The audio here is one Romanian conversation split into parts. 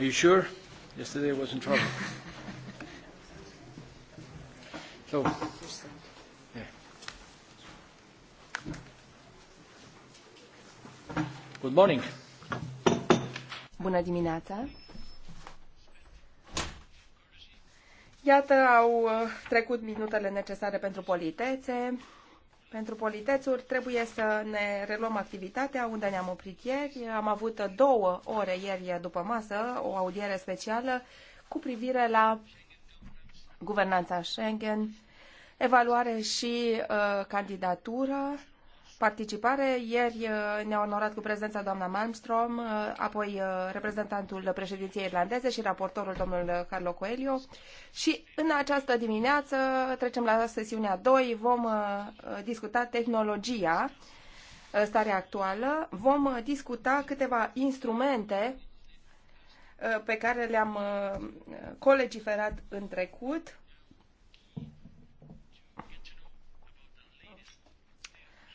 Are you sure? Yesterday I was in trouble. so, yeah. Good morning. Bună dimineața. Iată, au uh, trecut minutele necesare pentru politețe pentru politețuri. Trebuie să ne reluăm activitatea unde ne-am oprit ieri. Am avut două ore ieri după masă, o audiere specială cu privire la guvernanța Schengen, evaluare și uh, candidatură participare. Ieri uh, ne-a onorat cu prezența doamna Malmstrom, uh, apoi uh, reprezentantul președinției irlandeze și raportorul domnul Carlo Coelho. Și în această dimineață trecem la sesiunea 2, vom discuta tehnologia, starea actuală, vom discuta câteva instrumente pe care le-am colegiferat în trecut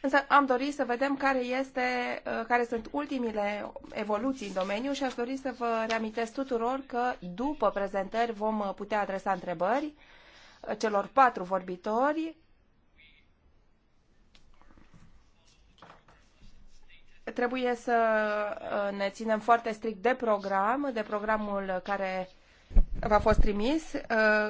Însă am dorit să vedem care, este, uh, care sunt ultimile evoluții în domeniu și aș dori să vă reamintesc tuturor că după prezentări vom uh, putea adresa întrebări uh, celor patru vorbitori. Trebuie să ne ținem foarte strict de program, de programul care v-a fost trimis. Uh,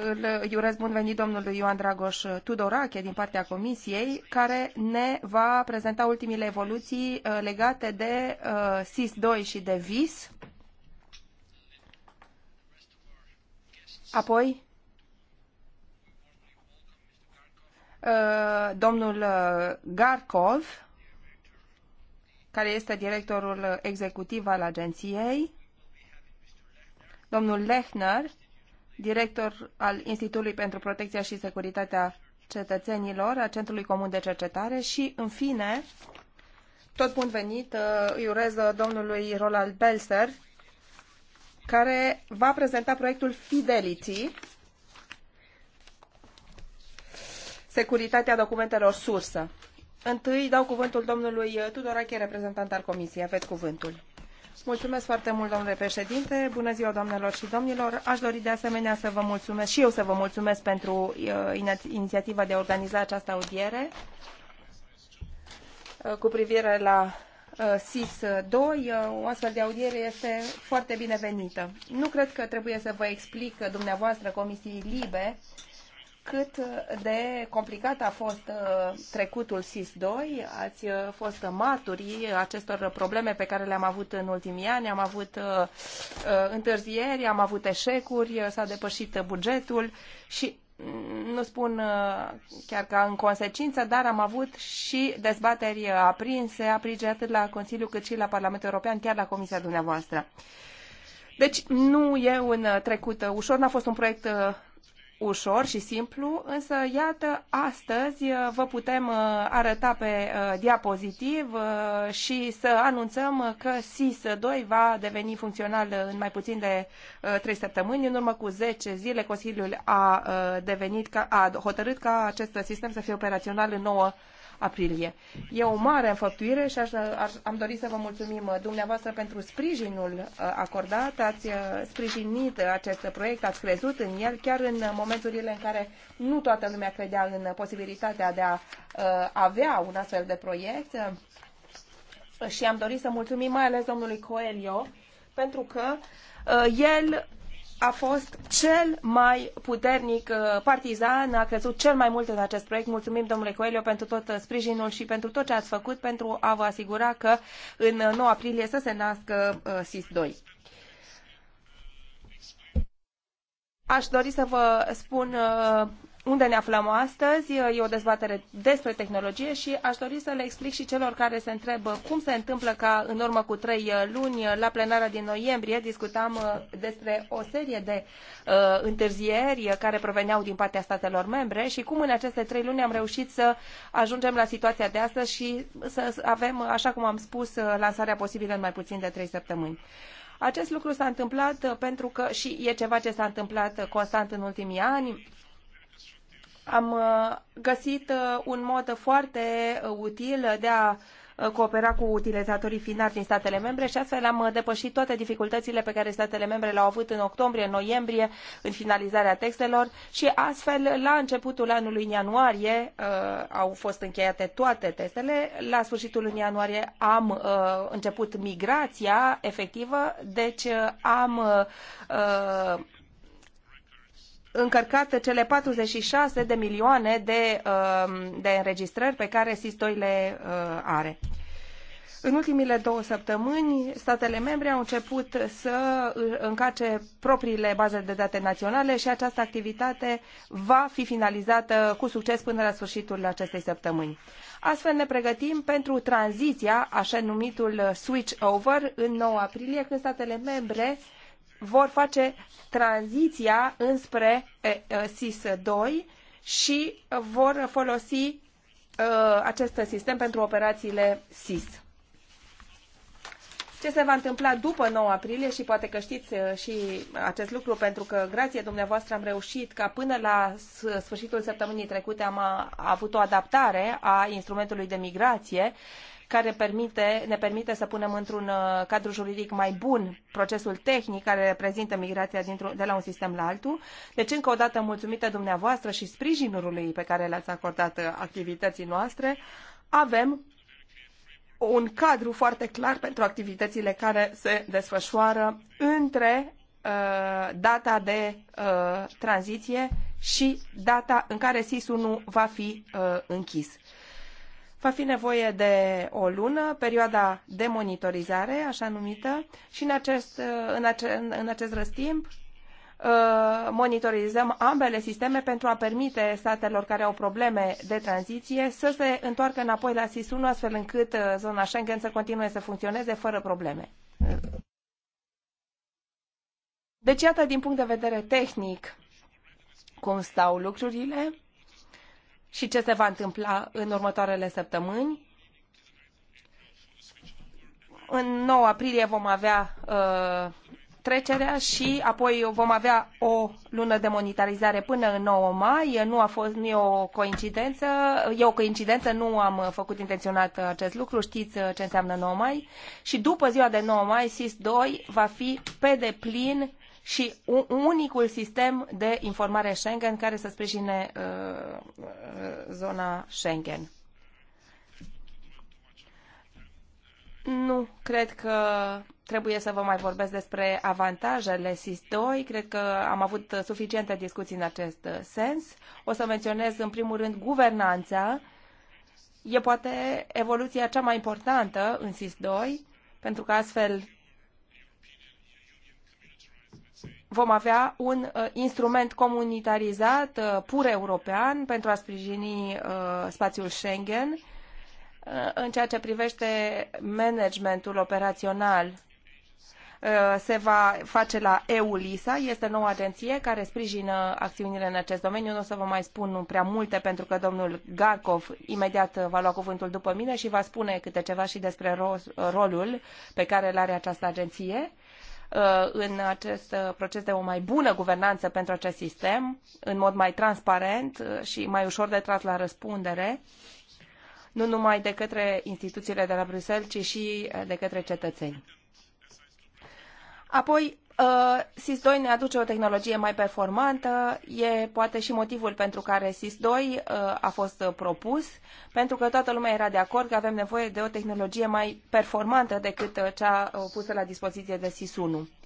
îl iurez bun venit domnului Ioan Dragoș Tudorache din partea Comisiei, care ne va prezenta ultimile evoluții uh, legate de uh, SIS-2 și de VIS. Apoi, domnul Garkov, care este directorul executiv al agenției, Domnul Lechner, director al Institutului pentru Protecția și Securitatea Cetățenilor, a Centrului Comun de Cercetare și, în fine, tot bun venit uh, îi urez uh, domnului Roland Belser, care va prezenta proiectul Fidelity, securitatea documentelor sursă. Întâi dau cuvântul domnului uh, Tudorache, reprezentant al Comisiei. Aveți cuvântul. Mulțumesc foarte mult, domnule președinte. Bună ziua, doamnelor și domnilor. Aș dori de asemenea să vă mulțumesc și eu să vă mulțumesc pentru uh, inițiativa de a organiza această audiere uh, cu privire la uh, SIS-2. Uh, o astfel de audiere este foarte binevenită. Nu cred că trebuie să vă explic dumneavoastră Comisiei Libe uh, cât de complicat a fost uh, trecutul SIS-2. Ați uh, fost maturi acestor probleme pe care le-am avut în ultimii ani. Am avut uh, întârzieri, am avut eșecuri, s-a depășit bugetul și mm, nu spun chiar ca în consecință, dar am avut și dezbateri aprinse, aprige atât la Consiliu cât și la Parlamentul European, chiar la Comisia dumneavoastră. Deci nu e un trecut ușor, n-a fost un proiect ușor și simplu, însă iată, astăzi uh, vă putem uh, arăta pe uh, diapozitiv și să anunțăm că SIS-2 va deveni funcțional în mai puțin de 3 săptămâni. În urmă cu 10 zile, Consiliul a, devenit, a hotărât ca acest sistem să fie operațional în 9 aprilie. E o mare înfăptuire și aș, aș, am dorit să vă mulțumim uh, dumneavoastră pentru sprijinul uh, acordat. Ați uh, sprijinit acest proiect, ați crezut în el, chiar în momenturile în care nu toată lumea credea în posibilitatea de a avea un astfel de proiect. Și am dorit să mulțumim mai ales domnului Coelio, pentru că el a fost cel mai puternic uh, partizan, a crezut cel mai mult în acest proiect. Mulțumim, domnule Coelho, pentru tot uh, sprijinul și pentru tot ce ați făcut pentru a vă asigura că în 9 uh, aprilie să se nască SIS-2. Aș dori să vă spun unde ne aflăm astăzi. E o dezbatere despre tehnologie și aș dori să le explic și celor care se întrebă cum se întâmplă ca în urmă cu trei uh, luni, uh, la plenara din noiembrie, discutam uh, despre o serie de uh, întârzieri care proveneau din partea statelor membre și cum în aceste trei luni am reușit să ajungem la situația de astăzi și să avem, așa cum am spus, lansarea posibilă în mai puțin de trei săptămâni. Acest lucru s-a întâmplat pentru că și e ceva ce s-a întâmplat constant în ultimii ani am uh, găsit uh, un mod foarte uh, util de a coopera cu utilizatorii finali din statele membre și astfel am depășit toate dificultățile pe care statele membre le-au avut în octombrie, în noiembrie, în finalizarea textelor și astfel la începutul anului în ianuarie au fost încheiate toate testele. La sfârșitul lunii ianuarie am început migrația efectivă, deci am încărcat cele 46 de milioane de, um, de înregistrări pe care Sistoi 2 le uh, are. În ultimile două săptămâni, statele membre au început să uh, încace propriile baze de date naționale și această activitate va fi finalizată cu succes până la sfârșitul acestei săptămâni. Astfel ne pregătim pentru tranziția, așa numitul switch over, în 9 aprilie, când statele membre vor face tranziția înspre SIS-2 și vor folosi acest sistem pentru operațiile SIS. Ce se va întâmpla după 9 aprilie și poate că știți și acest lucru pentru că grație dumneavoastră am reușit ca până la sfârșitul săptămânii trecute am a, a avut o adaptare a instrumentului de migrație care permite, ne permite să punem într-un uh, cadru juridic mai bun procesul tehnic care reprezintă migrația de la un sistem la altul. Deci, încă o dată, mulțumită dumneavoastră și sprijinului pe care l-ați acordat uh, activității noastre, avem un cadru foarte clar pentru activitățile care se desfășoară între uh, data de uh, tranziție și data în care sis nu va fi uh, închis. Va fi nevoie de o lună, perioada de monitorizare, așa numită, și în acest, în acest, în acest răstimp uh, monitorizăm ambele sisteme pentru a permite statelor care au probleme de tranziție să se întoarcă înapoi la SIS-1, astfel încât uh, zona Schengen să continue să funcționeze fără probleme. Deci, iată, din punct de vedere tehnic, cum stau lucrurile, și ce se va întâmpla în următoarele săptămâni. În 9 aprilie vom avea uh, trecerea și apoi vom avea o lună de monetarizare până în 9 mai. Nu a fost nu e o coincidență, e o coincidență, nu am făcut intenționat acest lucru, știți ce înseamnă 9 mai. Și după ziua de 9 mai, SIS 2 va fi pe deplin și un unicul sistem de informare Schengen care să sprijine uh, uh, zona Schengen. Nu, cred că trebuie să vă mai vorbesc despre avantajele SIS-2. Cred că am avut suficiente discuții în acest uh, sens. O să menționez în primul rând guvernanța. E poate evoluția cea mai importantă în SIS-2, pentru că astfel vom avea un uh, instrument comunitarizat, uh, pur european, pentru a sprijini uh, spațiul Schengen în ceea ce privește managementul operațional se va face la EULISA, este noua agenție care sprijină acțiunile în acest domeniu. Nu o să vă mai spun prea multe pentru că domnul Garkov imediat va lua cuvântul după mine și va spune câte ceva și despre rolul pe care îl are această agenție. Uh, în acest uh, proces de o mai bună guvernanță pentru acest sistem, în mod mai transparent uh, și mai ușor de tras la răspundere, nu numai de către instituțiile de la Bruxelles, ci și de către cetățeni. Apoi, Uh, SIS-2 ne aduce o tehnologie mai performantă, e poate și motivul pentru care SIS-2 uh, a fost propus, pentru că toată lumea era de acord că avem nevoie de o tehnologie mai performantă decât uh, cea pusă la dispoziție de SIS-1.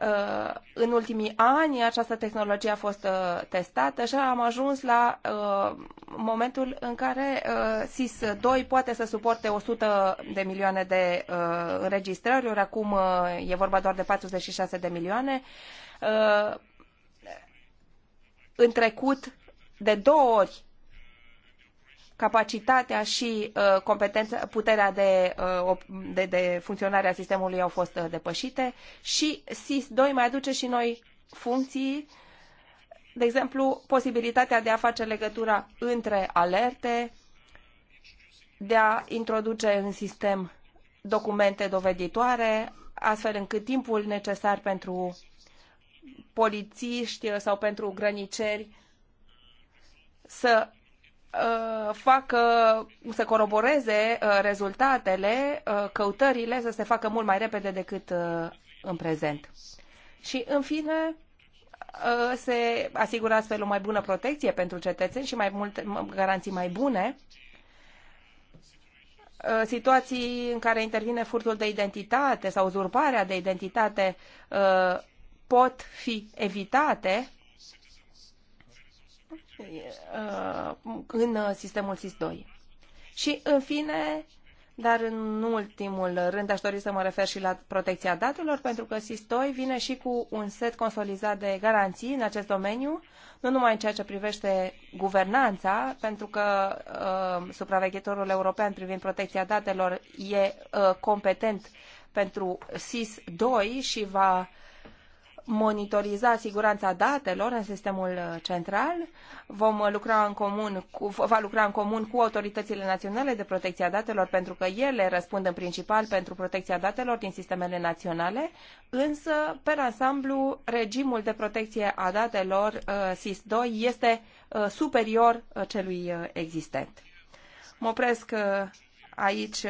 Uh, în ultimii ani această tehnologie a fost uh, testată și am ajuns la uh, momentul în care SIS-2 poate să suporte 100 de milioane de înregistrări, ori acum e vorba doar de 46 de milioane. În trecut, de două ori capacitatea și uh, competența, puterea de, uh, de, de funcționare a sistemului au fost uh, depășite și SIS-2 mai aduce și noi funcții, de exemplu, posibilitatea de a face legătura între alerte, de a introduce în sistem documente doveditoare, astfel încât timpul necesar pentru polițiști sau pentru grăniceri să Uh, facă, să coroboreze uh, rezultatele, uh, căutările să se facă mult mai repede decât în prezent. Și, în fine, se asigură astfel o mai bună protecție pentru cetățeni și mai multe garanții mai bune situații în care intervine furtul de identitate sau uzurparea de identitate pot fi evitate Uh, în uh, sistemul SIS-2. Și, în fine, dar în ultimul rând aș dori să mă refer și la protecția datelor, pentru că SIS-2 vine și cu un set consolidat de garanții în acest domeniu, nu numai în ceea ce privește guvernanța, pentru că uh, supraveghetorul european privind protecția datelor e uh, competent pentru SIS-2 și va monitoriza siguranța datelor în sistemul central. Vom lucra în comun cu, va lucra în comun cu autoritățile naționale de protecție a datelor, pentru că ele răspund în principal pentru protecția datelor din sistemele naționale, însă, pe ansamblu, regimul de protecție a datelor uh, SIS-2 este uh, superior uh, celui existent. Mă opresc aici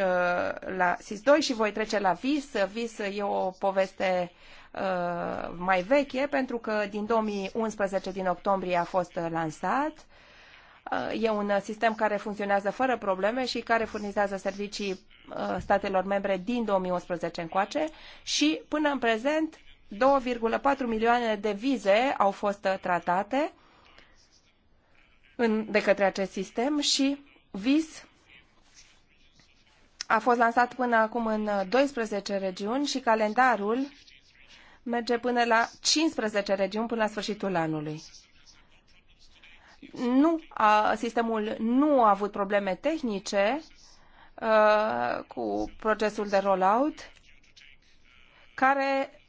la SIS-2 și voi trece la VIS. VIS e o poveste uh, Uh, mai veche, pentru că din 2011, din octombrie, a fost uh, lansat. Uh, e un sistem care funcționează fără probleme și care furnizează servicii statelor membre din 2011 încoace și până în prezent 2,4 milioane de vize au fost tratate în, de către acest sistem și VIS a fost lansat până acum în 12 regiuni și calendarul merge până la 15 regiuni până la sfârșitul anului. Nu a, sistemul nu a avut probleme tehnice a, cu procesul de rollout care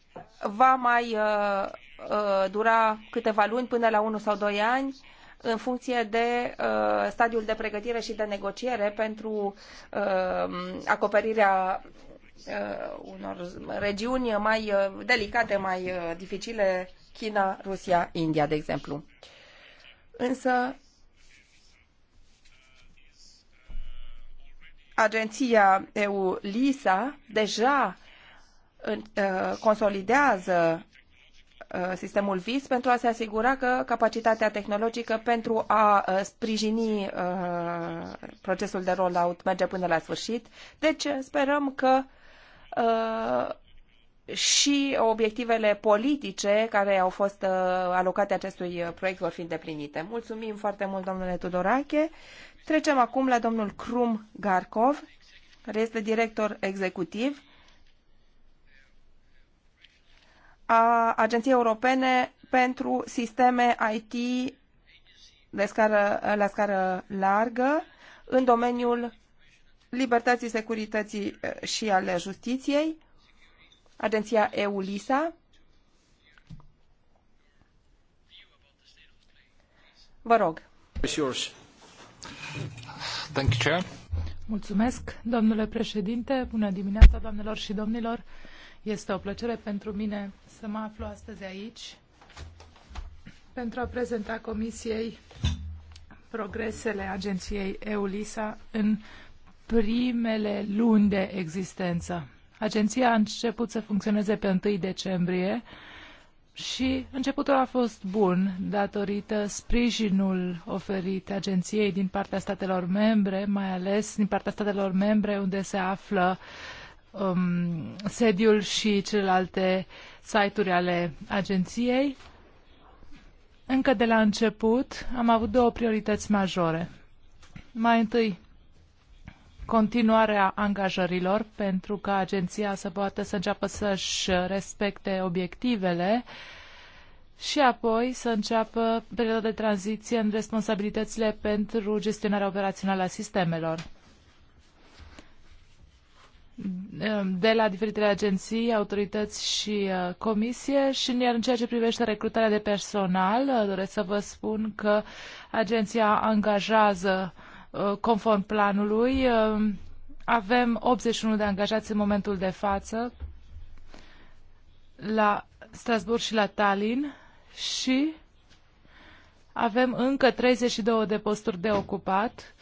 va mai a, a, dura câteva luni până la 1 sau 2 ani în funcție de uh, stadiul de pregătire și de negociere pentru uh, acoperirea Uh, unor regiuni mai uh, delicate, mai uh, dificile, China, Rusia, India, de exemplu. Însă, agenția EU-LISA deja consolidează sistemul VIS pentru a se asigura că capacitatea tehnologică pentru a sprijini procesul de rollout merge până la sfârșit. Deci sperăm că Uh, și obiectivele politice care au fost uh, alocate acestui uh, proiect vor fi îndeplinite. Mulțumim foarte mult, domnule Tudorache. Trecem acum la domnul Krum Garkov, care este director executiv a Agenției Europene pentru Sisteme IT de scară, la scară largă în domeniul libertății, securității uh, și ale justiției, agenția EULISA. Vă rog. Thank you, Chair. Mulțumesc, domnule președinte. Bună dimineața, doamnelor și domnilor. Este o plăcere pentru mine să mă aflu astăzi aici pentru a prezenta Comisiei progresele agenției EULISA în primele luni de existență. Agenția a început să funcționeze pe 1 decembrie și începutul a fost bun datorită sprijinul oferit agenției din partea statelor membre, mai ales din partea statelor membre unde se află um, sediul și celelalte site-uri ale agenției. Încă de la început am avut două priorități majore. Mai întâi, continuarea angajărilor pentru ca agenția să poată să înceapă să-și respecte obiectivele și apoi să înceapă perioada de tranziție în responsabilitățile pentru gestionarea operațională a sistemelor. De la diferitele agenții, autorități și uh, comisie și în ceea ce privește recrutarea de personal, uh, doresc să vă spun că agenția angajează uh, Uh, conform planului. Uh, avem 81 de angajați în momentul de față la Strasburg și la Tallinn și avem încă 32 de posturi de ocupat.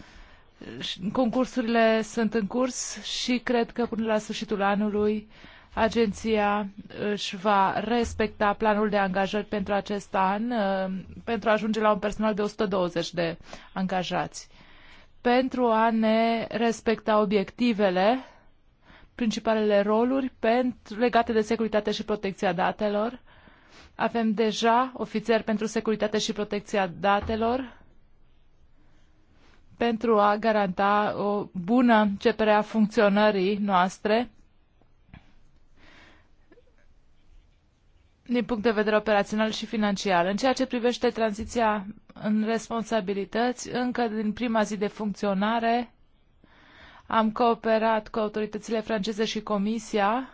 Concursurile sunt în curs și cred că până la sfârșitul anului agenția își va respecta planul de angajări pentru acest an uh, pentru a ajunge la un personal de 120 de angajați pentru a ne respecta obiectivele, principalele roluri pentru, legate de securitate și protecția datelor. Avem deja ofițeri pentru securitate și protecția datelor pentru a garanta o bună începere a funcționării noastre din punct de vedere operațional și financiar. În ceea ce privește tranziția în responsabilități, încă din prima zi de funcționare am cooperat cu autoritățile franceze și Comisia.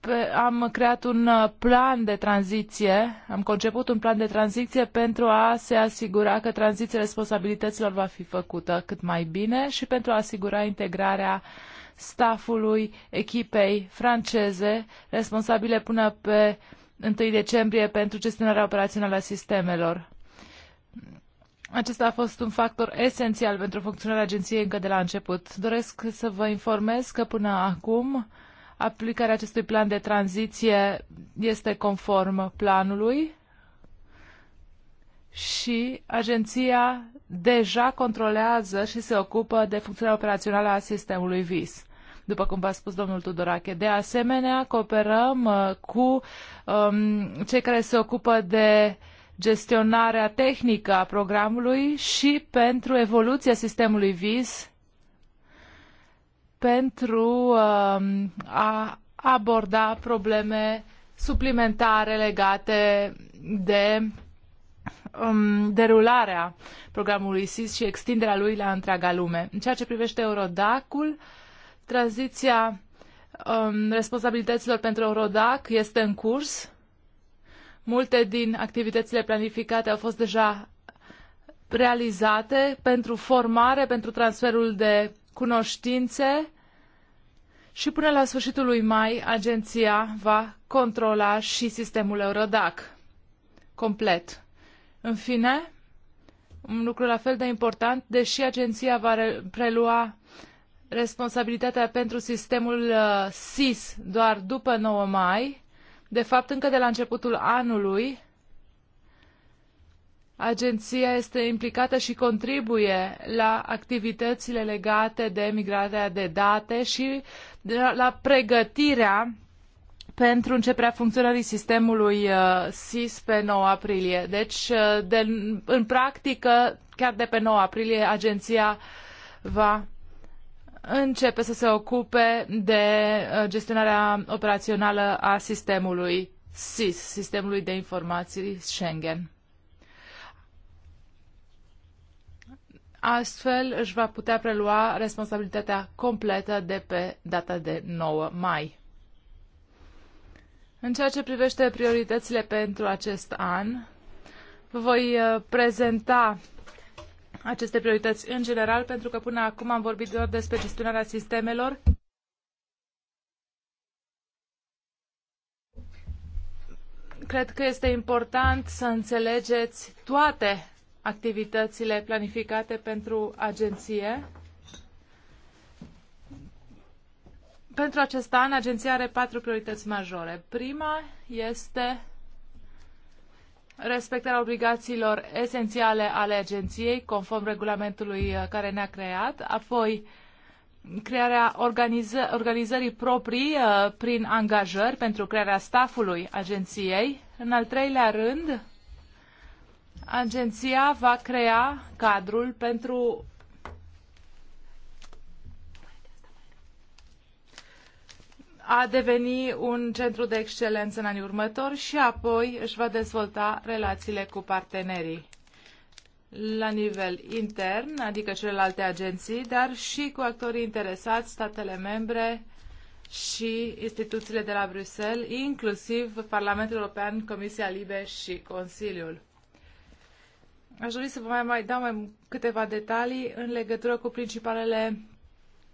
Pe, am creat un uh, plan de tranziție, am conceput un plan de tranziție pentru a se asigura că tranziția responsabilităților va fi făcută cât mai bine și pentru a asigura integrarea uh, staffului echipei franceze responsabile până pe 1 decembrie pentru gestionarea operațională a sistemelor. Acesta a fost un factor esențial pentru funcționarea agenției încă de la început. Doresc să vă informez că până acum aplicarea acestui plan de tranziție este conform planului și agenția deja controlează și se ocupă de funcțiunea operațională a sistemului VIS după cum v-a spus domnul Tudorache. De asemenea, cooperăm uh, cu um, cei care se ocupă de gestionarea tehnică a programului și pentru evoluția sistemului VIS pentru um, a aborda probleme suplimentare legate de um, derularea programului SIS și extinderea lui la întreaga lume. În ceea ce privește Eurodacul, tranziția um, responsabilităților pentru Eurodac este în curs. Multe din activitățile planificate au fost deja realizate pentru formare, pentru transferul de cunoștințe și până la sfârșitul lui mai agenția va controla și sistemul Eurodac complet. În fine, un lucru la fel de important, deși agenția va prelua responsabilitatea pentru sistemul uh, SIS doar după 9 mai, de fapt încă de la începutul anului, agenția este implicată și contribuie la activitățile legate de migrarea de date și la pregătirea pentru începerea funcționării sistemului uh, SIS pe 9 aprilie. Deci, uh, de, în practică, chiar de pe 9 aprilie, agenția va începe să se ocupe de uh, gestionarea operațională a sistemului SIS, sistemului de informații Schengen. Astfel își va putea prelua responsabilitatea completă de pe data de 9 mai. În ceea ce privește prioritățile pentru acest an, vă voi uh, prezenta aceste priorități în general, pentru că până acum am vorbit doar despre gestionarea sistemelor. Cred că este important să înțelegeți toate activitățile planificate pentru agenție Pentru acest an, agenția are patru priorități majore. Prima este respectarea obligațiilor esențiale ale agenției, conform regulamentului uh, care ne-a creat, apoi crearea organiză organizării proprii uh, prin angajări pentru crearea staffului agenției. În al treilea rând, agenția va crea cadrul pentru a deveni un centru de excelență în anii următori și apoi își va dezvolta relațiile cu partenerii la nivel intern, adică celelalte agenții, dar și cu actorii interesați, statele membre și instituțiile de la Bruxelles, inclusiv Parlamentul European, Comisia Libe și Consiliul. Aș dori să vă mai, mai dau mai câteva detalii în legătură cu principalele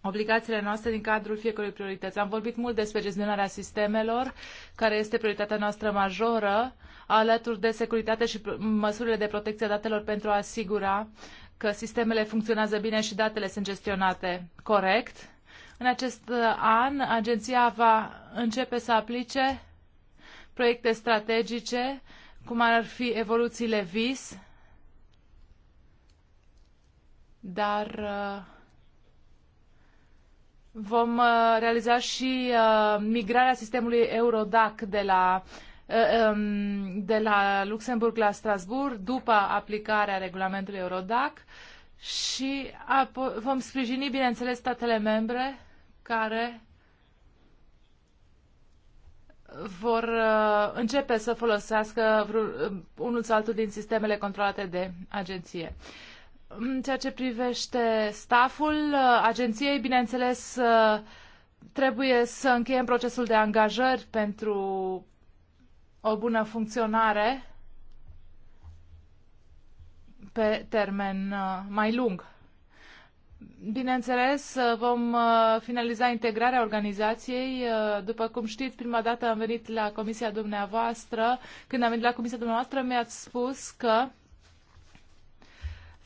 obligațiile noastre din cadrul fiecărui priorități. Am vorbit mult despre gestionarea sistemelor, care este prioritatea noastră majoră, alături de securitate și măsurile de protecție a datelor pentru a asigura că sistemele funcționează bine și datele sunt gestionate corect. În acest uh, an, agenția va începe să aplice proiecte strategice, cum ar fi evoluțiile VIS, dar uh, Vom uh, realiza și uh, migrarea sistemului Eurodac de la uh, um, de la Luxemburg la Strasbourg după aplicarea regulamentului Eurodac și vom sprijini, bineînțeles, statele membre care vor începe să folosească unul sau altul din sistemele controlate de agenție. În ceea ce privește staful uh, agenției, bineînțeles, uh, trebuie să încheiem procesul de angajări pentru o bună funcționare pe termen uh, mai lung. Bineînțeles, vom finaliza integrarea organizației. După cum știți, prima dată am venit la comisia dumneavoastră. Când am venit la comisia dumneavoastră, mi-ați spus că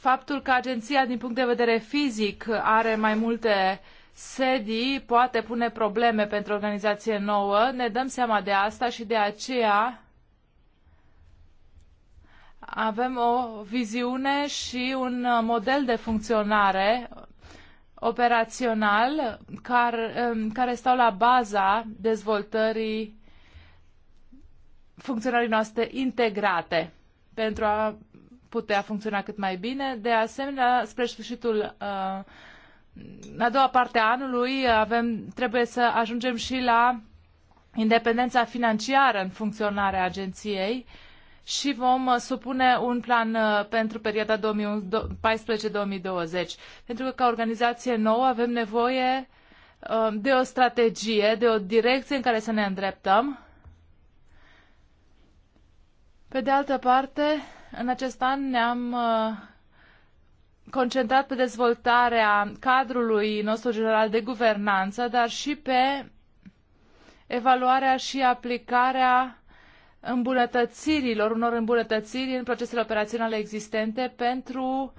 Faptul că agenția, din punct de vedere fizic, are mai multe sedii poate pune probleme pentru organizație nouă. Ne dăm seama de asta și de aceea avem o viziune și un model de funcționare operațional care, um, care stau la baza dezvoltării funcționării noastre integrate pentru a putea funcționa cât mai bine. De asemenea, spre sfârșitul la uh, a doua parte a anului avem, trebuie să ajungem și la independența financiară în funcționarea agenției și vom uh, supune un plan uh, pentru perioada 2014-2020. Pentru că ca organizație nouă avem nevoie de o strategie, de o direcție în care să ne îndreptăm. Pe de altă parte, în acest an ne-am uh, concentrat pe dezvoltarea cadrului nostru general de guvernanță, dar și pe evaluarea și aplicarea îmbunătățirilor, unor îmbunătățiri în procesele operaționale existente pentru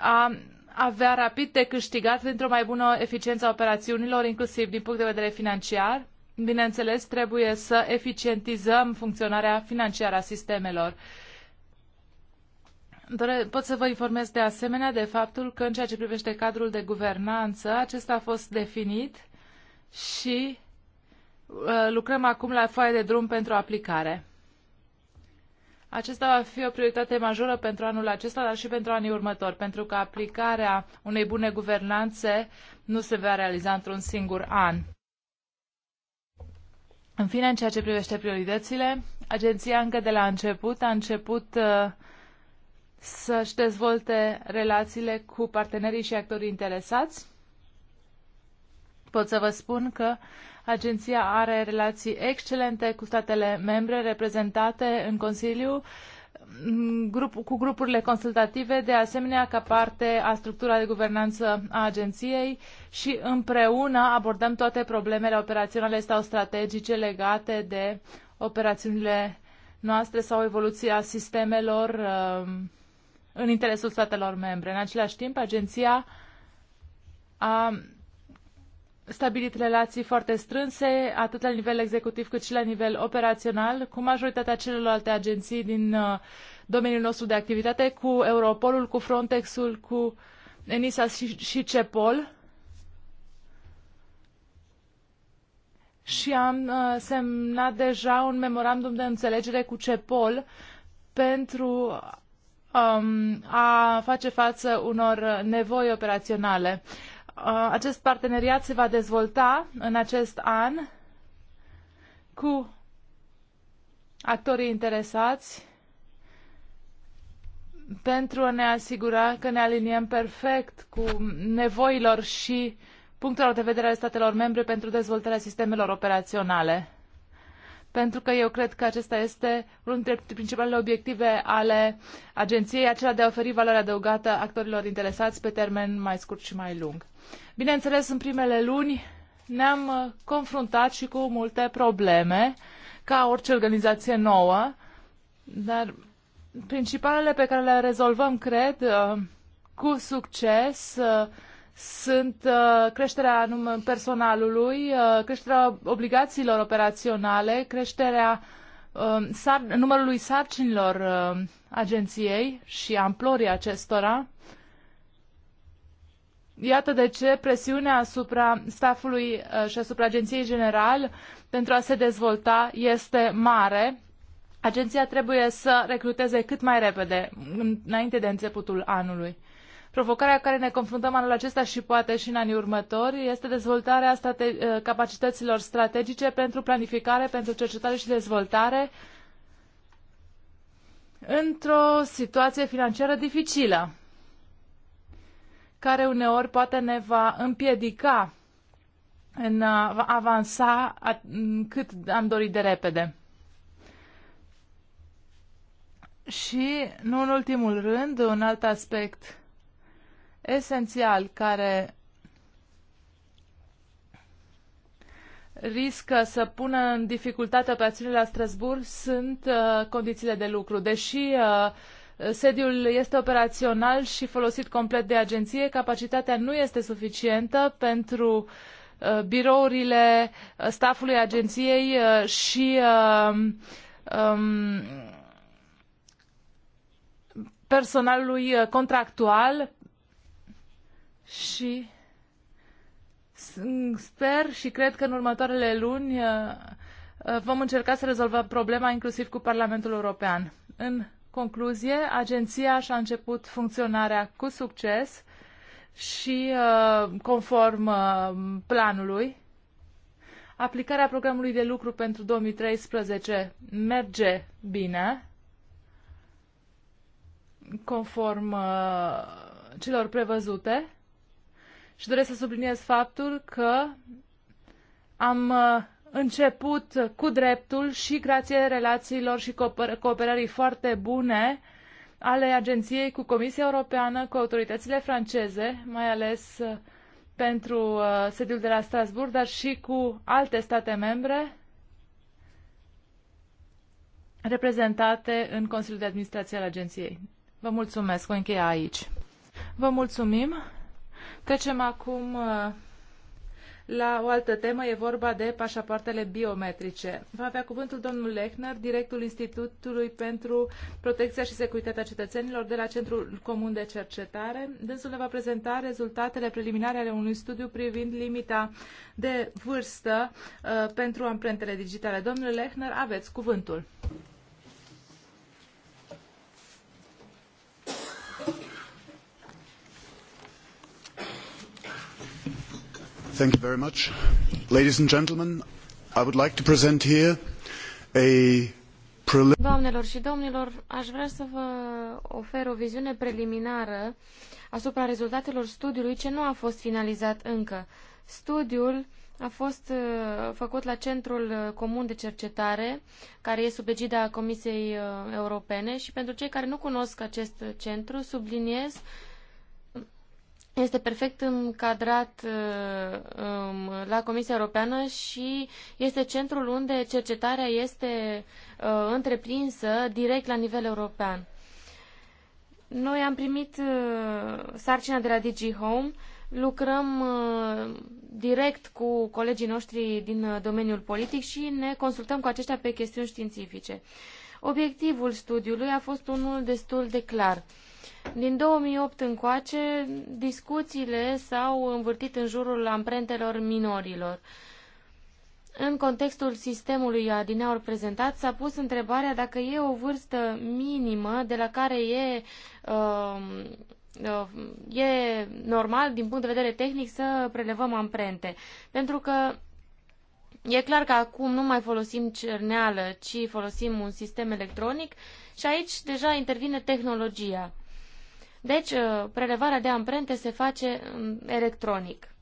a avea rapid de câștigat pentru o mai bună eficiență a operațiunilor, inclusiv din punct de vedere financiar. Bineînțeles, trebuie să eficientizăm funcționarea financiară a sistemelor Pot să vă informez de asemenea de faptul că în ceea ce privește cadrul de guvernanță, acesta a fost definit și uh, lucrăm acum la foaie de drum pentru aplicare. Acesta va fi o prioritate majoră pentru anul acesta, dar și pentru anii următori, pentru că aplicarea unei bune guvernanțe nu se va realiza într-un singur an. În fine, în ceea ce privește prioritățile, agenția încă de la început a început uh, să-și dezvolte relațiile cu partenerii și actorii interesați. Pot să vă spun că agenția are relații excelente cu statele membre reprezentate în Consiliu, mm, grup, cu grupurile consultative, de asemenea ca parte a structura de guvernanță a agenției și împreună abordăm toate problemele operaționale sau strategice legate de operațiunile noastre sau evoluția sistemelor uh, în interesul statelor membre. În același timp, agenția a stabilit relații foarte strânse, atât la nivel executiv cât și la nivel operațional, cu majoritatea celorlalte agenții din uh, domeniul nostru de activitate, cu Europolul, cu Frontexul, cu ENISA și, și CEPOL. Și am uh, semnat deja un memorandum de înțelegere cu CEPOL pentru um, a face față unor nevoi operaționale. Uh, acest parteneriat se va dezvolta în acest an cu actorii interesați pentru a ne asigura că ne aliniem perfect cu nevoilor și punctelor de vedere ale statelor membre pentru dezvoltarea sistemelor operaționale pentru că eu cred că acesta este unul dintre principalele obiective ale agenției, acela de a oferi valoare adăugată actorilor interesați pe termen mai scurt și mai lung. Bineînțeles, în primele luni ne-am uh, confruntat și cu multe probleme, ca orice organizație nouă, dar principalele pe care le rezolvăm, cred, uh, cu succes, uh, sunt uh, creșterea personalului, uh, creșterea obligațiilor operaționale, creșterea um, numărului sarcinilor uh, agenției și amplorii acestora. Iată de ce presiunea asupra staffului și asupra agenției general pentru a se dezvolta este mare. Agenția trebuie să recruteze cât mai repede, înainte de începutul anului. Provocarea care ne confruntăm anul acesta și poate și în anii următori este dezvoltarea strate- eh, capacităților strategice pentru planificare, pentru cercetare și dezvoltare într-o situație financiară dificilă, care uneori poate ne va împiedica în a avansa cât am dorit de repede. Și, nu în ultimul rând, un alt aspect esențial care riscă să pună în dificultate operațiunile la Strasbourg sunt uh, condițiile de lucru. Deși uh, sediul este operațional și folosit complet de agenție, capacitatea nu este suficientă pentru uh, birourile uh, staffului agenției uh, și uh, um, personalului uh, contractual și sper și cred că în următoarele luni uh, uh, vom încerca să rezolvăm problema inclusiv cu Parlamentul European. În concluzie, agenția și-a început funcționarea cu succes și uh, conform planului. Aplicarea programului de lucru pentru 2013 merge bine, conform celor prevăzute și doresc să subliniez faptul că am uh, început cu dreptul și grație relațiilor și cooperării foarte bune ale agenției cu Comisia Europeană, cu autoritățile franceze, mai ales uh, pentru uh, sediul de la Strasbourg, dar și cu alte state membre reprezentate în Consiliul de Administrație al Agenției. Vă mulțumesc, o încheia aici. Vă mulțumim. Trecem acum uh, la o altă temă, e vorba de pașapoartele biometrice. Va avea cuvântul domnul Lechner, directul Institutului pentru Protecția și Securitatea Cetățenilor de la Centrul Comun de Cercetare. Dânsul ne va prezenta rezultatele preliminare ale unui studiu privind limita de vârstă uh, pentru amprentele digitale. Domnule Lechner, aveți cuvântul. Thank you very much. Ladies and gentlemen, I would like to present here a Doamnelor și domnilor, aș vrea să vă ofer o viziune preliminară asupra rezultatelor studiului ce nu a fost finalizat încă. Studiul a fost uh, făcut la Centrul uh, Comun de Cercetare, care e sub egida Comisiei uh, Europene și pentru cei care nu cunosc acest centru, subliniez este perfect încadrat uh, um, la Comisia Europeană și este centrul unde cercetarea este uh, întreprinsă direct la nivel european. Noi am primit uh, sarcina de la DG Home, lucrăm uh, direct cu colegii noștri din uh, domeniul politic și ne consultăm cu aceștia pe chestiuni științifice. Obiectivul studiului a fost unul destul de clar. Uh, din 2008 încoace, discuțiile s-au învârtit în jurul amprentelor minorilor. În contextul sistemului adineaur prezentat, s-a pus întrebarea dacă e o vârstă minimă de la care e, uh, uh, e normal, din punct de vedere tehnic, să prelevăm amprente. Pentru că E clar că acum nu mai folosim cerneală, ci folosim un sistem electronic și aici deja intervine tehnologia. Deci, uh, prelevarea de amprente se face um, electronic.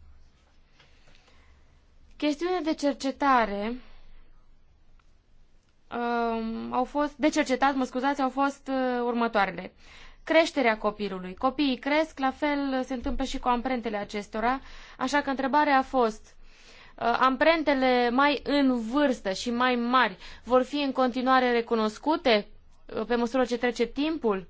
Chestiune de cercetare um, au fost, de cercetat, mă scuzați, au fost uh, următoarele. Creșterea copilului. Copiii cresc, la fel se întâmplă și cu amprentele acestora, așa că întrebarea a fost, uh, amprentele mai în vârstă și mai mari vor fi în continuare recunoscute uh, pe măsură ce trece timpul?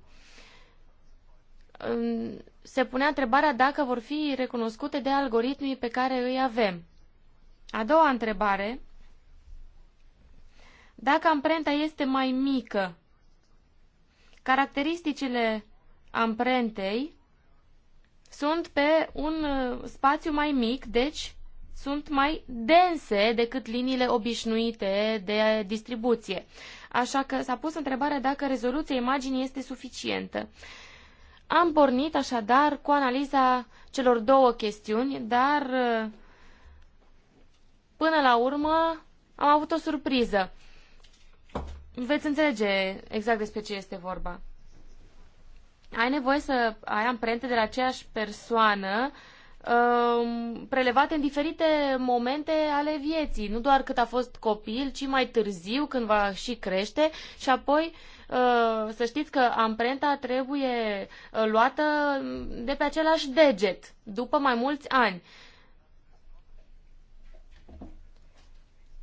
se punea întrebarea dacă vor fi recunoscute de algoritmii pe care îi avem. A doua întrebare, dacă amprenta este mai mică, caracteristicile amprentei sunt pe un uh, spațiu mai mic, deci sunt mai dense decât liniile obișnuite de distribuție. Așa că s-a pus întrebarea dacă rezoluția imaginii este suficientă. Uh, am pornit așadar cu analiza celor două chestiuni, dar uh, până la urmă am avut o surpriză. Veți înțelege exact despre ce este vorba. Ai nevoie să ai amprente de la aceeași persoană um, prelevate în diferite momente ale vieții, nu doar cât a fost copil, ci mai târziu când va și crește și apoi uh, Uh, să știți că amprenta trebuie uh, luată de pe același deget, după mai mulți ani.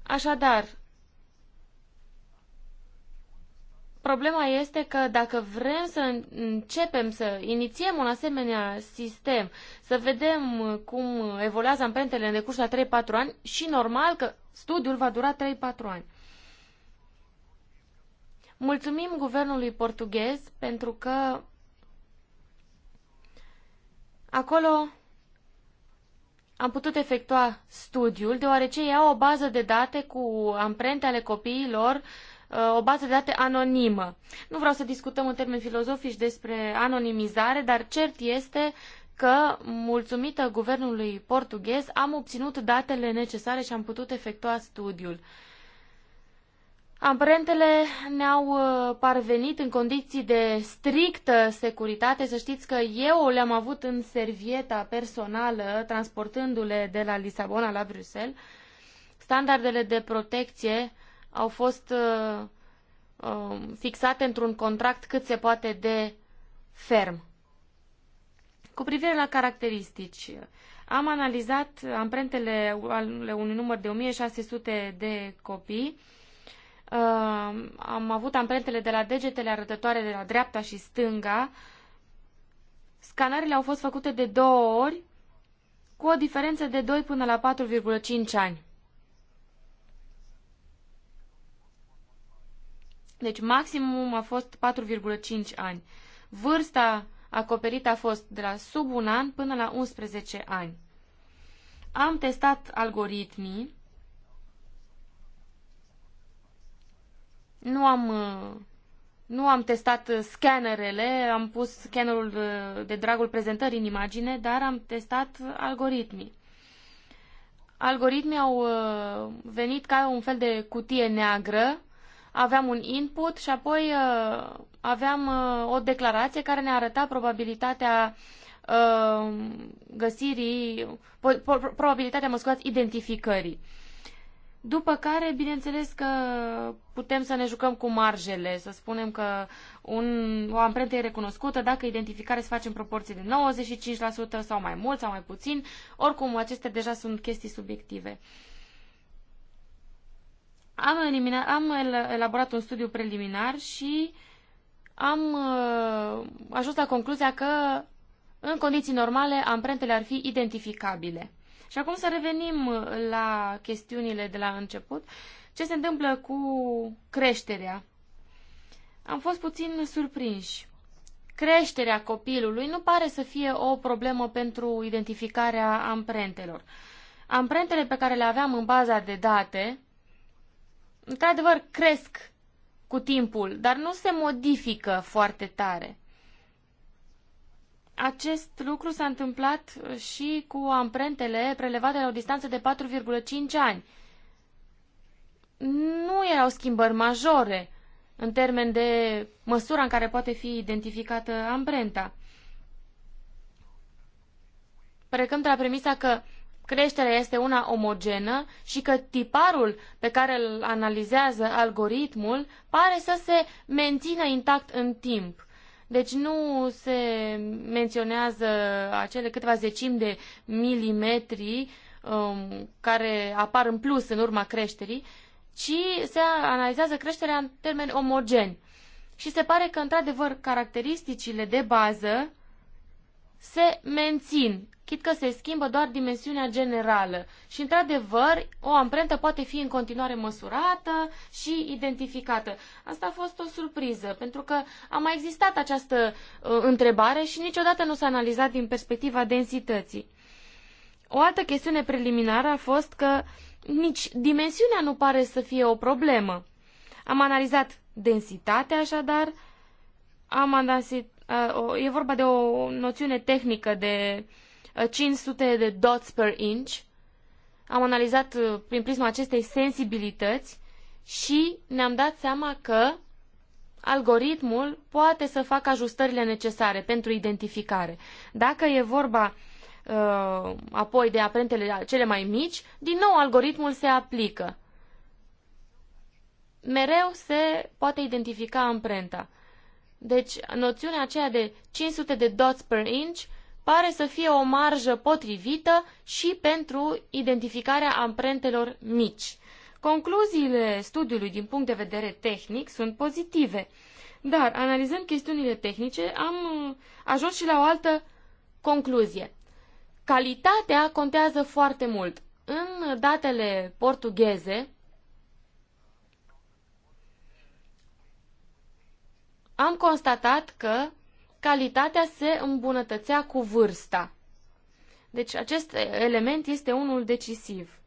Așadar, problema este că dacă vrem să începem să inițiem un asemenea sistem, să vedem uh, cum evoluează amprentele în decurs la 3-4 ani și normal că studiul va dura 3-4 ani. Mulțumim guvernului portughez pentru că acolo am putut efectua studiul, deoarece ei au o bază de date cu amprente ale copiilor, uh, o bază de date anonimă. Nu vreau să discutăm în termeni filozofici despre anonimizare, dar cert este că, mulțumită guvernului portughez, am obținut datele necesare și am putut efectua studiul. Amprentele ne-au uh, parvenit în condiții de strictă securitate. Să știți că eu le-am avut în servieta personală, transportându-le de la Lisabona la Bruxelles. Standardele de protecție au fost uh, uh, fixate într-un contract cât se poate de ferm. Cu privire la caracteristici, am analizat amprentele ale unui număr de 1600 de copii Uh, am avut amprentele de la degetele arătătoare de la dreapta și stânga. Scanările au fost făcute de două ori, cu o diferență de 2 până la 4,5 ani. Deci maximum a fost 4,5 ani. Vârsta acoperită a fost de la sub un an până la 11 ani. Am testat algoritmii Nu am, nu am testat scannerele, am pus scannerul de dragul prezentării în imagine, dar am testat algoritmii. Algoritmii au uh, venit ca un fel de cutie neagră, aveam un input și apoi uh, aveam uh, o declarație care ne arăta probabilitatea găsirii, probabilitatea, mă scuzați, identificării. După care, bineînțeles că putem să ne jucăm cu marjele, să spunem că un, o amprentă e recunoscută dacă identificarea se face în proporție de 95% sau mai mult sau mai puțin. Oricum, acestea deja sunt chestii subiective. Am, elimina, am elaborat un studiu preliminar și am uh, ajuns la concluzia că, în condiții normale, amprentele ar fi identificabile. Și acum să revenim uh, la chestiunile de la început. Ce se întâmplă cu creșterea? Am fost puțin surprinși. Creșterea copilului nu pare să fie o problemă pentru identificarea amprentelor. Amprentele pe care le aveam în baza de date, într-adevăr, cresc cu timpul, dar nu se modifică foarte tare. Acest lucru s-a întâmplat uh, și cu amprentele prelevate la o distanță de 4,5 ani. Nu erau schimbări majore în termen de măsura în care poate fi identificată amprenta. Precând la premisa că creșterea este una omogenă și că tiparul pe care îl analizează algoritmul pare să se mențină intact în timp. Deci nu se menționează acele câteva zecimi de milimetri um, care apar în plus în urma creșterii, ci se analizează creșterea în termeni omogeni. Și se pare că, într-adevăr, caracteristicile de bază se mențin chit că se schimbă doar dimensiunea generală. Și, într-adevăr, o amprentă poate fi în continuare măsurată și identificată. Asta a fost o surpriză, pentru că a mai existat această uh, întrebare și niciodată nu s-a analizat din perspectiva densității. O altă chestiune preliminară a fost că nici dimensiunea nu pare să fie o problemă. Am analizat densitatea, așadar, am analizat, uh, e vorba de o noțiune tehnică de uh, 500 de dots per inch. Am analizat uh, prin prisma acestei sensibilități și ne-am dat seama că algoritmul poate să facă ajustările necesare pentru identificare. Dacă e vorba uh, apoi de aprentele cele mai mici, din nou algoritmul se aplică. Mereu se poate identifica amprenta. Deci, noțiunea aceea de 500 de dots per inch pare să fie o marjă potrivită și pentru identificarea amprentelor mici. Concluziile studiului din punct de vedere tehnic sunt pozitive, dar analizând chestiunile tehnice am ajuns și la o altă concluzie. Calitatea contează foarte mult. În datele portugheze am constatat că calitatea se îmbunătățea cu vârsta. Deci acest element este unul decisiv.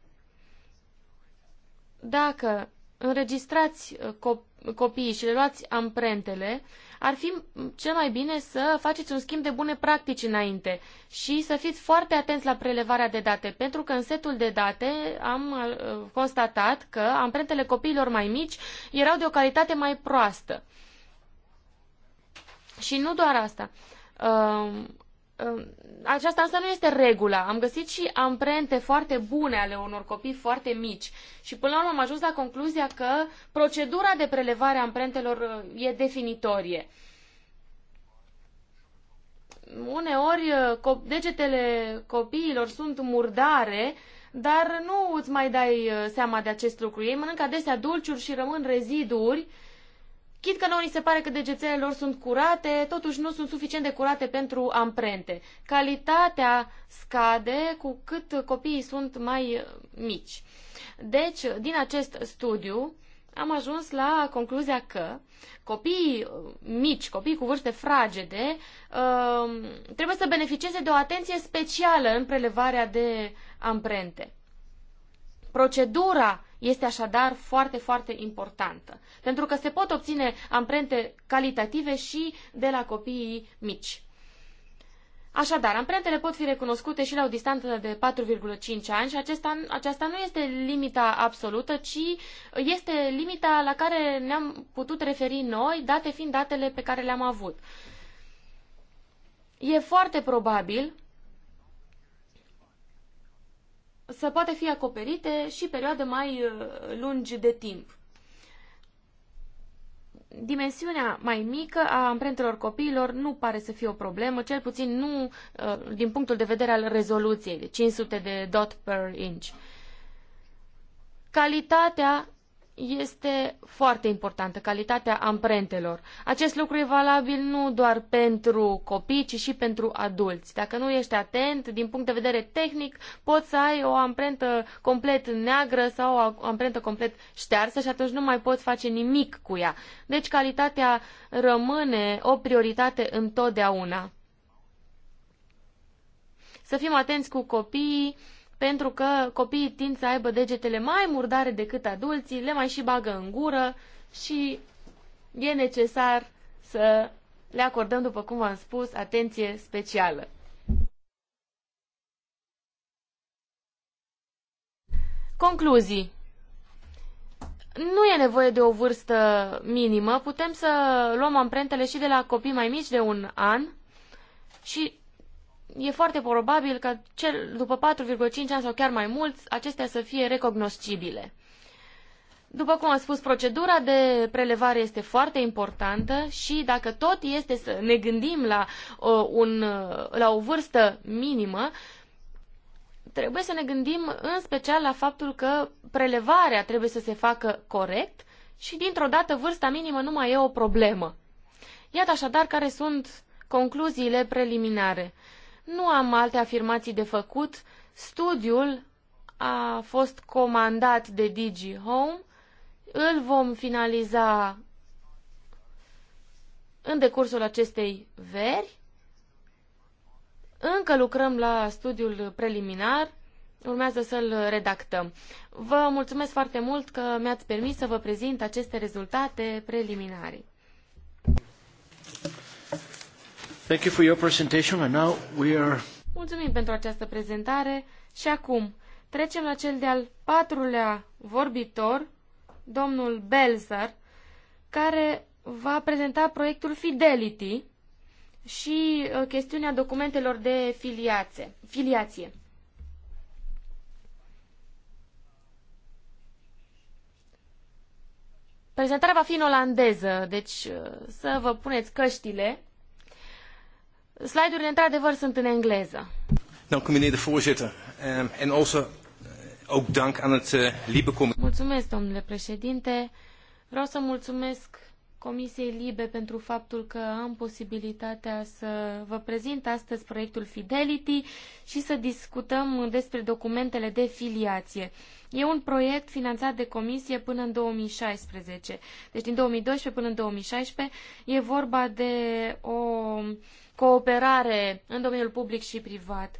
Dacă înregistrați uh, copiii și le luați amprentele, ar fi cel mai bine să faceți un schimb de bune practici înainte și să fiți foarte atenți la prelevarea de date, pentru că în setul de date am uh, constatat că amprentele copiilor mai mici erau de o calitate mai proastă. Și nu doar asta. Ehm, ehm, aceasta însă nu este regula. Am găsit și amprente foarte bune ale unor copii foarte mici. Și până la urmă am ajuns la concluzia că procedura de prelevare a amprentelor eh, e definitorie uneori eh, degetele copiilor sunt murdare, dar nu îți mai dai eh, seama de acest lucru. Ei mănâncă adesea dulciuri și rămân reziduri Chit că nouă ni se pare că degețele lor sunt curate, totuși nu sunt suficient de curate pentru amprente. Calitatea scade cu cât copiii sunt mai uh, mici. Deci, din acest studiu, am ajuns la concluzia că copiii uh, mici, copiii cu vârste fragede, uh, trebuie să beneficieze de o atenție specială în prelevarea de amprente. Procedura este așadar foarte, foarte importantă, pentru că se pot obține amprente calitative și de la copiii mici. Așadar, amprentele pot fi recunoscute și la o distanță de 4,5 ani și acesta, aceasta nu este limita absolută, ci este limita la care ne-am putut referi noi, date fiind datele pe care le-am avut. E foarte probabil să poate fi acoperite și perioade mai uh, lungi de timp. Dimensiunea mai mică a amprentelor copiilor nu pare să fie o problemă, cel puțin nu uh, din punctul de vedere al rezoluției, de 500 de dot per inch. Calitatea este foarte importantă, calitatea amprentelor. Acest lucru e valabil nu doar pentru copii, ci și pentru adulți. Dacă nu ești atent, din punct de vedere tehnic, poți să ai o amprentă complet neagră sau o amprentă complet ștearsă și atunci nu mai poți face nimic cu ea. Deci calitatea rămâne o prioritate întotdeauna. Să fim atenți cu copiii, pentru că copiii tind să aibă degetele mai murdare decât adulții, le mai și bagă în gură și e necesar să le acordăm, după cum am spus, atenție specială. Concluzii. Nu e nevoie de o vârstă minimă, putem să luăm amprentele și de la copii mai mici de un an și e foarte probabil că cel, după 4,5 ani sau chiar mai mult, acestea să fie recognoscibile. După cum am spus, procedura de prelevare este foarte importantă și dacă tot este să ne gândim la, uh, un, uh, la o vârstă minimă, trebuie să ne gândim în special la faptul că prelevarea trebuie să se facă corect și dintr-o dată vârsta minimă nu mai e o problemă. Iată așadar care sunt concluziile preliminare. Uh, nu am alte afirmații de făcut. Studiul a fost comandat de Digi Home. Îl vom finaliza în decursul acestei veri. Încă lucrăm la studiul preliminar, urmează să-l redactăm. Vă mulțumesc foarte mult că mi-ați permis să vă prezint aceste rezultate preliminare. Thank you for your presentation and now we are... Mulțumim pentru această prezentare și acum trecem la cel de-al patrulea vorbitor, domnul Belzer, care va prezenta proiectul Fidelity și uh, chestiunea documentelor de filiație. filiație. Prezentarea va fi în olandeză, deci uh, să vă puneți căștile Slide-urile, într-adevăr, sunt în engleză. Dank u, meneer de voorzitter. Ehm, en also, eh, ook dank aan het eh, Libe-comité. Mulțumesc, domnule președinte. Vreau să mulțumesc Comisiei Libe pentru faptul că am posibilitatea să vă prezint astăzi proiectul Fidelity și să discutăm despre documentele de filiație. E un proiect finanțat de comisie până în 2016. Deci din 2012 până în 2016 e vorba de o cooperare în domeniul public și privat.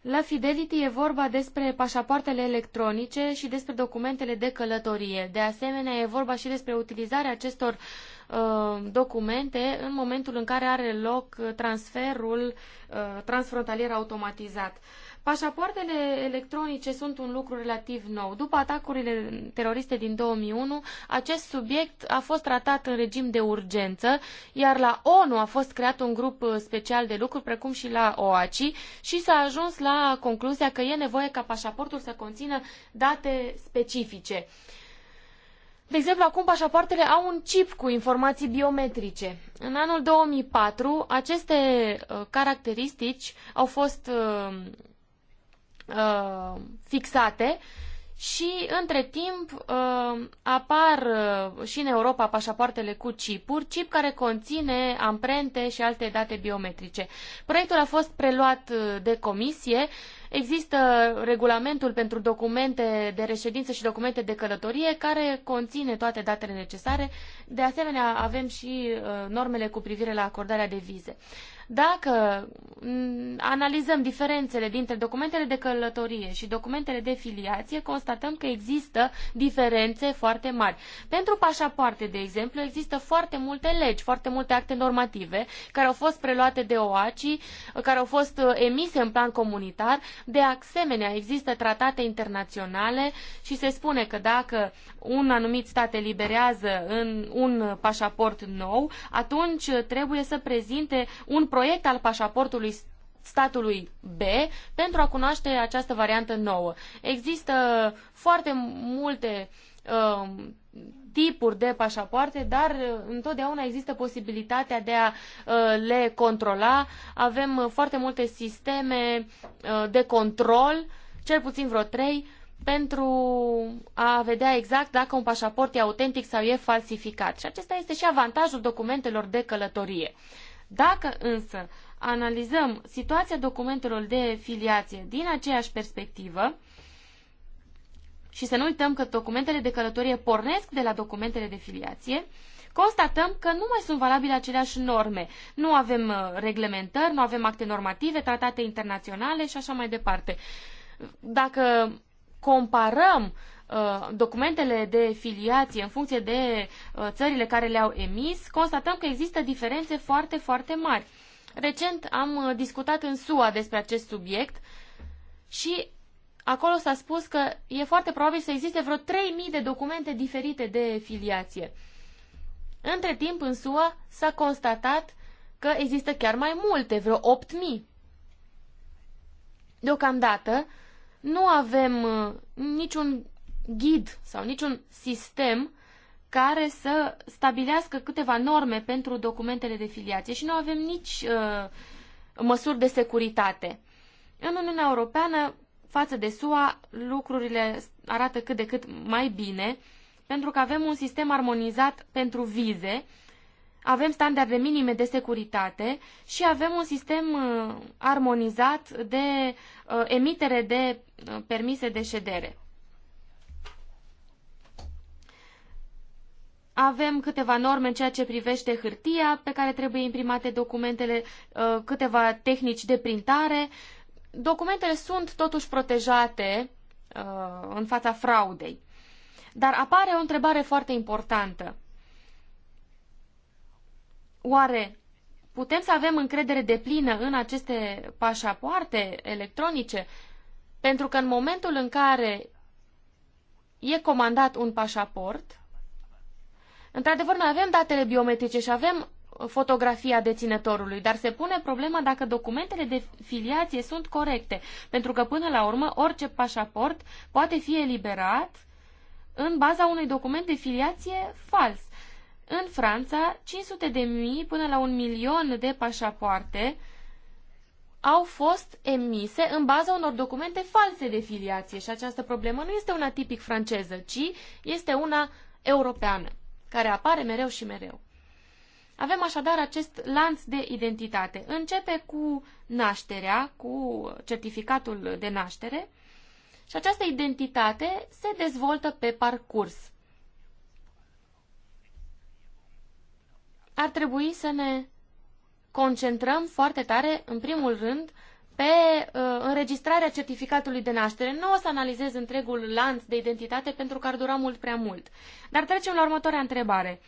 La Fidelity e vorba despre pașapoartele electronice și despre documentele de călătorie. De asemenea, e vorba și despre utilizarea acestor uh, documente în momentul în care are loc transferul uh, transfrontalier automatizat. Uh, Pașapoartele electronice sunt un lucru relativ nou. După atacurile teroriste din 2001, acest subiect a fost tratat în regim de urgență, iar la ONU a fost creat un grup uh, special de lucru, precum și la OACI, și s-a ajuns la concluzia că e nevoie ca pașaportul să conțină date specifice. De exemplu, acum pașapoartele au un chip cu informații biometrice. În anul 2004, aceste uh, caracteristici au fost uh, Uh, fixate și între timp uh, apar uh, și în Europa pașapoartele cu chipuri, chip care conține amprente și alte date biometrice. Proiectul a fost preluat de comisie. Există regulamentul pentru documente de reședință și documente de călătorie care conține toate datele necesare. De asemenea, avem și normele cu privire la acordarea de vize. Dacă mm, analizăm diferențele dintre documentele de călătorie și documentele de filiație, constatăm că există diferențe foarte mari. Pentru pașapoarte, de exemplu, există foarte multe legi, foarte multe acte normative care au fost preluate de OACI, care au fost uh, emise în plan comunitar. De asemenea, există tratate internaționale și se spune că dacă un anumit stat eliberează în un pașaport nou, atunci trebuie să prezinte un proiect proiect al pașaportului statului B pentru a cunoaște această variantă nouă. Există foarte multe um, tipuri de pașapoarte, dar uh, întotdeauna există posibilitatea de a uh, le controla. Avem uh, foarte multe sisteme de control, cel puțin vreo trei, pentru a vedea exact dacă un pașaport e autentic sau e falsificat. Și acesta este și avantajul documentelor de călătorie. Dacă însă analizăm situația documentelor de filiație din aceeași perspectivă, și să nu uităm că documentele de călătorie pornesc de la documentele de filiație, constatăm că nu mai sunt valabile aceleași norme. Nu avem uh, reglementări, nu avem acte normative, tratate internaționale și așa mai departe. Dacă comparăm Uh, documentele de filiație în funcție de uh, țările care le-au emis, constatăm că există diferențe foarte, foarte mari. Recent am uh, discutat în SUA despre acest subiect și acolo s-a spus că e foarte probabil să existe vreo 3.000 de documente diferite de filiație. Între timp, în SUA s-a constatat că există chiar mai multe, vreo 8.000. Deocamdată, nu avem niciun ghid sau niciun sistem care să stabilească câteva norme pentru documentele de filiație și nu avem nici uh, măsuri de securitate. În Uniunea Europeană, față de SUA, lucrurile arată cât de cât mai bine, pentru că avem un sistem armonizat pentru vize, avem standarde minime de securitate și avem un sistem uh, armonizat de uh, emitere de uh, permise de ședere. Avem câteva norme în ceea ce privește hârtia pe care trebuie imprimate documentele, uh, câteva tehnici de printare. Documentele sunt totuși protejate uh, în fața fraudei. Dar apare o întrebare foarte importantă. Oare putem să avem încredere deplină în aceste pașapoarte electronice? Pentru că în momentul în care e comandat un pașaport, Într-adevăr, noi avem datele biometrice și avem fotografia deținătorului, dar se pune problema dacă documentele de filiație sunt corecte, pentru că până la urmă orice pașaport poate fi eliberat în baza unui document de filiație fals. În Franța, 500 de mii până la un milion de pașapoarte au fost emise în baza unor documente false de filiație și această problemă nu este una tipic franceză, ci este una europeană care apare mereu și mereu. Avem așadar acest lanț de identitate. Începe cu nașterea, cu certificatul de naștere și această identitate se dezvoltă pe parcurs. Ar trebui să ne concentrăm foarte tare, în primul rând, pe uh, înregistrarea certificatului de naștere. Nu o să analizez întregul lanț de identitate pentru că ar dura mult prea mult. Dar trecem la următoarea întrebare.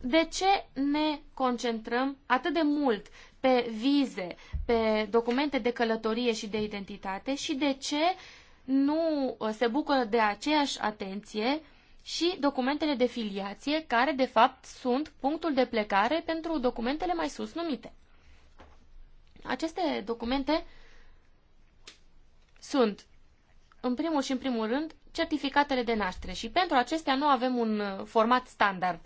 De ce ne concentrăm atât de mult pe vize, pe documente de călătorie și de identitate și de ce nu uh, se bucură de aceeași atenție și documentele de filiație, care de fapt sunt punctul de plecare pentru documentele mai sus numite. Aceste documente sunt, în primul și în primul rând, certificatele de naștere și pentru acestea nu avem un uh, format standard.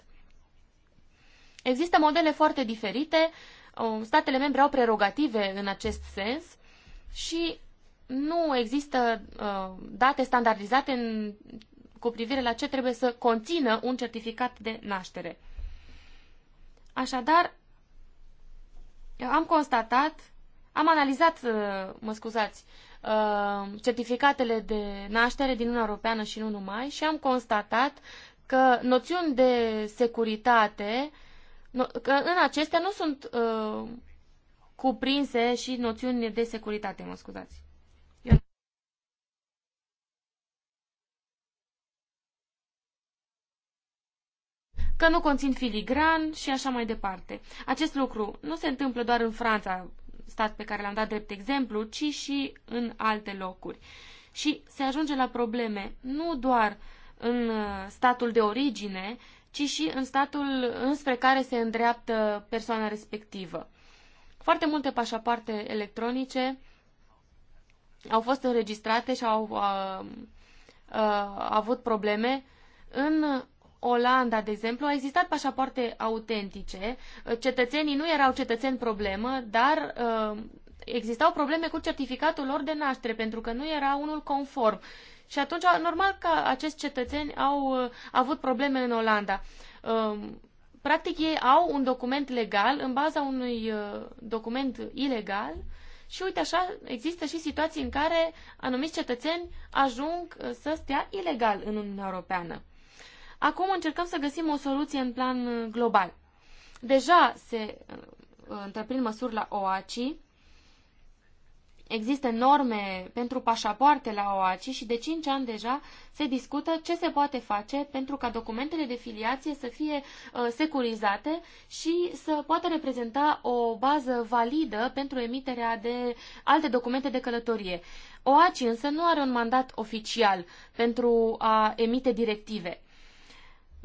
Există modele foarte diferite, uh, statele membre au prerogative în acest sens și nu există uh, date standardizate în, cu privire la ce trebuie să conțină un certificat de naștere. Așadar, am constatat, am analizat, mă scuzați, Uh, certificatele de naștere din Uniunea Europeană și nu numai și am constatat că noțiuni de securitate, că în acestea nu sunt uh, cuprinse și noțiuni de securitate, mă scuzați. Că nu conțin filigran și așa mai departe. Acest lucru nu se întâmplă doar în Franța, stat pe care l-am dat drept exemplu, ci și în alte locuri. Și se ajunge la probleme nu doar în uh, statul de origine, ci și în statul înspre care se îndreaptă persoana respectivă. Foarte multe pașapoarte electronice au fost înregistrate și au uh, uh, avut probleme în Olanda, de exemplu, au existat pașapoarte autentice, cetățenii nu erau cetățeni problemă, dar uh, existau probleme cu certificatul lor de naștere, pentru că nu era unul conform. Și atunci, normal că acești cetățeni au uh, avut probleme în Olanda. Uh, practic, ei au un document legal în baza unui uh, document ilegal și uite așa, există și situații în care anumiți cetățeni ajung uh, să stea ilegal în Uniunea Europeană. Acum încercăm să găsim o soluție în plan uh, global. Deja se uh, întreprind măsuri la OACI, există norme pentru pașapoarte la OACI și de 5 ani deja se discută ce se poate face pentru ca documentele de filiație să fie uh, securizate și să poată reprezenta o bază validă pentru emiterea de alte documente de călătorie. OACI însă nu are un mandat oficial pentru a emite directive.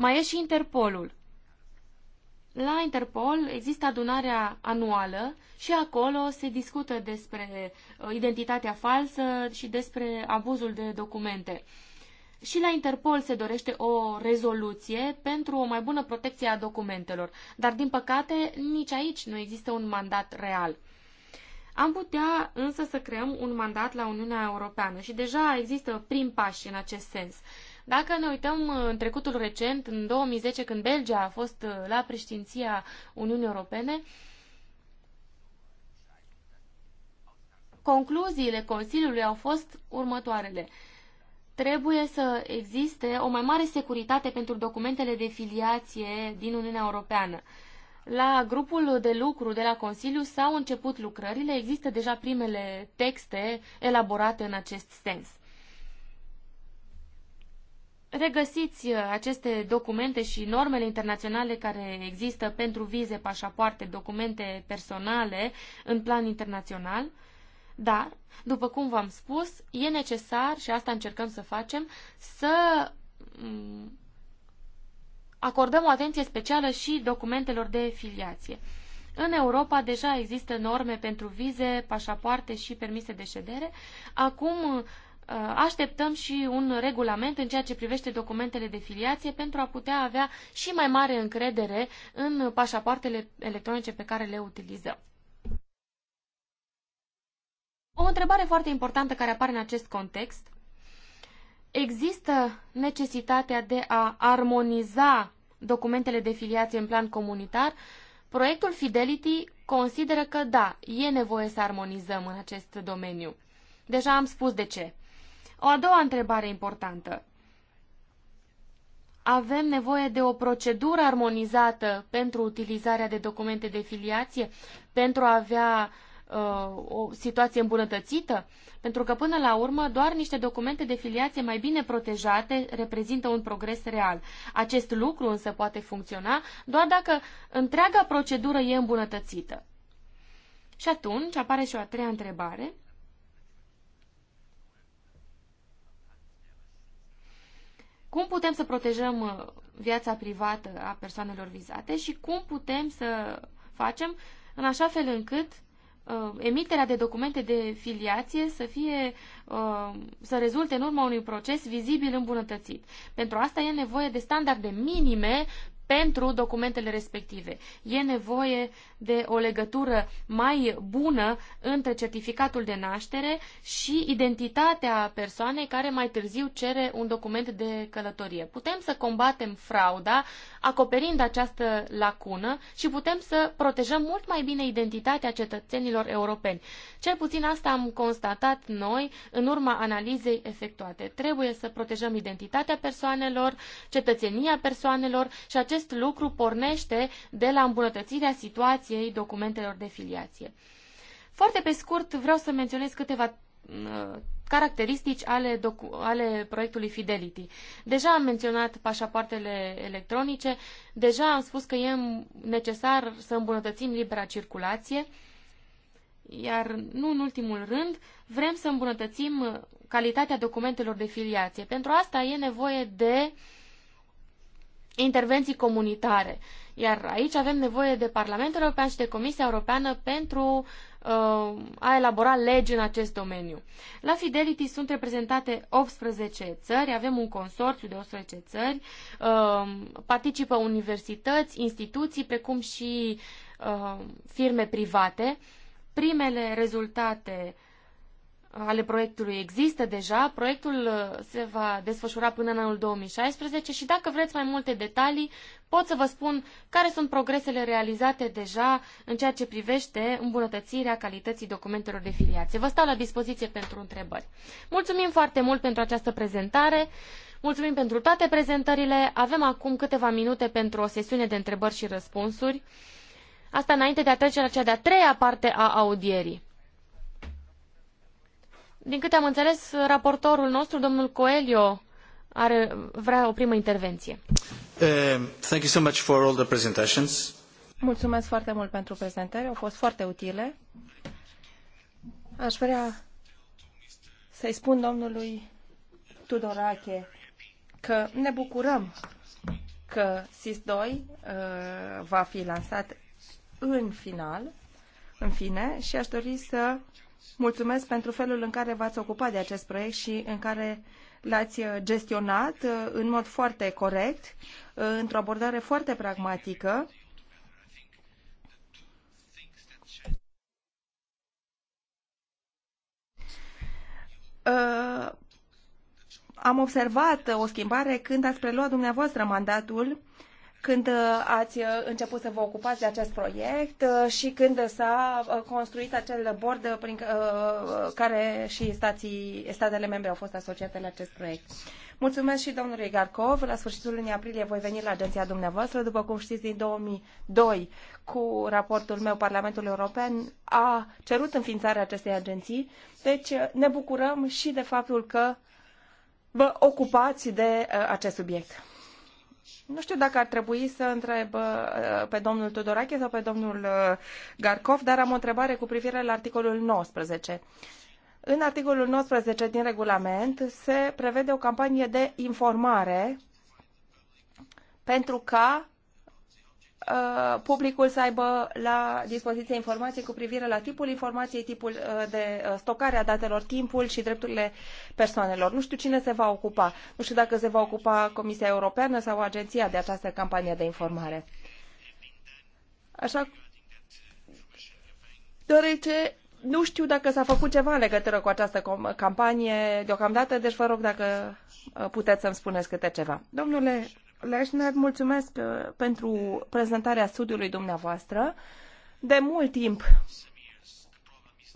Mai e și Interpolul. La Interpol există adunarea anuală și acolo se discută despre uh, identitatea falsă și despre abuzul de documente. Și la Interpol se dorește o rezoluție pentru o mai bună protecție a documentelor, dar din păcate nici aici nu există un mandat real. Am putea însă să creăm un mandat la Uniunea Europeană și deja există prim pași în acest sens. Dacă ne uităm în trecutul recent, în 2010, când Belgia a fost uh, la preștinția Uniunii Europene, concluziile Consiliului au fost următoarele. Trebuie să existe o mai mare securitate pentru documentele de filiație din Uniunea Europeană. La grupul de lucru de la Consiliu s-au început lucrările, există deja primele texte elaborate în acest sens regăsiți uh, aceste documente și normele internaționale care există pentru vize, pașapoarte, documente personale în plan internațional. Dar, după cum v-am spus, e necesar, și asta încercăm să facem, să mm, acordăm o atenție specială și documentelor de filiație. În Europa deja există norme pentru vize, pașapoarte și permise de ședere. Acum Uh, așteptăm și un regulament în ceea ce privește documentele de filiație pentru a putea avea și mai mare încredere în pașapoartele electronice pe care le utilizăm. O întrebare foarte importantă care apare în acest context. Există necesitatea de a armoniza documentele de filiație în plan comunitar? Proiectul Fidelity consideră că da, e nevoie să armonizăm în acest domeniu. Deja am spus de ce. O a doua întrebare importantă. Avem nevoie de o procedură armonizată pentru utilizarea de documente de filiație, pentru a avea uh, o situație îmbunătățită? Pentru că, până la urmă, doar niște documente de filiație mai bine protejate reprezintă un progres real. Acest lucru însă poate funcționa doar dacă întreaga procedură e îmbunătățită. Și atunci apare și o a treia întrebare – cum putem să protejăm uh, viața privată a persoanelor vizate și cum putem să facem în așa fel încât uh, emiterea de documente de filiație să fie uh, să rezulte în urma unui proces vizibil îmbunătățit. Pentru asta e nevoie de standarde minime pentru documentele respective. E nevoie de o legătură mai bună între certificatul de naștere și identitatea persoanei care mai târziu cere un document de călătorie. Putem să combatem frauda acoperind această lacună și putem să protejăm mult mai bine identitatea cetățenilor europeni. Cel puțin asta am constatat noi în urma analizei efectuate. Trebuie să protejăm identitatea persoanelor, cetățenia persoanelor și acest acest lucru pornește de la îmbunătățirea situației documentelor de filiație. Foarte pe scurt vreau să menționez câteva uh, caracteristici ale, ale proiectului Fidelity. Deja am menționat pașapoartele electronice, deja am spus că e necesar să îmbunătățim libera circulație, iar nu în ultimul rând, vrem să îmbunătățim calitatea documentelor de filiație. Pentru asta e nevoie de uh, intervenții comunitare. Iar aici avem nevoie de Parlamentul European și de Comisia Europeană pentru uh, a elabora legi în acest domeniu. La Fidelity sunt reprezentate 18 țări, avem un consorțiu de 18 țări, uh, participă universități, instituții, precum și uh, firme private. Primele rezultate uh, ale proiectului există deja. Proiectul uh, se va desfășura până în anul 2016 și dacă vreți mai multe detalii, pot să vă spun care sunt progresele realizate deja în ceea ce privește îmbunătățirea calității documentelor de filiație. Vă stau la dispoziție pentru întrebări. Mulțumim foarte mult pentru această prezentare. Mulțumim pentru toate prezentările. Avem acum câteva minute pentru o sesiune de întrebări și răspunsuri. Asta înainte de a trece la cea de-a treia parte a audierii. Din câte am înțeles, raportorul nostru, domnul Coelho, are, vrea o primă intervenție. Uh, thank you so much for all the presentations. Mulțumesc foarte mult pentru prezentări, au fost foarte utile. Aș vrea să-i spun domnului Tudorache că ne bucurăm că SIS-2 uh, va fi lansat în final, în fine, și aș dori să mulțumesc pentru felul în care v-ați ocupat de acest proiect și în care l-ați uh, gestionat uh, în mod foarte corect, uh, într-o abordare foarte pragmatică. Am observat o schimbare când ați preluat dumneavoastră mandatul când uh, ați uh, început să vă ocupați de acest proiect uh, și când s-a construit acel bord prin care și stații, statele membre au fost asociate la acest proiect. Mulțumesc și domnului Garcov. La sfârșitul lunii aprilie voi veni la agenția dumneavoastră. După cum știți, din 2002, cu raportul meu, Parlamentul European a cerut înființarea acestei agenții. Deci ne bucurăm și de faptul că vă ocupați de acest subiect. Nu știu dacă ar trebui să întreb uh, pe domnul Tudorache sau pe domnul uh, Garcov, dar am o întrebare cu privire la articolul 19. În articolul 19 din regulament se prevede o campanie de informare pentru ca Uh, publicul să aibă la dispoziție informații cu privire la tipul informației, tipul uh, de uh, stocare a datelor, timpul și drepturile persoanelor. Nu știu cine se va ocupa. Nu știu dacă se va ocupa Comisia Europeană sau Agenția de această campanie de informare. Așa deoarece nu știu dacă s-a făcut ceva în legătură cu această campanie deocamdată, deci vă rog dacă puteți să-mi spuneți câte ceva. Domnule Leșner, mulțumesc uh, pentru prezentarea studiului dumneavoastră. De mult timp,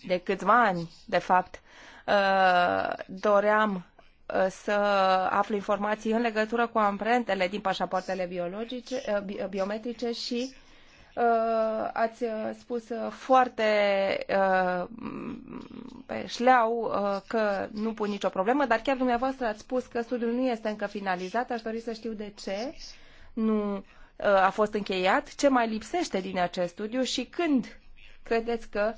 de câțiva ani, de fapt, uh, doream uh, să aflu informații în legătură cu amprentele din pașapoartele biologice, biometrice și Uh, ați uh, spus uh, foarte pe șleau că nu pun nicio problemă, dar chiar dumneavoastră ați spus că studiul nu este încă finalizat. Aș dori să știu de ce nu a fost încheiat, ce mai lipsește din acest studiu și când credeți că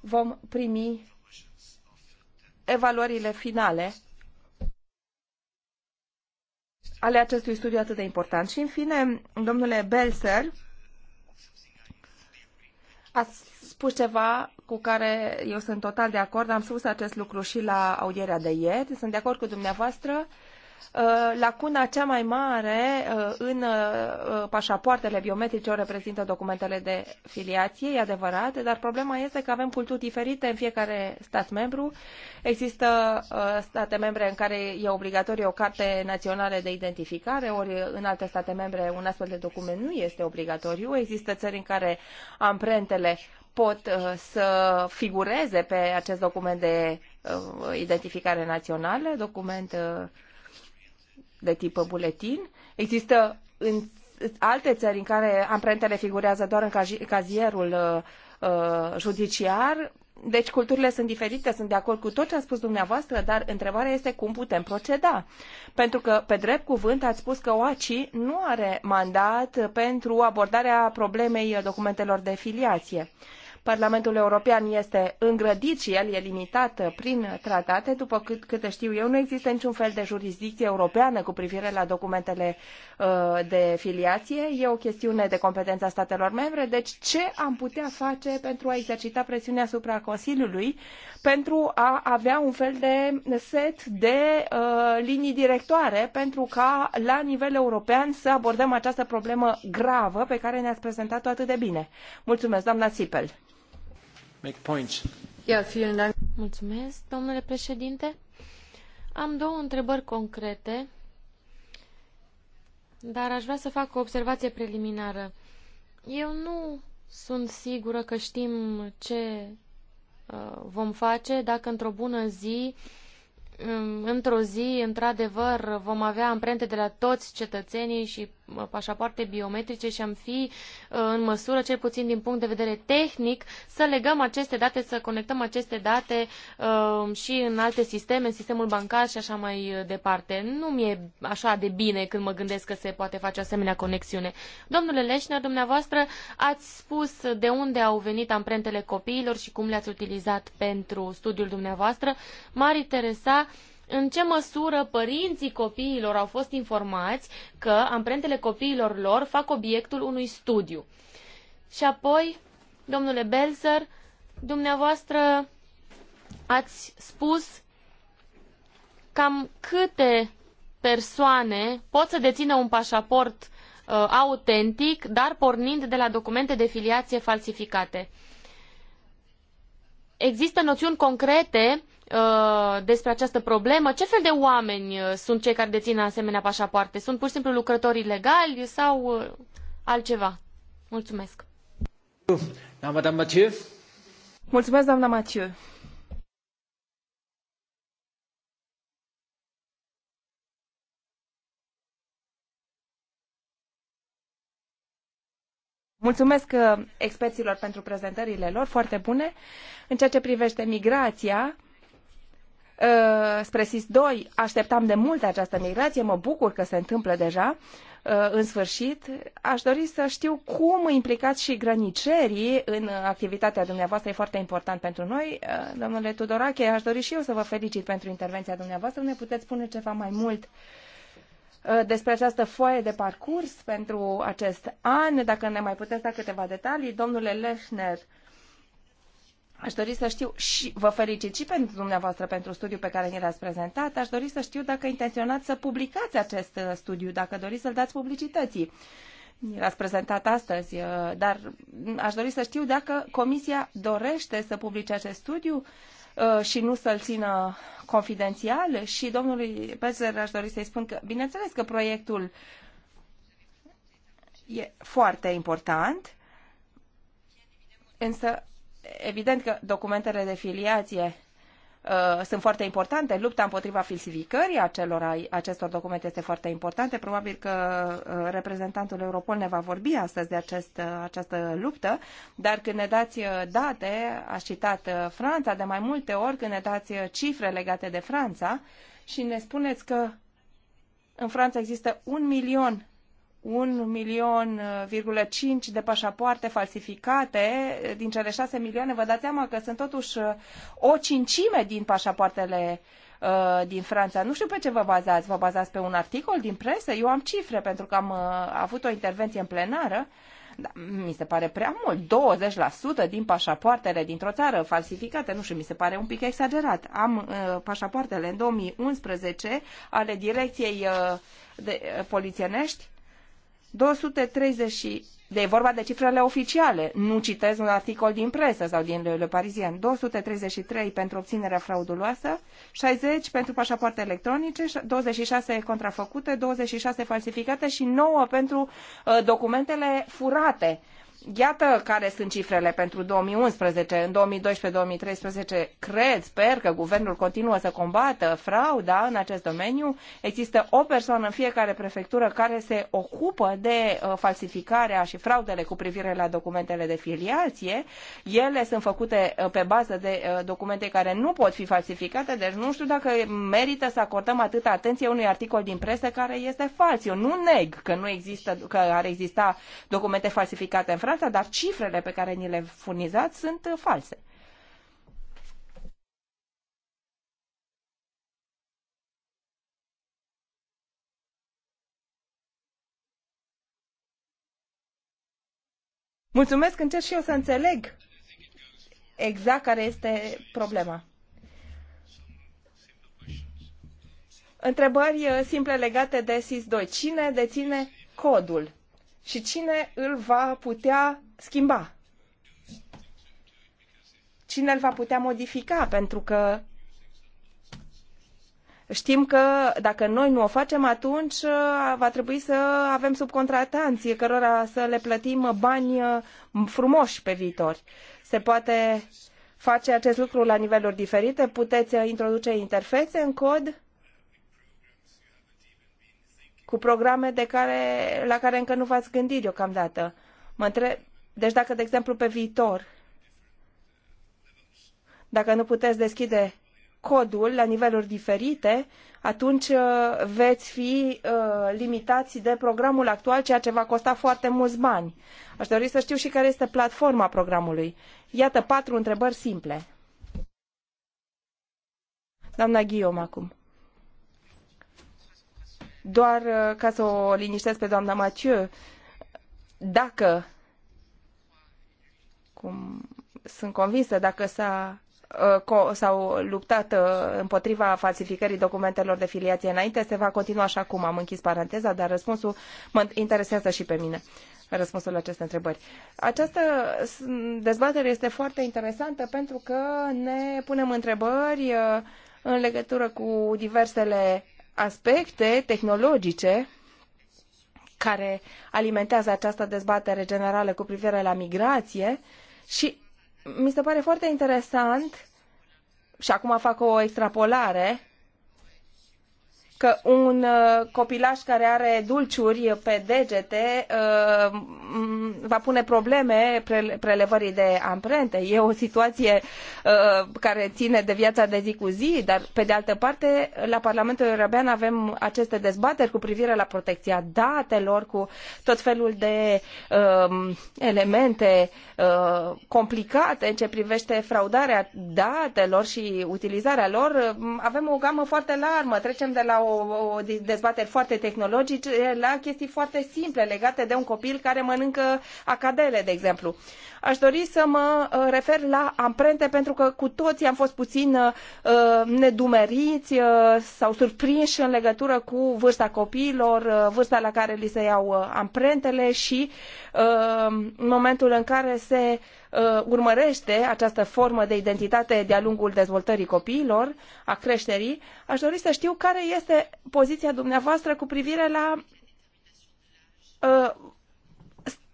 vom primi evaluările finale ale acestui studiu atât de important. Și în fine, domnule Belser, Ați spus ceva cu care eu sunt total de acord. Am spus acest lucru și la audierea de ieri. Sunt de acord cu dumneavoastră. Uh, Uh, lacuna cea mai mare uh, în uh, pașapoartele biometrice o reprezintă documentele de filiație, e adevărat, dar problema este că avem culturi diferite în fiecare stat membru. Există state membre în care e obligatorie o carte națională de identificare, ori în alte state membre un astfel de document nu este obligatoriu. Există țări în care amprentele pot să figureze pe acest document de identificare națională, document uh, de tip buletin. Există în alte țări în care amprentele figurează doar în cazierul uh, uh, judiciar. Deci culturile sunt diferite, sunt de acord cu tot ce a spus dumneavoastră, dar întrebarea este cum putem proceda. Pentru că, pe drept cuvânt, ați spus că OACI nu are mandat pentru abordarea problemei documentelor de filiație. Uh, Parlamentul European este îngrădit și el e limitat prin tratate. După cât, câte știu eu, nu există niciun fel de jurisdicție europeană cu privire la documentele uh, de filiație. E o chestiune de competența statelor membre. Deci ce am putea face pentru a exercita presiunea asupra Consiliului pentru a avea un fel de set de uh, linii directoare pentru ca la nivel european să abordăm această problemă gravă pe care ne-ați prezentat-o atât de bine. Mulțumesc, doamna Sipel. Mulțumesc, domnule președinte. Am două întrebări concrete, dar a vrea să fac o observație preliminară. Eu nu sunt sigură că știm ce uh, vom face dacă într-o bună zi, um, într-o zi, într-adevăr, vom avea amprente de la toți cetățenii și pașapoarte biometrice și am fi uh, în măsură, cel puțin din punct de vedere tehnic, să legăm aceste date, să conectăm aceste date uh, și în alte sisteme, în sistemul bancar și așa mai uh, departe. Nu mi-e așa de bine când mă gândesc că se poate face asemenea conexiune. Domnule Leșner, dumneavoastră ați spus de unde au venit amprentele copiilor și cum le-ați utilizat pentru studiul dumneavoastră. M-ar interesa în ce măsură părinții copiilor au fost informați că amprentele copiilor lor fac obiectul unui studiu. Și apoi, domnule Belzer, dumneavoastră ați spus cam câte persoane pot să dețină un pașaport uh, autentic, dar pornind de la documente de filiație falsificate. Există noțiuni concrete Uh, despre această problemă? Ce fel de oameni uh, sunt cei care dețin asemenea pașapoarte? Sunt pur și simplu lucrători ilegali sau uh, altceva? Mulțumesc. Da, Mulțumesc, doamna Mathieu. Mulțumesc experților pentru prezentările lor foarte bune. În ceea ce privește migrația, Uh, spre SIS-2 așteptam de mult această migrație, mă bucur că se întâmplă deja uh, în sfârșit. Aș dori să știu cum implicați și grănicerii în activitatea dumneavoastră, e foarte important pentru noi. Uh, domnule Tudorache, aș dori și eu să vă felicit pentru intervenția dumneavoastră. Ne puteți spune ceva mai mult despre această foaie de parcurs pentru acest an, dacă ne mai puteți da câteva detalii. Domnule Leșner? Aș dori să știu și vă felicit și pentru dumneavoastră pentru studiul pe care ni l-ați prezentat. Aș dori să știu dacă intenționați să publicați acest uh, studiu, dacă doriți să-l dați publicității. L-ați prezentat astăzi, uh, dar aș dori să știu dacă Comisia dorește să publice acest studiu uh, și nu să-l țină confidențial și domnului Pezer aș dori să-i spun că, bineînțeles că proiectul e foarte important, însă evident că documentele de filiație uh, sunt foarte importante. Lupta împotriva falsificării acelor, acestor documente este foarte importantă. Probabil că uh, reprezentantul Europol ne va vorbi astăzi de acest, uh, această luptă, dar când ne dați date, a citat Franța de mai multe ori, când ne dați cifre legate de Franța și ne spuneți că în Franța există un milion un milion uh, cinci de pașapoarte falsificate din cele 6 milioane, vă dați seama că sunt totuși uh, o cincime din pașapoartele uh, din Franța. Nu știu pe ce vă bazați. Vă bazați pe un articol din presă? Eu am cifre pentru că am uh, avut o intervenție în plenară. Da, mi se pare prea mult. 20% din pașapoartele dintr-o țară falsificate, nu știu, mi se pare un pic exagerat. Am uh, pașapoartele în 2011 ale direcției uh, de, uh, polițienești 230 de vorba de cifrele oficiale, nu citez un articol din presă sau din Le Parisien. 233 pentru obținerea frauduloasă, 60 pentru pașapoarte electronice, 26 contrafăcute, 26 falsificate și 9 pentru uh, documentele furate. Uh, Iată care sunt cifrele pentru 2011. În 2012-2013 cred, sper că guvernul continuă să combată frauda în acest domeniu. Există o persoană în fiecare prefectură care se ocupă de uh, falsificarea și fraudele cu privire la documentele de filiație. Ele sunt făcute uh, pe bază de uh, documente care nu pot fi falsificate, deci nu știu dacă merită să acordăm atâta atenție unui articol din presă care este fals. Eu nu neg că nu există, că ar exista documente falsificate în Franța, dar cifrele pe care ni le furnizați sunt uh, false. Mulțumesc, încerc și eu să înțeleg exact care este problema. Întrebări uh, simple legate de SIS-2. Cine deține codul? și cine îl va putea schimba? Cine îl va putea modifica? Pentru că știm că dacă noi nu o facem, atunci uh, va trebui să avem subcontratanții cărora să le plătim bani uh, frumoși pe viitor. Se poate face acest lucru la niveluri diferite, puteți uh, introduce interfețe în cod cu programe de care, la care încă nu v-ați gândit deocamdată. Mă întreb, deci dacă, de exemplu, pe viitor, dacă nu puteți deschide codul la niveluri diferite, atunci uh, veți fi uh, limitați de programul actual, ceea ce va costa foarte mulți bani. Aș dori să știu și care este platforma programului. Iată patru întrebări simple. Doamna Ghiom acum. Doar uh, ca să o liniștesc pe doamna Mathieu, dacă, cum sunt convinsă, dacă s-a uh, s-au luptat uh, împotriva falsificării documentelor de filiație înainte, se va continua așa cum am închis paranteza, dar răspunsul mă interesează și pe mine răspunsul la aceste întrebări. Această dezbatere este foarte interesantă pentru că ne punem întrebări în legătură cu diversele aspecte tehnologice care alimentează această dezbatere generală cu privire la migrație și mi se pare foarte interesant și acum fac o extrapolare că un uh, copilaș care are dulciuri pe degete uh, va pune probleme prelevării de amprente. E o situație uh, care ține de viața de zi cu zi, dar pe de altă parte la Parlamentul European avem aceste dezbateri cu privire la protecția datelor, cu tot felul de um, elemente complicate în ce privește fraudarea datelor și utilizarea lor. Avem o gamă foarte largă, trecem de la o o, dezbatere dezbateri foarte tehnologice la chestii foarte simple legate de un copil care mănâncă acadele, de exemplu. Aș dori să mă uh, refer la amprente pentru că cu toții am fost puțin uh, nedumeriți uh, sau surprinși în legătură cu vârsta copiilor, vârsta la care li se iau amprentele și în momentul în care se urmărește această formă de identitate de-a lungul dezvoltării copiilor, a creșterii, aș dori să știu care este poziția dumneavoastră cu privire la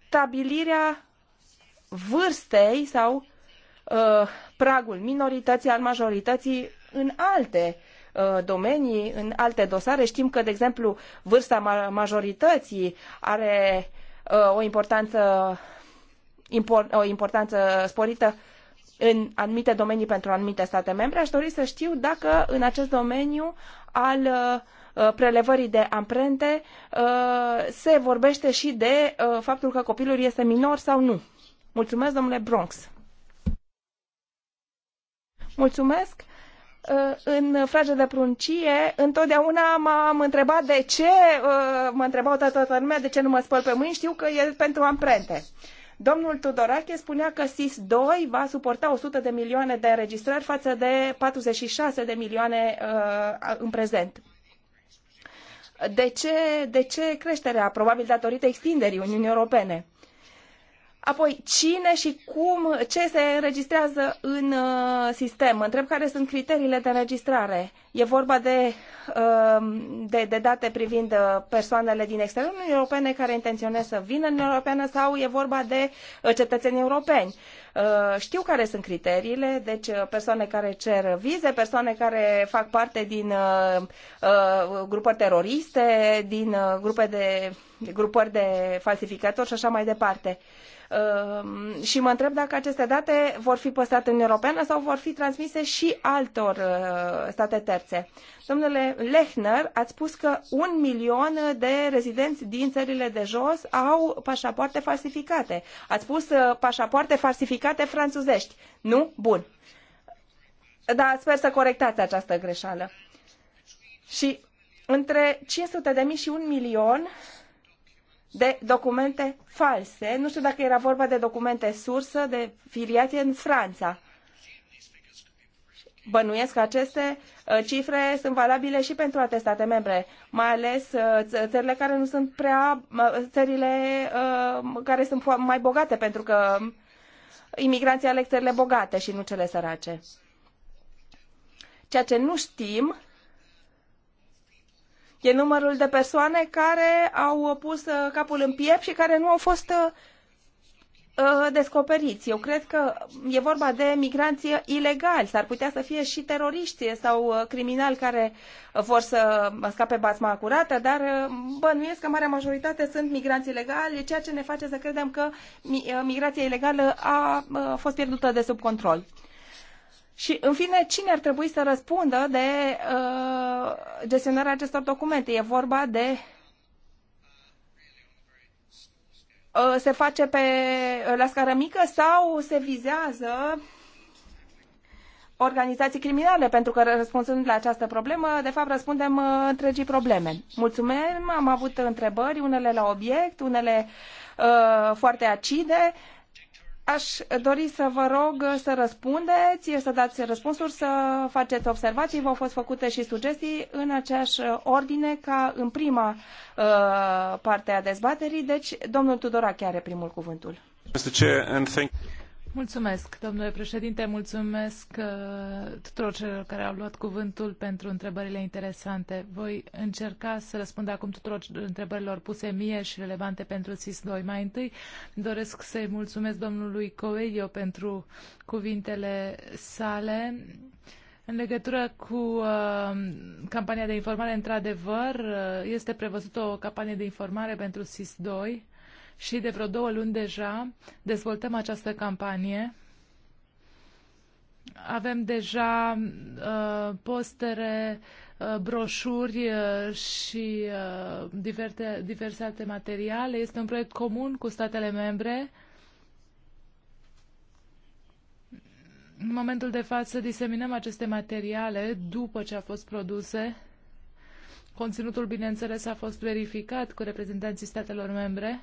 stabilirea vârstei sau uh, pragul minorității, al majorității în alte uh, domenii, în alte dosare. Știm că, de exemplu, vârsta majorității are uh, o importanță o importanță sporită în anumite domenii pentru anumite state membre. Aș dori să știu dacă în acest domeniu al uh, prelevării de amprente uh, se vorbește și de uh, faptul că copilul este minor sau nu. Mulțumesc, domnule Bronx. Mulțumesc uh, în frage de pruncie, întotdeauna m-am întrebat de ce, uh, mă întrebau toată lumea de ce nu mă spăl pe mâini, știu că e pentru amprente. Domnul Tudorache spunea că SIS-2 va suporta 100 de milioane de înregistrări față de 46 de milioane uh, în prezent. De ce, de ce creșterea? Probabil datorită extinderii Uniunii Europene. Apoi, cine și cum, ce se înregistrează în uh, sistem? Mă întreb care sunt criteriile de înregistrare. E vorba de, uh, de, de date privind uh, persoanele din exteriorul Uniunii Europene care intenționează să vină în Uniunea Europeană sau e vorba de uh, cetățeni europeni? Uh, știu care sunt criteriile, deci uh, persoane care cer vize, persoane care fac parte din uh, uh, grupări teroriste, din uh, grupe de grupări de falsificatori și așa mai departe. Ehm, și mă întreb dacă aceste date vor fi păstrate în Europeană sau vor fi transmise și altor eh, state terțe. Domnule Lechner, ați spus că un milion de rezidenți din țările de jos au pașapoarte falsificate. Ați spus eh, pașapoarte falsificate franțuzești. Nu? Bun. Da, sper să corectați această greșeală. Și între 500 de mii și un milion de documente false. Nu știu dacă era vorba de documente sursă, de filiație în Franța. Bănuiesc că aceste uh, cifre sunt valabile și pentru alte state membre, mai ales uh, țările care nu sunt prea, uh, țările care sunt mai bogate, pentru că imigranții aleg țările bogate și nu cele sărace. Ceea ce nu știm E numărul de persoane care au pus uh, capul în piept și care nu au fost uh, uh, descoperiți. Eu cred că e vorba de migranți ilegali. S-ar putea să fie și teroriști sau criminali care vor să scape basma curată, dar bănuiesc că marea majoritate sunt migranți ilegali, ceea ce ne face să credem că migrația ilegală a fost pierdută de sub control. Și, în fine, cine ar trebui să răspundă de uh, gestionarea acestor documente? E vorba de uh, se face pe, la scară mică sau se vizează organizații criminale, pentru că răspunsând la această problemă, de fapt răspundem uh, întregii probleme. Mulțumim, am avut întrebări, unele la obiect, unele uh, foarte acide. Uh, Aș dori să vă rog să răspundeți, să dați răspunsuri, să faceți observații. V-au fost făcute și sugestii în aceeași ordine ca în prima uh, parte a dezbaterii. Deci, domnul Tudora chiar are primul cuvântul. Mulțumesc, domnule președinte, mulțumesc uh, tuturor celor care au luat cuvântul pentru întrebările interesante. Voi încerca să răspund acum tuturor întrebărilor puse mie și relevante pentru SIS-2. Mai întâi doresc să-i mulțumesc domnului Coelho pentru cuvintele sale. În legătură cu uh, campania de informare, într-adevăr, uh, este prevăzută o campanie de informare pentru SIS-2 și de vreo două luni deja dezvoltăm această campanie. Avem deja uh, postere, uh, broșuri uh, și uh, diverse, diverse alte materiale. Este un proiect comun cu statele membre. În momentul de față diseminăm aceste materiale după ce au fost produse. Conținutul, bineînțeles, a fost verificat cu reprezentanții statelor membre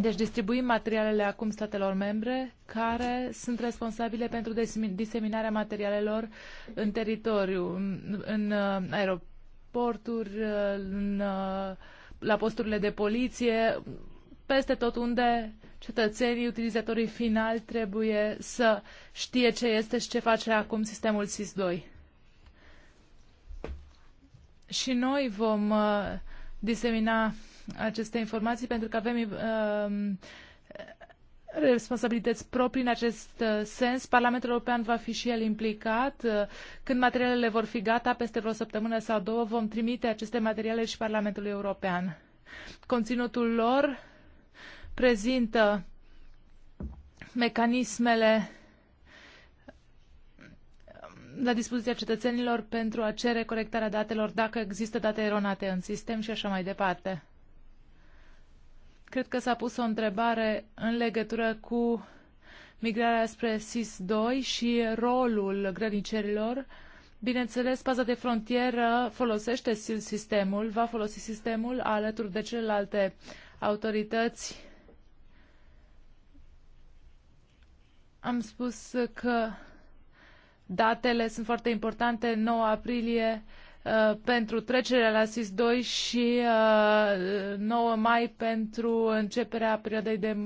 deci distribuim materialele acum statelor membre care sunt responsabile pentru diseminarea materialelor în teritoriu, în, uh, aeroporturi, uh, în, uh, la posturile de poliție, peste tot unde cetățenii, utilizatorii finali trebuie să știe ce este și ce face acum sistemul SIS-2. Și noi vom disemina aceste informații pentru că avem um, responsabilități proprii în acest uh, sens. Parlamentul European va fi și el implicat. Uh, când materialele vor fi gata, peste vreo săptămână sau două, vom trimite aceste materiale și Parlamentului European. Conținutul lor prezintă mecanismele um, la dispoziția cetățenilor pentru a cere corectarea datelor dacă există date eronate în sistem și așa mai departe. Cred că s-a pus o întrebare în legătură cu migrarea spre SIS-2 și rolul grănicerilor. Bineînțeles, paza de frontieră folosește sistemul, va folosi sistemul alături de celelalte autorități. Am spus că datele sunt foarte importante. 9 aprilie uh, Uh, pentru trecerea la SIS-2 și uh, 9 mai pentru începerea perioadei de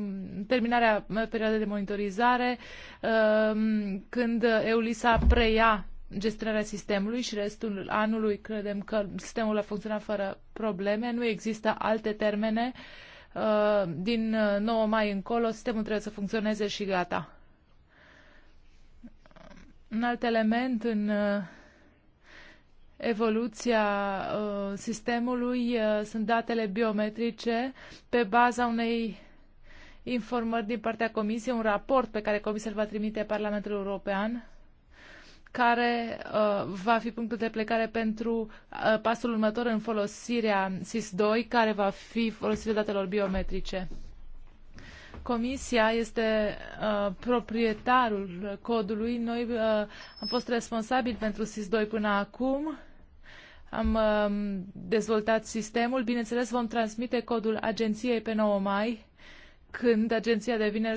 terminarea perioadei de monitorizare uh, când EULISA preia gestionarea sistemului și restul anului credem că sistemul a funcționat fără probleme. Nu există alte termene. Uh, din 9 uh, mai încolo sistemul trebuie să funcționeze și gata. Un alt element în uh, evoluția uh, sistemului uh, sunt datele biometrice pe baza unei informări din partea Comisiei, un raport pe care Comisia îl va trimite Parlamentul European, care uh, va fi punctul de plecare pentru uh, pasul următor în folosirea SIS-2, care va fi folosirea datelor biometrice. Comisia este uh, proprietarul codului. Noi uh, am fost responsabili pentru SIS-2 până acum. Uh, am um, dezvoltat sistemul. Bineînțeles, vom transmite codul agenției pe 9 mai când agenția devine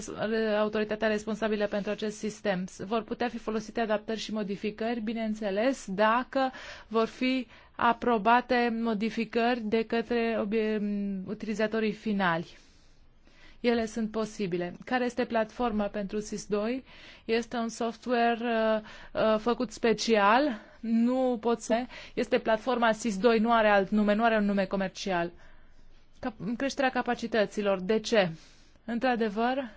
autoritatea responsabilă pentru acest sistem. Vor putea fi folosite adaptări și modificări, bineînțeles, dacă vor fi aprobate modificări de către utilizatorii finali. Ele sunt posibile. Care este platforma pentru SIS2? Este un software uh, uh, făcut special nu pot să... Este platforma SIS-2, nu are alt nume, nu are un nume comercial. Cap... Creșterea capacităților. De ce? Într-adevăr,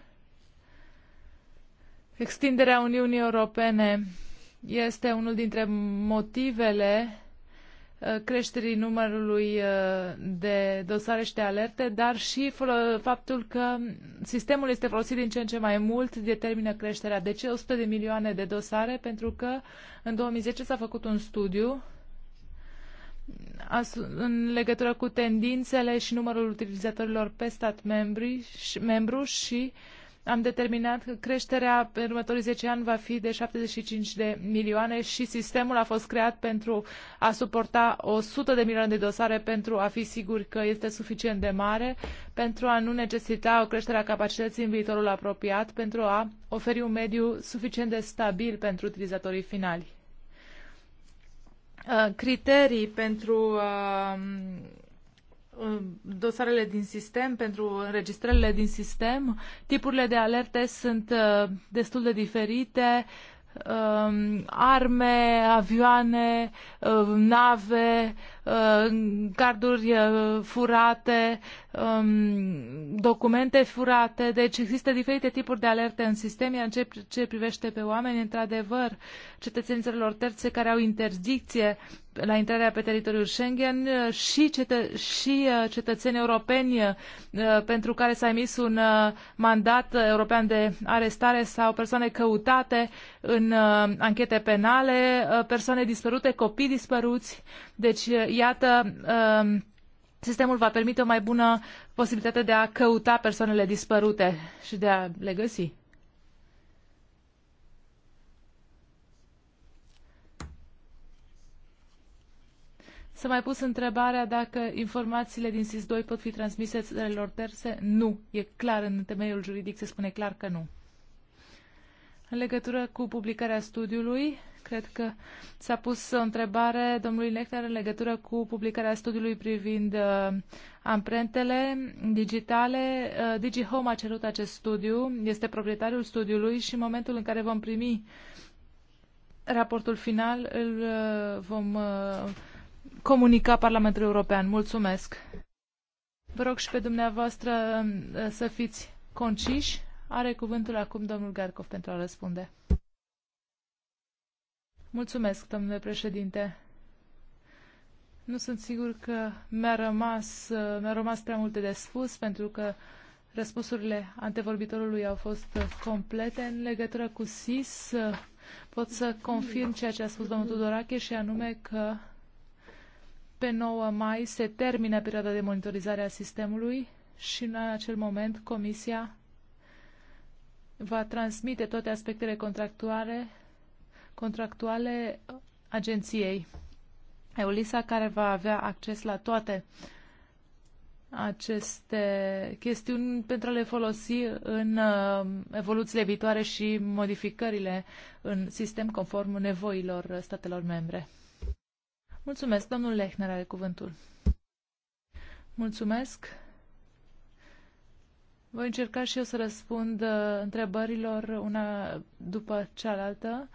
extinderea Uniunii Europene este unul dintre motivele Uh, creșterii numărului uh, de dosare și de alerte, dar și faptul că sistemul este folosit din ce în ce mai mult determină creșterea. De ce 100 de milioane de dosare? Pentru că în 2010 s-a făcut un studiu în legătură cu tendințele și numărul utilizatorilor pe stat membri, membru și uh, am determinat că creșterea pe următorii 10 ani va fi de 75 de milioane și sistemul a fost creat pentru a suporta 100 de milioane de dosare pentru a fi sigur că este suficient de mare, pentru a nu necesita o creștere a capacității în viitorul apropiat, pentru a oferi un mediu suficient de stabil pentru utilizatorii finali. Criterii pentru uh, dosarele din sistem, pentru înregistrările din sistem. Tipurile de alerte sunt uh, destul de diferite. Um, arme, avioane, uh, nave, carduri uh, uh, furate, um, documente furate. Deci există diferite tipuri de alerte în sistem, iar în ce, ce privește pe oameni, într-adevăr, cetățenilor terțe care au interdicție la intrarea pe teritoriul Schengen uh, și, cetă- și cetățeni europeni pentru care s-a emis un mandat european de arestare sau persoane căutate în anchete penale, persoane dispărute, copii dispăruți. Deci, iată, um, sistemul va permite o mai bună posibilitate de a căuta persoanele dispărute și de a le găsi. Să mai pus întrebarea dacă informațiile din SIS-2 pot fi transmise țărilor terse? Nu. E clar, în temeiul juridic se spune clar că nu. În legătură cu publicarea studiului, Cred că s-a pus o întrebare domnului Lechner în legătură cu publicarea studiului privind uh, amprentele digitale. Uh, DigiHome a cerut acest studiu, este proprietarul studiului și în momentul în care vom primi raportul final îl uh, vom uh, comunica Parlamentul European. Mulțumesc! Vă rog și pe dumneavoastră uh, să fiți conciși. Are cuvântul acum domnul Garcov pentru a răspunde. Mulțumesc, domnule președinte. Nu sunt sigur că mi-a rămas, mi rămas prea multe de spus, pentru că răspunsurile antevorbitorului au fost complete. În legătură cu SIS, pot să confirm ceea ce a spus domnul Tudorache și anume că pe 9 mai se termină perioada de monitorizare a sistemului și în acel moment Comisia va transmite toate aspectele contractuale contractuale agenției EULISA, care va avea acces la toate aceste chestiuni pentru a le folosi în uh, evoluțiile viitoare și modificările în sistem conform nevoilor statelor membre. Mulțumesc, domnul Lechner are cuvântul. Mulțumesc. Voi încerca și eu să răspund uh, întrebărilor una după cealaltă.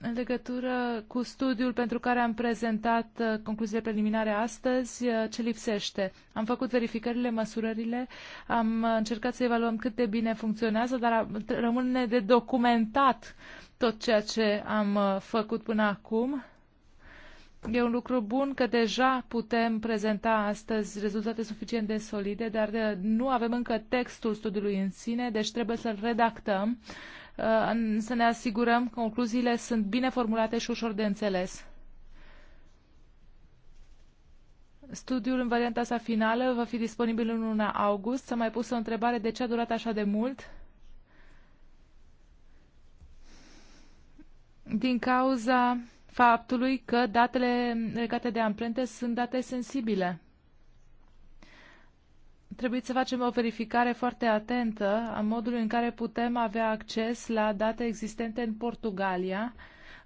În legătură cu studiul pentru care am prezentat uh, concluziile preliminare astăzi, uh, ce lipsește? Am făcut verificările, măsurările, am uh, încercat să evaluăm cât de bine funcționează, dar rămâne de documentat tot ceea ce am făcut până acum. E un lucru bun că deja putem prezenta astăzi rezultate suficient de solide, dar nu avem încă textul studiului în sine, deci trebuie să-l redactăm să ne asigurăm că concluziile sunt bine formulate și ușor de înțeles. Studiul în varianta sa finală va fi disponibil în luna august. S-a mai pus o întrebare de ce a durat așa de mult. Din cauza faptului că datele legate de amprente sunt date sensibile trebuie să facem o verificare foarte atentă a modului în care putem avea acces la date existente în Portugalia,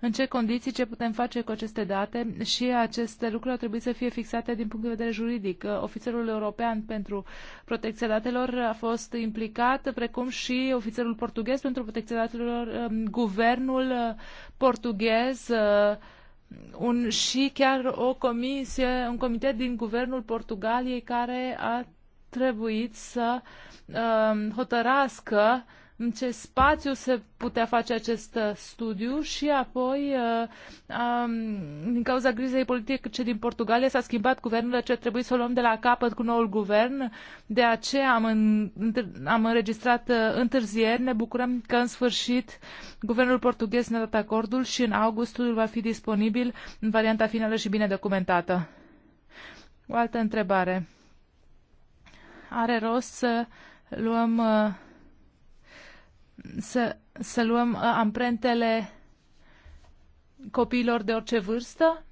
în ce condiții, ce putem face cu aceste date și aceste lucruri au trebuit să fie fixate din punct de vedere juridic. Ofițerul european pentru protecția datelor a fost implicat, precum și ofițerul portughez pentru protecția datelor, um, guvernul uh, portughez, uh, un, și chiar o comisie, un comitet din guvernul Portugaliei care a trebuit să uh, hotărască în ce spațiu se putea face acest uh, studiu și apoi, uh, din cauza crizei politice din Portugalia, s-a schimbat guvernul, ce deci aceea trebuie să o luăm de la capăt cu noul guvern. De aceea am, în, am înregistrat uh, întârzieri. Ne bucurăm că, în sfârșit, guvernul portughez ne-a dat acordul și în august studiul va fi disponibil în varianta finală și bine documentată. O altă întrebare are rost să luăm uh, să, să luăm uh, amprentele copiilor de orice vârstă?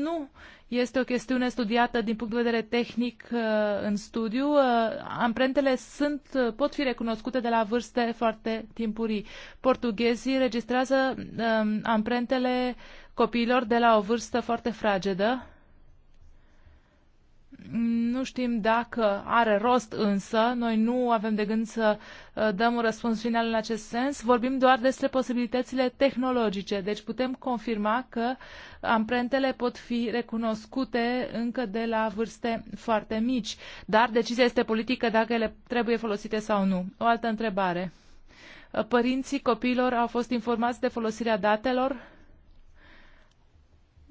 Nu. Este o chestiune studiată din punct de vedere tehnic uh, în studiu. Amprentele sunt, pot fi recunoscute de la vârste foarte timpurii. Portughezii registrează um, amprentele copiilor de la o vârstă foarte fragedă, nu știm dacă are rost însă, noi nu avem de gând să uh, dăm un răspuns final în acest sens, vorbim doar despre posibilitățile tehnologice, deci putem confirma că amprentele pot fi recunoscute încă de la vârste foarte mici, dar decizia este politică dacă ele trebuie folosite sau nu. O altă întrebare. Uh, părinții copiilor au fost informați de folosirea datelor?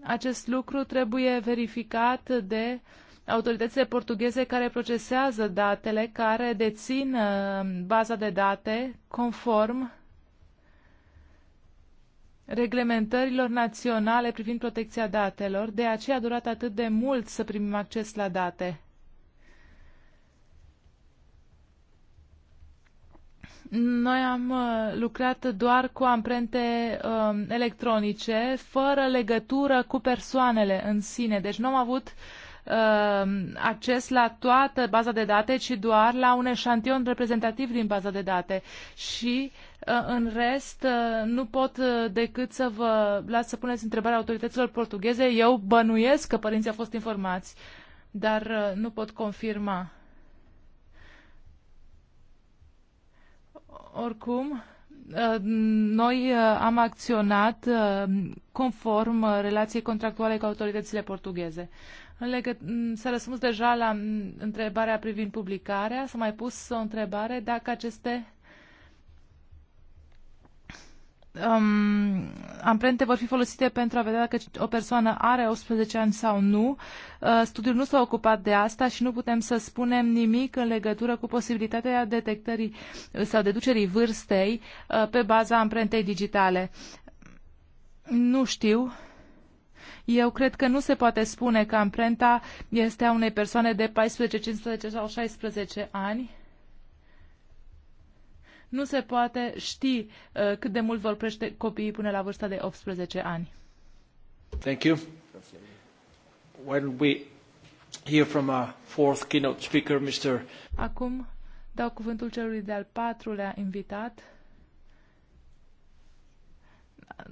Acest lucru trebuie verificat de uh, autoritățile portugheze care procesează datele, care dețin uh, baza de date conform reglementărilor naționale privind protecția datelor, de aceea a durat atât de mult să primim acces la date. Noi am uh, lucrat doar cu amprente uh, electronice, fără legătură cu persoanele în sine, deci nu am avut uh, Um, acces la toată baza de date, ci doar la un eșantion reprezentativ din baza de date. Și uh, în rest, uh, nu pot uh, decât să vă las să puneți întrebarea autorităților portugheze. Eu bănuiesc că părinții au fost informați, dar nu pot confirma. Oricum, noi am acționat conform relației contractuale cu autoritățile portugheze. În legăt- s răspuns deja la întrebarea privind publicarea, s-a mai pus o întrebare dacă aceste um, amprente vor fi folosite pentru a vedea dacă o persoană are 18 ani sau nu. Uh, studiul nu s-a ocupat de asta și nu putem să spunem nimic în legătură cu posibilitatea detectării uh, sau deducerii vârstei uh, pe baza amprentei digitale. Nu știu. Uh, eu cred că nu se poate spune că amprenta este a unei persoane de 14, 15 sau 16 ani. Nu se poate ști uh, cât de mult vor crește copiii până la vârsta de 18 ani. Thank you. Why don't we hear from a fourth keynote speaker, Mr. Acum dau cuvântul celui de-al patrulea invitat,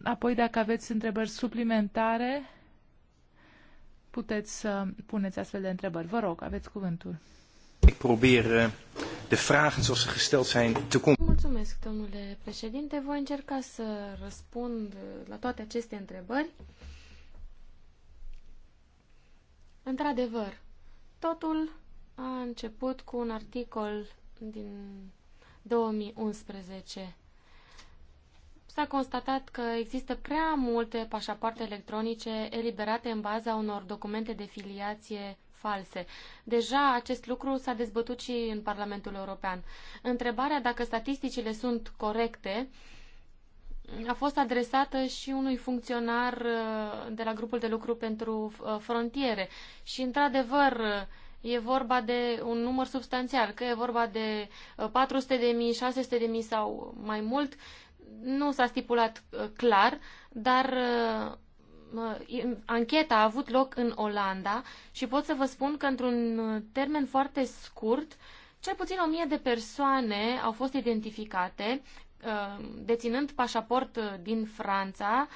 Apoi, dacă aveți întrebări suplimentare, puteți să puneți astfel de întrebări. Vă rog, aveți cuvântul. Eh, Mulțumesc, domnule președinte. Voi încerca să răspund eh, la toate aceste întrebări. Într-adevăr, totul a început cu un articol din 2011 s-a constatat că există prea multe pașapoarte electronice eliberate în baza unor documente de filiație false. Deja acest lucru s-a dezbătut și în Parlamentul European. Întrebarea dacă statisticile sunt corecte a fost adresată și unui funcționar uh, de la grupul de lucru pentru uh, frontiere și, într-adevăr, e vorba de un număr substanțial, că e vorba de 400.000, uh, 600.000 sau mai mult, nu s-a stipulat uh, clar, dar uh, uh, ancheta a avut loc în Olanda și pot să vă spun că într-un termen foarte scurt, cel puțin o mie de persoane au fost identificate deținând pașaport din Franța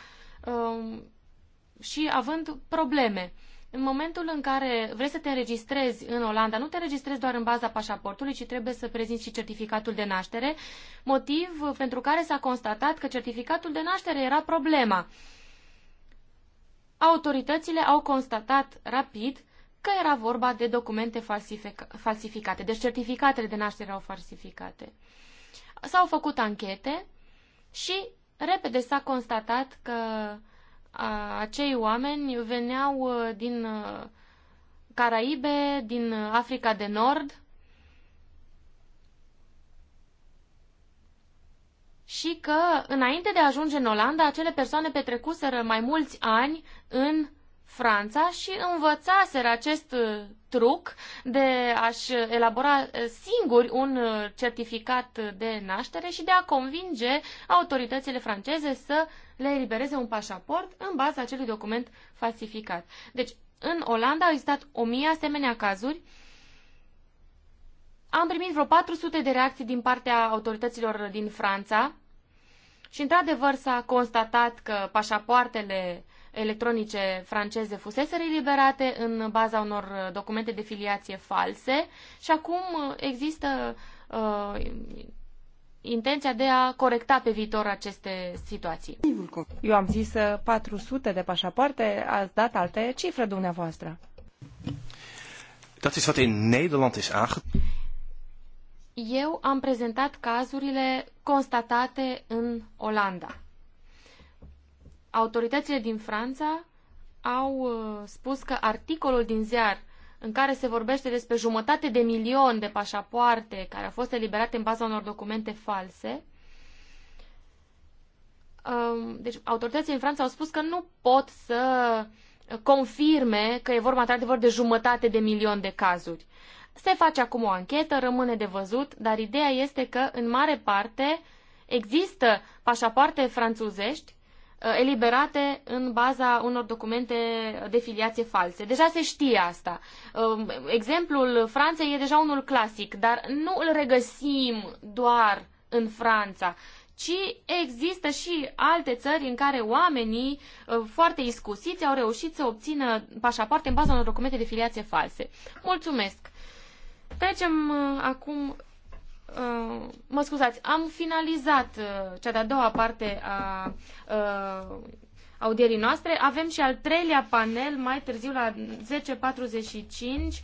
și având probleme. În momentul în care vrei să te înregistrezi în Olanda, nu te înregistrezi doar în baza pașaportului, ci trebuie să prezinți și certificatul de naștere, motiv pentru care s-a constatat că certificatul de naștere era problema. Autoritățile au constatat rapid că era vorba de documente falsificate, deci certificatele de naștere au falsificate. S-au făcut anchete și repede s-a constatat că acei oameni veneau uh, din uh, Caraibe, din uh, Africa de Nord și că înainte de a ajunge în Olanda, acele persoane petrecuseră mai mulți ani în Franța și învățaseră acest truc de a-și elabora singuri un certificat de naștere și de a convinge autoritățile franceze să le elibereze un pașaport în baza acelui document falsificat. Deci, în Olanda au existat o mie asemenea cazuri. Am primit vreo 400 de reacții din partea autorităților din Franța și, într-adevăr, s-a constatat că pașapoartele electronice franceze fusese eliberate în baza unor documente de filiație false și acum există uh, intenția de a corecta pe viitor aceste situații. Eu am zis 400 uh, de pașapoarte, ați dat alte cifre dumneavoastră. Dat is wat in Nederland is aange... Eu am prezentat cazurile constatate în Olanda. Autoritățile din Franța au uh, spus că articolul din ziar uh, în care se vorbește despre jumătate de milion de pașapoarte care au fost eliberate în baza unor documente false. Um, deci, autoritățile în Franța au spus că nu pot să confirme că e vorba într-adevăr de jumătate de milion de cazuri. Se face acum o anchetă, rămâne de văzut, dar ideea este că, în mare parte, există pașapoarte franțuzești Uh, eliberate în baza unor documente de filiație false. Deja se știe asta. Um, exemplul Franței e deja unul clasic, dar nu îl regăsim doar în Franța, ci există și alte țări în care oamenii uh, foarte iscusiți au reușit să obțină pașapoarte în baza unor documente de filiație false. Mulțumesc! Trecem uh, acum Uh, mă scuzați, am finalizat uh, cea de-a doua parte a uh, audierii noastre. Avem și al treilea panel mai târziu la 10.45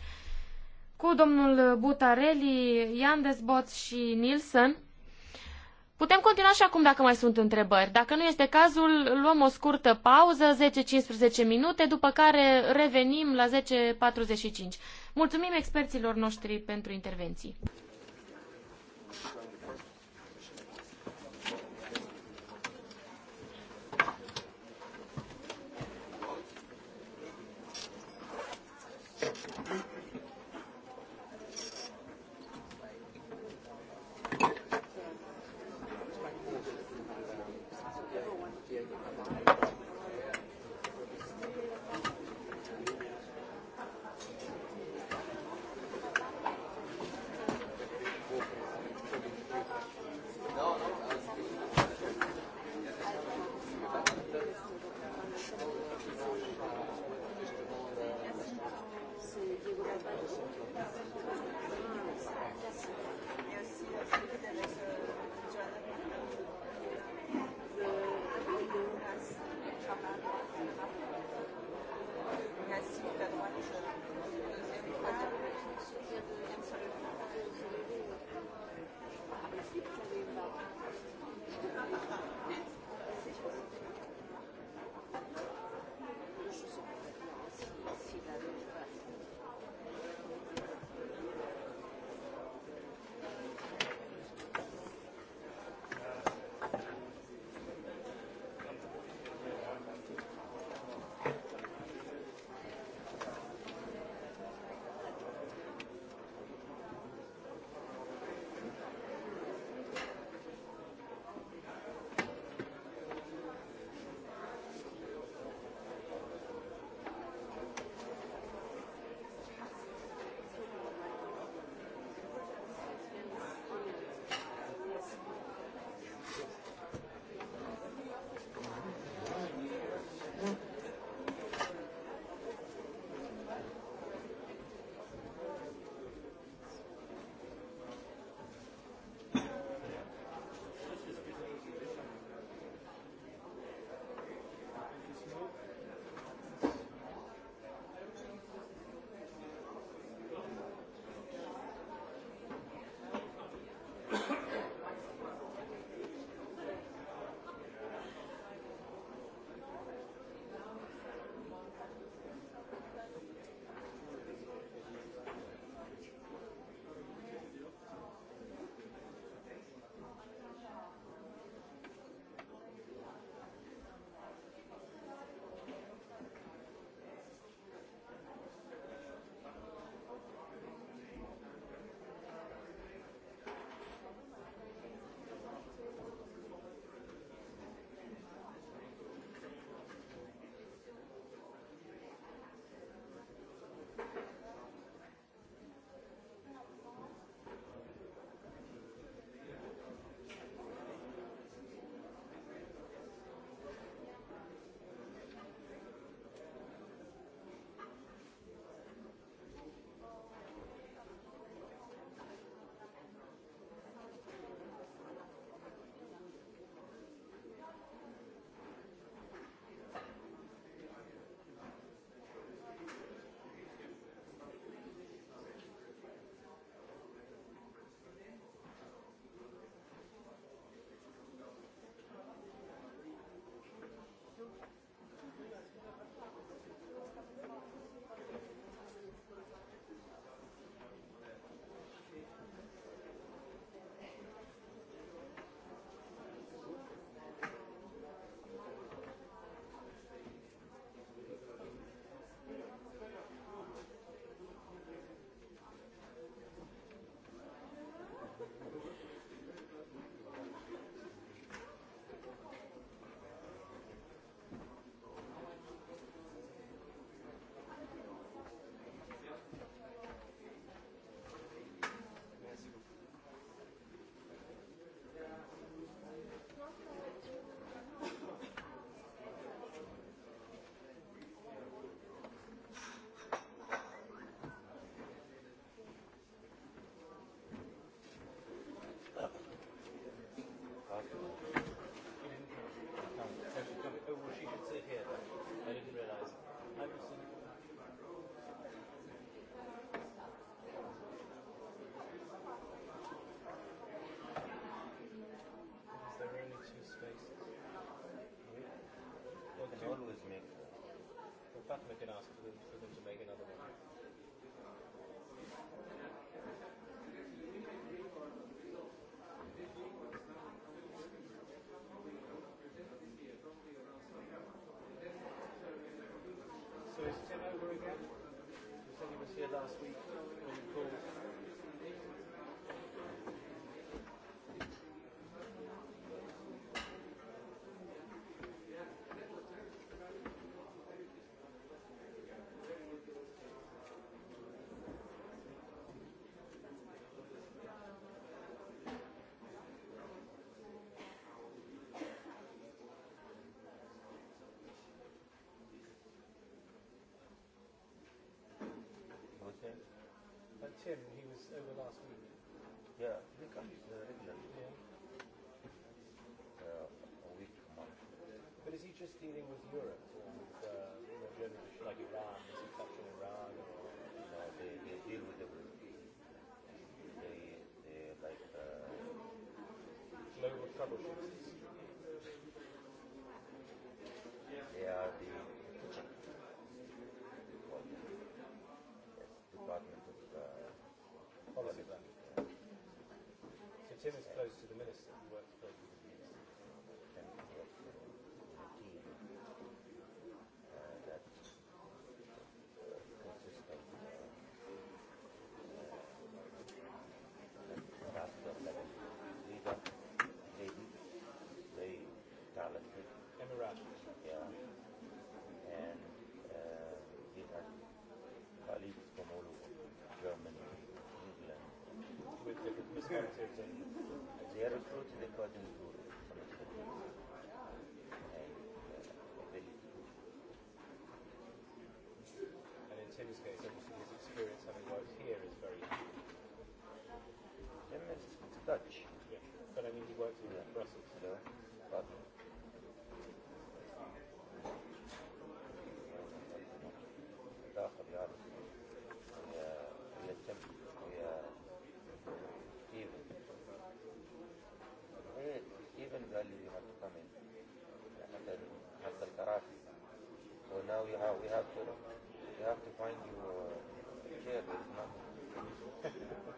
cu domnul Butarelli, Ian Bot și Nilsson. Putem continua și acum dacă mai sunt întrebări. Dacă nu este cazul, luăm o scurtă pauză, 10-15 minute, după care revenim la 10.45. Mulțumim experților noștri pentru intervenții. Fatma can ask for them, for them to make another one. So is Tim over again? You said he was here last week. Tim, he was over last week. Yeah, he comes uh, regularly. Yeah. Uh, a week, a month. But is he just dealing with Europe or with uh, you like Iran? Is he touching Iran? Or? No, they, they deal with everything. They, they like uh, global troubleshooters. They are recruited according to have to find you a chair. There's nothing.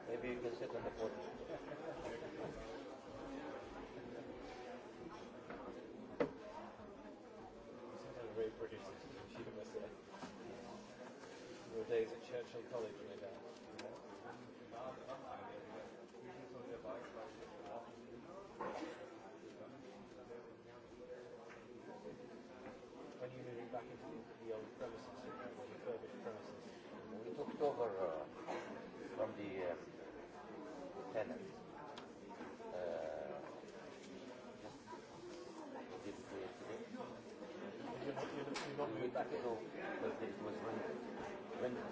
Maybe you can sit on the porch. very British. Your days at Churchill College, no doubt. over uh, from the, um, uh, the tenants. Uh, did it yesterday? You're not, you're not, you're not we back it because uh, it was rented. Rented.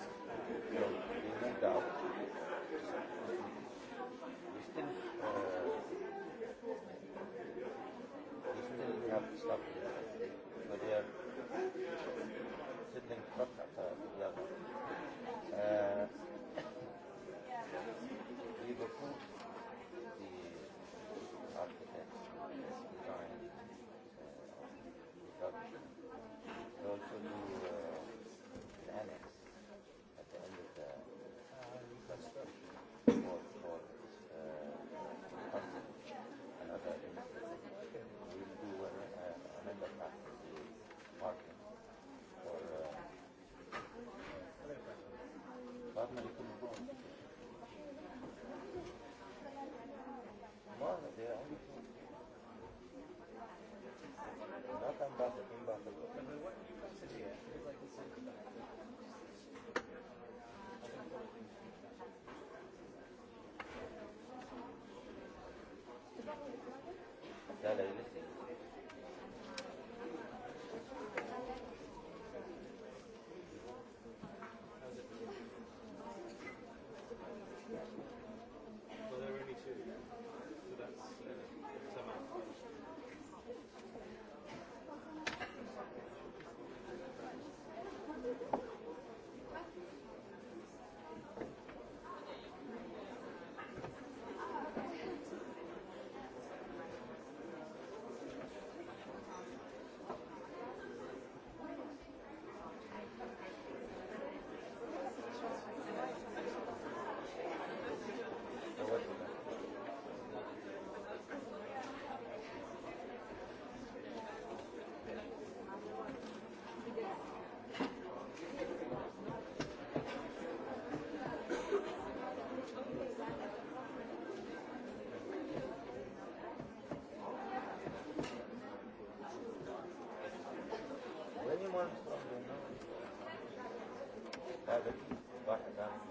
So we moved out. We still, uh, still have stuff, but they are sitting in avec Bachmann.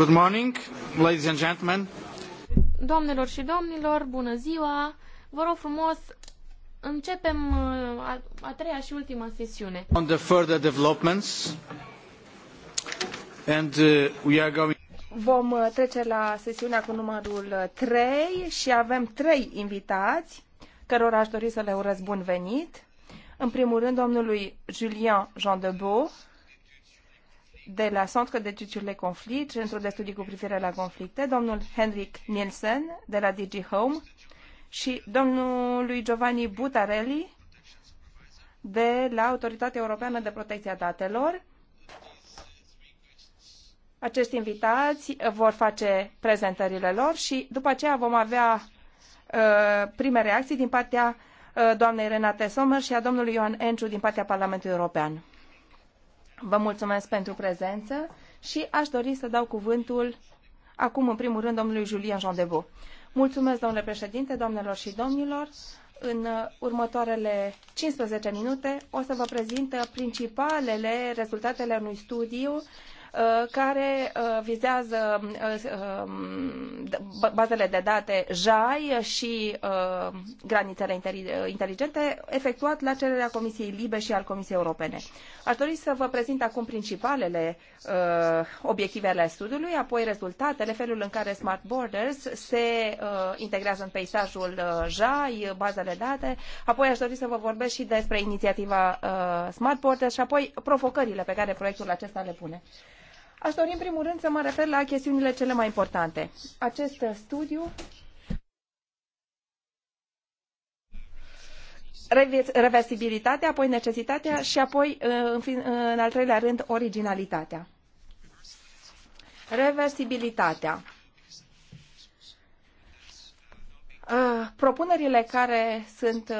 Good morning, ladies and gentlemen. Doamnelor și domnilor, bună ziua! Vă rog frumos, începem uh, a, a treia și ultima sesiune. On the further developments and uh, we are going Vom uh, trece la sesiunea cu numărul 3 uh, și avem trei invitați cărora aș dori să le urez bun venit. În primul rând, domnului Julien Jean de Beau, de la Centre de Deciziile Conflict, Centrul de Studii cu privire la conflicte, domnul Henrik Nielsen de la DG Home și domnului Giovanni Butarelli de la Autoritatea Europeană de Protecție a Datelor. Acești invitați vor face prezentările lor și după aceea vom avea uh, prime reacții din partea uh, doamnei Renate Sommer și a domnului Ioan Enciu din partea Parlamentului European. Vă mulțumesc pentru prezență și aș dori să dau cuvântul acum, în primul rând, domnului Julien Jean Mulțumesc, domnule președinte, doamnelor și domnilor. În următoarele 15 minute o să vă prezint principalele rezultatele unui studiu Uh, care uh, vizează uh, um, bazele de date JAI și granițele inteligente efectuat la cererea Comisiei Libe și al Comisiei Europene. Aș dori să vă prezint acum principalele obiective ale studiului, apoi rezultatele, felul în care Smart Borders se integrează în peisajul JAI, bazele date, apoi aș dori să vă vorbesc și despre inițiativa Smart Borders și apoi provocările pe care proiectul acesta le pune. Aș dori în primul rând să mă refer la chestiunile cele mai importante. Acest studiu reversibilitatea, apoi necesitatea și apoi, uh, în, fin, uh, în al treilea rând, originalitatea. Reversibilitatea. Uh, propunerile care sunt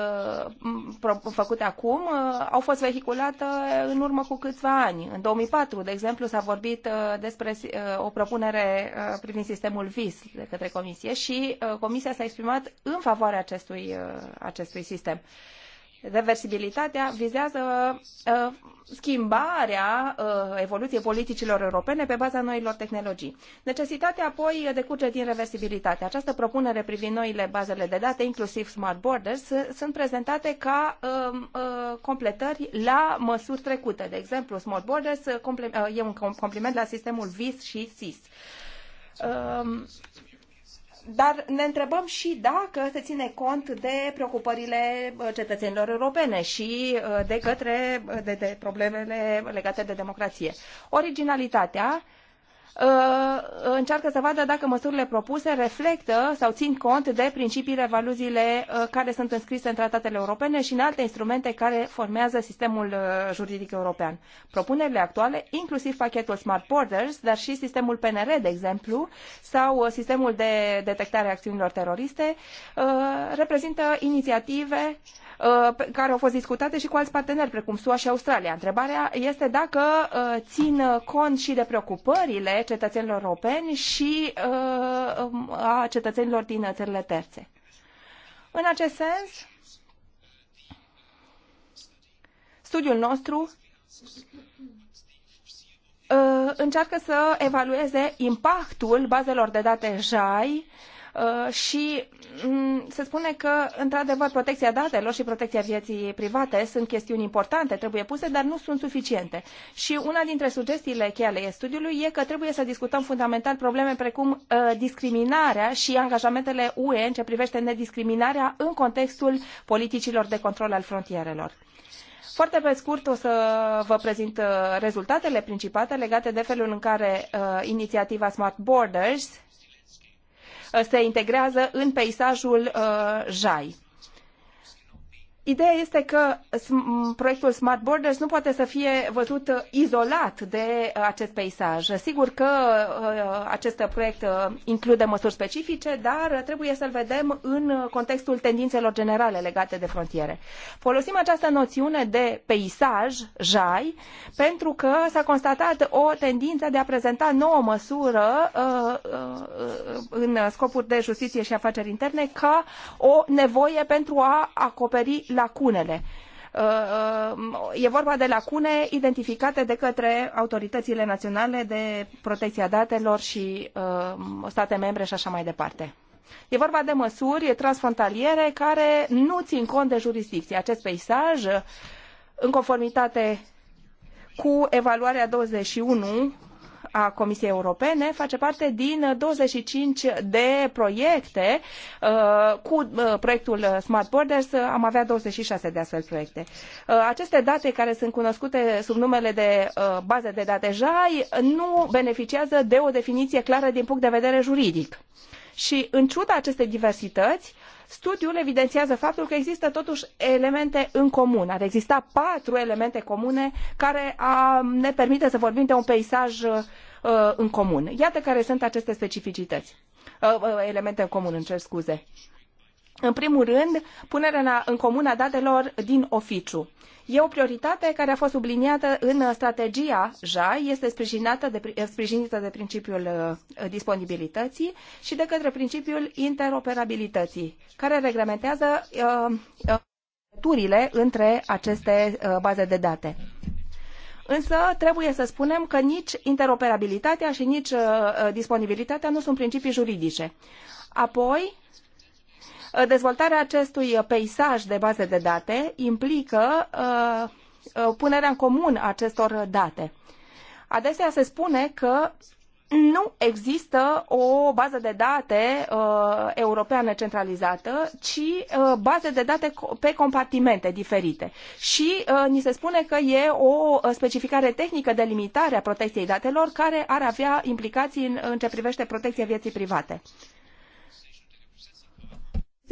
uh, făcute acum uh, au fost vehiculate în urmă cu câțiva ani. În 2004, de exemplu, s-a vorbit despre o propunere privind sistemul VIS de către Comisie și Comisia s-a exprimat în favoarea acestui, acestui sistem. Reversibilitatea vizează uh, schimbarea uh, evoluției politicilor europene pe baza noilor tehnologii. Necesitatea apoi decurge din reversibilitate. Această propunere privind noile bazele de date, inclusiv Smart Borders, sunt prezentate ca um, uh, completări la măsuri trecute. De exemplu, Smart Borders uh, uh, e un compliment la sistemul VIS și SIS dar ne întrebăm și dacă se ține cont de preocupările uh, cetățenilor europene și uh, de, către, uh, de, de problemele legate de democrație. Originalitatea Uh, încearcă să vadă dacă măsurile propuse reflectă sau țin cont de principiile, valuziile uh, care sunt înscrise în tratatele europene și în alte instrumente care formează sistemul uh, juridic european. Propunerile actuale, inclusiv pachetul Smart Borders, dar și sistemul PNR, de exemplu, sau sistemul de detectare a acțiunilor teroriste, reprezintă inițiative care au fost discutate și cu alți parteneri, precum SUA și Australia. Întrebarea este dacă țin cont și de preocupările cetățenilor europeni și uh, a cetățenilor din țările terțe. În acest sens, studiul nostru uh, încearcă să evalueze impactul bazelor de date JAI Uh, și mm, se spune că, într-adevăr, protecția datelor și protecția vieții private sunt chestiuni importante, trebuie puse, dar nu sunt suficiente. Și una dintre sugestiile cheie ale studiului e că trebuie să discutăm fundamental probleme precum uh, discriminarea și angajamentele UE în ce privește nediscriminarea în contextul politicilor de control al frontierelor. Foarte pe scurt o să vă prezint uh, rezultatele principale legate de felul în care uh, inițiativa Smart Borders se integrează în peisajul uh, Jai. Ideea este că proiectul Smart Borders nu poate să fie văzut izolat de uh, acest peisaj. Sigur că uh, acest proiect uh, include măsuri specifice, dar trebuie să-l vedem în contextul tendințelor generale legate de frontiere. Folosim această noțiune de peisaj, jai, pentru că s-a constatat o tendință de a prezenta nouă măsură în scopuri de justiție și afaceri interne ca o nevoie pentru a acoperi lacunele. Uh, uh, e vorba de lacune identificate de către autoritățile naționale de protecția datelor și uh, state membre și așa mai departe. E vorba de măsuri transfrontaliere care nu țin cont de jurisdicție. Acest peisaj, în conformitate cu evaluarea 21 a Comisiei Europene face parte din 25 de proiecte. Uh, cu uh, proiectul Smart Borders am avea 26 de astfel proiecte. Uh, aceste date care sunt cunoscute sub numele de baze de date JAI nu beneficiază de o definiție clară din punct de vedere juridic. Și în ciuda acestei diversități, Studiul evidențiază faptul că există totuși elemente în comun. Ar exista patru elemente comune care a, ne permite să vorbim de un peisaj uh, în comun. Iată care sunt aceste specificități. Uh, uh elemente în comun, îmi cer scuze. În primul rând, punerea în comun a datelor din oficiu. E o prioritate care a fost subliniată în strategia JAI, este de, sprijinită de principiul uh, disponibilității și de către principiul interoperabilității, care reglementează uh, uh turile între aceste uh, baze de date. Însă trebuie să spunem că nici interoperabilitatea și nici uh, uh disponibilitatea nu sunt principii juridice. Apoi, Dezvoltarea acestui peisaj de baze de date implică uh, uh, punerea în comun a acestor date. Adesea se spune că nu există o bază de date uh, europeană centralizată, ci uh, baze de date pe compartimente diferite. Și uh, ni se spune că e o uh, specificare tehnică de limitare a protecției datelor care ar avea implicații în, în ce privește protecția vieții private. Uh,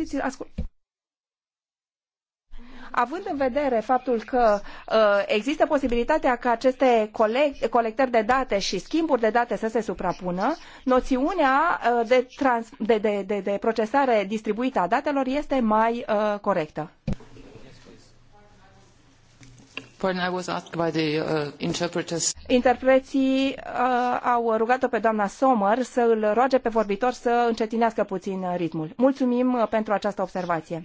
știți, ascult având în vedere faptul că uh, există posibilitatea ca aceste colect colectări de date și schimburi de date să se suprapună, noțiunea uh, de, de, de, de, procesare distribuită a datelor este mai uh, corectă. I was asked by the, uh, interpreters. Interpreții uh, au rugat-o pe doamna Sommer să îl roage pe vorbitor să încetinească puțin uh, ritmul. Mulțumim uh, pentru această observație.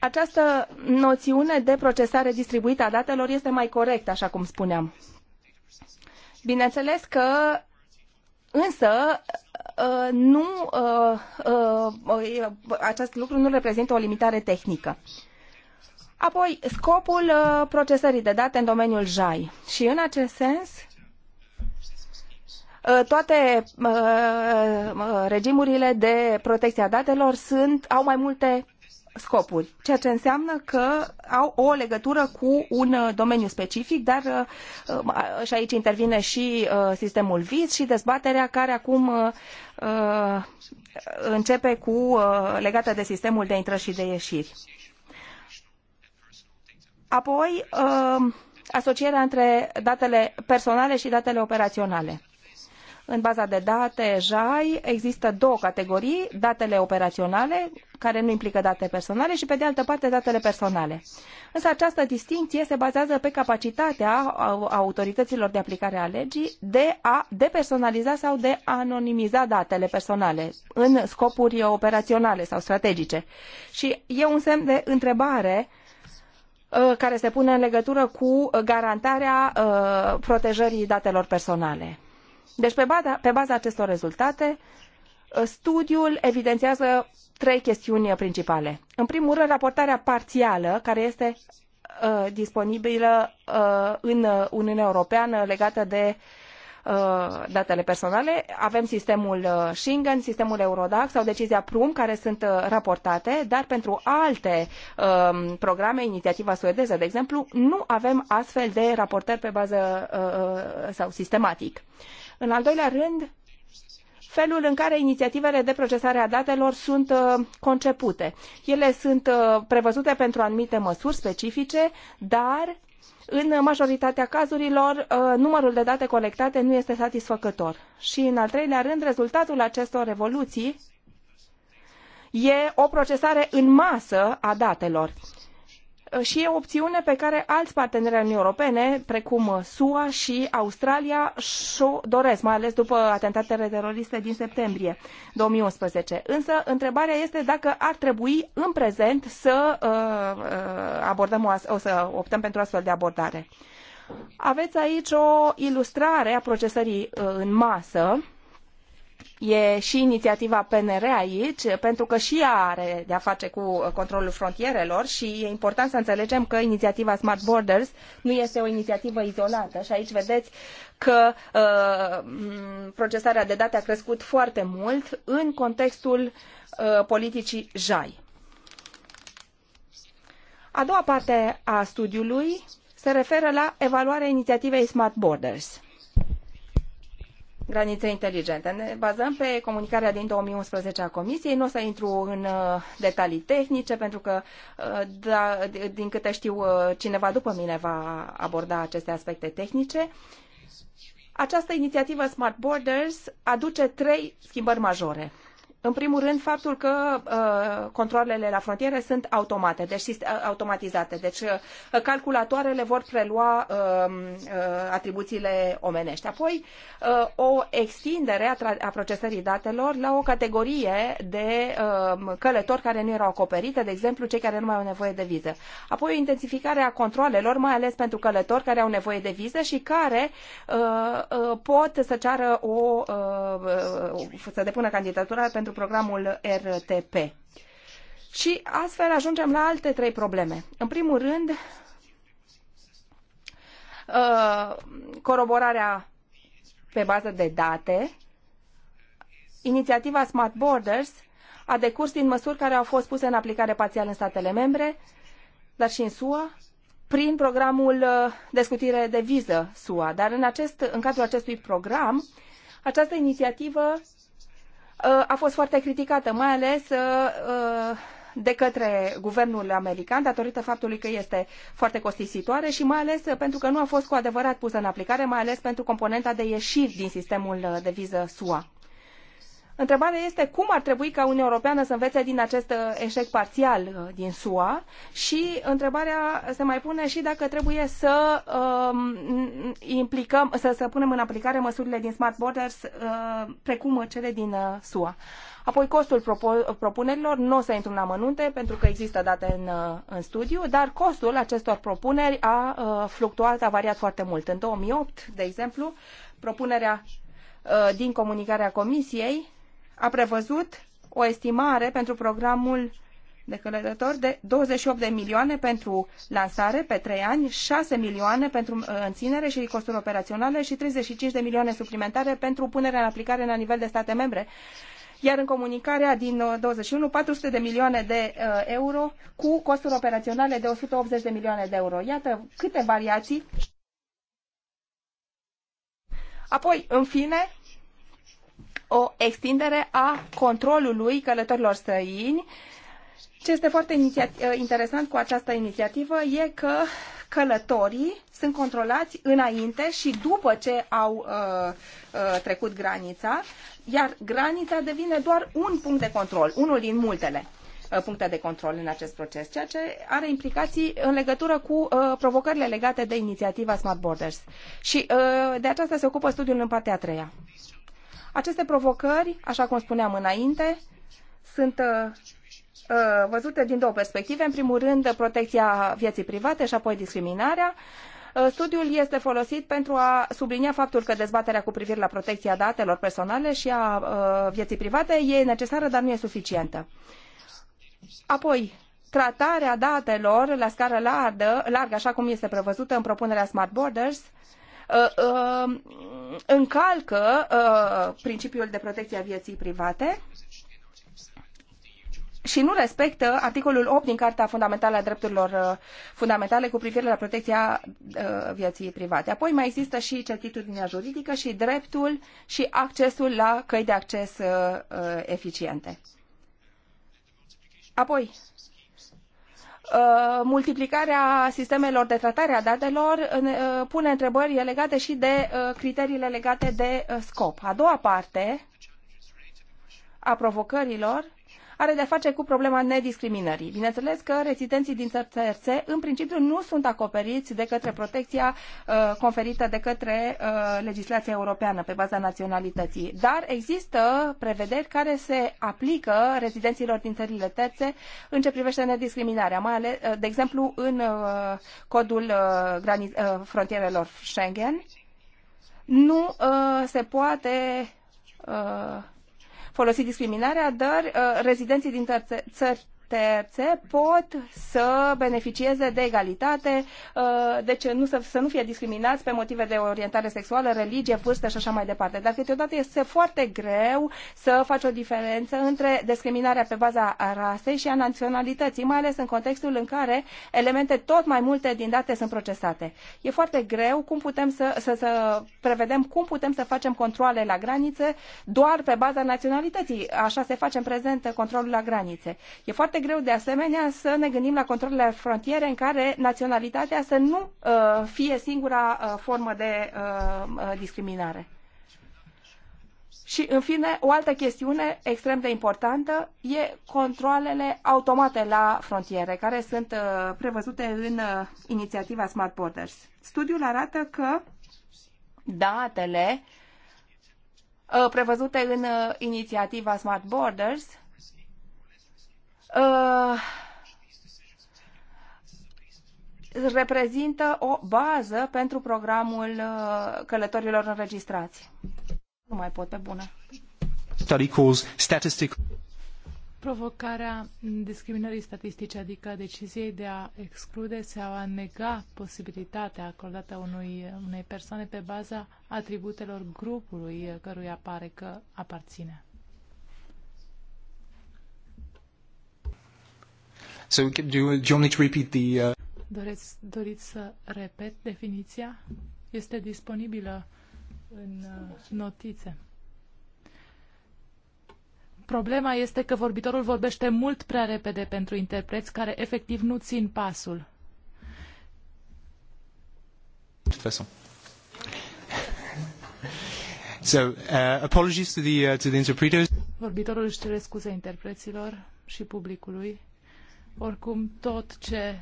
Această noțiune de procesare distribuită a datelor este mai corectă, așa cum spuneam. Bineînțeles că însă uh, nu, acest lucru nu reprezintă o limitare tehnică. Apoi, scopul uh, procesării de date în domeniul JAI. Și în acest sens, uh, toate uh, regimurile de protecție a datelor sunt, au mai multe scopuri, ceea ce înseamnă că au o legătură cu un domeniu specific, dar și aici intervine și sistemul VIS și dezbaterea care acum începe cu legată de sistemul de intrări și de ieșiri. Apoi, uh, asocierea între datele personale și datele operaționale. În baza de date JAI există două categorii, datele operaționale, care nu implică date personale, și pe de altă parte datele personale. Însă această distinție se bazează pe capacitatea autorităților de aplicare a legii de a depersonaliza sau de a anonimiza datele personale în scopuri operaționale sau strategice. Și e un semn de întrebare uh, Uh, care se pune în legătură cu uh, garantarea uh, protejării datelor personale. Deci, pe baza, pe baza acestor rezultate, studiul evidențiază trei chestiuni principale. În primul rând, raportarea parțială, care este disponibilă în Uniunea Europeană legată de uh, Uh, datele personale. Avem sistemul uh, Schengen, sistemul Eurodac sau decizia Prum, care sunt uh, raportate, dar pentru alte um, programe, inițiativa suedeză, de exemplu, nu avem astfel de raportări pe bază uh, sau sistematic. În al doilea rând, felul în care inițiativele de procesare a datelor sunt concepute. Ele sunt prevăzute pentru anumite măsuri specifice, dar în majoritatea cazurilor, uh, numărul de date colectate nu este satisfăcător. Și, în al treilea rând, rezultatul acestor revoluții e o procesare în masă a datelor. Uh, și e o opțiune pe care alți parteneri ai Uniunii Europene, precum uh, SUA și Australia, și-o doresc, mai ales după atentatele teroriste din septembrie 2011. Însă, întrebarea este dacă ar trebui în prezent să uh, uh abordăm o, o să optăm pentru astfel de abordare. Aveți aici o ilustrare a procesării uh, în masă E și inițiativa PNR aici, pentru că și ea are de-a face cu controlul frontierelor și e important să înțelegem că inițiativa Smart Borders nu este o inițiativă izolată și aici vedeți că uh, procesarea de date a crescut foarte mult în contextul uh, politicii JAI. A doua parte a studiului se referă la evaluarea inițiativei Smart Borders granițe inteligente. Ne bazăm pe comunicarea din 2011 a Comisiei. Nu o să intru în uh, detalii tehnice, pentru că, uh, da, din câte știu, uh, cineva după mine va aborda aceste aspecte tehnice. Această inițiativă Smart Borders aduce trei schimbări majore. În primul rând, faptul că uh, controlele la frontieră sunt automate, deci uh, automatizate. Deci uh, calculatoarele vor prelua uh, uh, atribuțiile omenești. Apoi, uh, o extindere a, a procesării datelor la o categorie de uh, călători care nu erau acoperite, de exemplu, cei care nu mai au nevoie de viză. Apoi, o intensificare a controlelor, mai ales pentru călători care au nevoie de viză și care uh, uh, pot să ceară o, uh, uh să depună candidatura pentru programul RTP. Și astfel ajungem la alte trei probleme. În primul rând, uh, coroborarea pe bază de date. Inițiativa Smart Borders a decurs din măsuri care au fost puse în aplicare parțial în statele membre, dar și în SUA, prin programul uh, de scutire de viză SUA. Dar în, acest, în cadrul acestui program, această inițiativă a fost foarte criticată, mai ales uh, uh, de către guvernul american, datorită faptului că este foarte costisitoare și mai ales pentru că nu a fost cu adevărat pusă în aplicare, mai ales pentru componenta de ieșiri din sistemul de viză SUA. Întrebarea este cum ar trebui ca Uniunea Europeană să învețe din acest uh, eșec parțial uh, din SUA și întrebarea se mai pune și dacă trebuie să um, implicăm, să, să punem în aplicare măsurile din Smart Borders uh, precum cele din uh, SUA. Apoi costul propunerilor, nu o să intru în amănunte pentru că există date în, uh, în studiu, dar costul acestor propuneri a uh, fluctuat, a variat foarte mult. În 2008, de exemplu, propunerea uh, din comunicarea Comisiei a prevăzut o estimare pentru programul de călătători de 28 de milioane pentru lansare pe 3 ani, 6 milioane pentru uh, înținere și costuri operaționale și 35 de milioane suplimentare pentru punerea în aplicare la nivel de state membre. Iar în comunicarea din 21, uh, 400 de milioane de uh, euro cu costuri operaționale de 180 de milioane de euro. Iată câte variații. Apoi, în fine, o extindere a controlului călătorilor străini. Ce este foarte ă, interesant cu această inițiativă e că călătorii sunt controlați înainte și după ce au uh, uh, trecut granița, iar granița devine doar un punct de control, unul din multele puncte de control în acest proces, ceea ce are implicații în legătură cu uh, provocările legate de inițiativa Smart Borders. Și uh, de aceasta se ocupă studiul în partea a treia. Aceste provocări, așa cum spuneam înainte, sunt uh, uh, văzute din două perspective. În primul rând, protecția vieții private și apoi discriminarea. Uh, studiul este folosit pentru a sublinia faptul că dezbaterea cu privire la protecția datelor personale și a uh, vieții private e necesară, dar nu e suficientă. Apoi, tratarea datelor la scară largă, largă așa cum este prevăzută în propunerea Smart Borders, uh, Uh, uh, încalcă uh, principiul de protecție a vieții private și nu respectă articolul 8 din Carta Fundamentală a Drepturilor Fundamentale cu privire la protecția vieții private. Apoi mai există și certitudinea juridică și dreptul și accesul la căi de acces eficiente. Apoi, Uh, multiplicarea sistemelor de tratare a datelor uh, uh, pune întrebări legate și de criteriile legate de scop. A doua parte a provocărilor are de a face cu problema nediscriminării. Bineînțeles că rezidenții din țări terțe, în principiu, nu sunt acoperiți de către protecția uh, conferită de către uh, legislația europeană pe baza naționalității. Dar există prevederi care se aplică rezidenților din țările terțe în ce privește nediscriminarea, mai ales, uh, de exemplu, în uh, codul uh, grani- uh, frontierelor Schengen. Nu uh, se poate uh, folosi discriminarea, dar uh, rezidenții din țări terțe pot să beneficieze de egalitate, uh, deci nu să, să nu fie discriminați pe motive de orientare sexuală, religie, vârstă și așa mai departe. Dar câteodată este foarte greu să faci o diferență între discriminarea pe baza rasei și a naționalității, mai ales în contextul în care elemente tot mai multe din date sunt procesate. E foarte greu cum putem să, să, să prevedem cum putem să facem controle la granițe doar pe baza naționalității. Așa se face în prezent controlul la granițe. E foarte foarte greu de asemenea să ne gândim la controlele frontiere în care naționalitatea să nu uh, fie singura uh, formă de uh, discriminare. Și, în fine, o altă chestiune extrem de importantă e controlele automate la frontiere, care sunt uh, prevăzute în uh, inițiativa Smart Borders. Studiul arată că datele uh, prevăzute în uh, inițiativa Smart Borders uh, reprezintă o bază pentru programul uh, călătorilor înregistrați. Nu mai pot pe bună. Study calls statistic provocarea discriminării statistice, adică deciziei de a exclude sau a nega posibilitatea acordată unui, unei persoane pe baza atributelor grupului căruia pare că aparține. So do you, do you want to repeat the... Uh... Doriți, doriți să repet definiția? Este disponibilă în uh, notițe. Problema este că vorbitorul vorbește mult prea repede pentru interpreți care efectiv nu țin pasul. De so, uh, apologies to the, uh, to the interpreters. Vorbitorul își cere scuze interpreților și publicului oricum, tot ce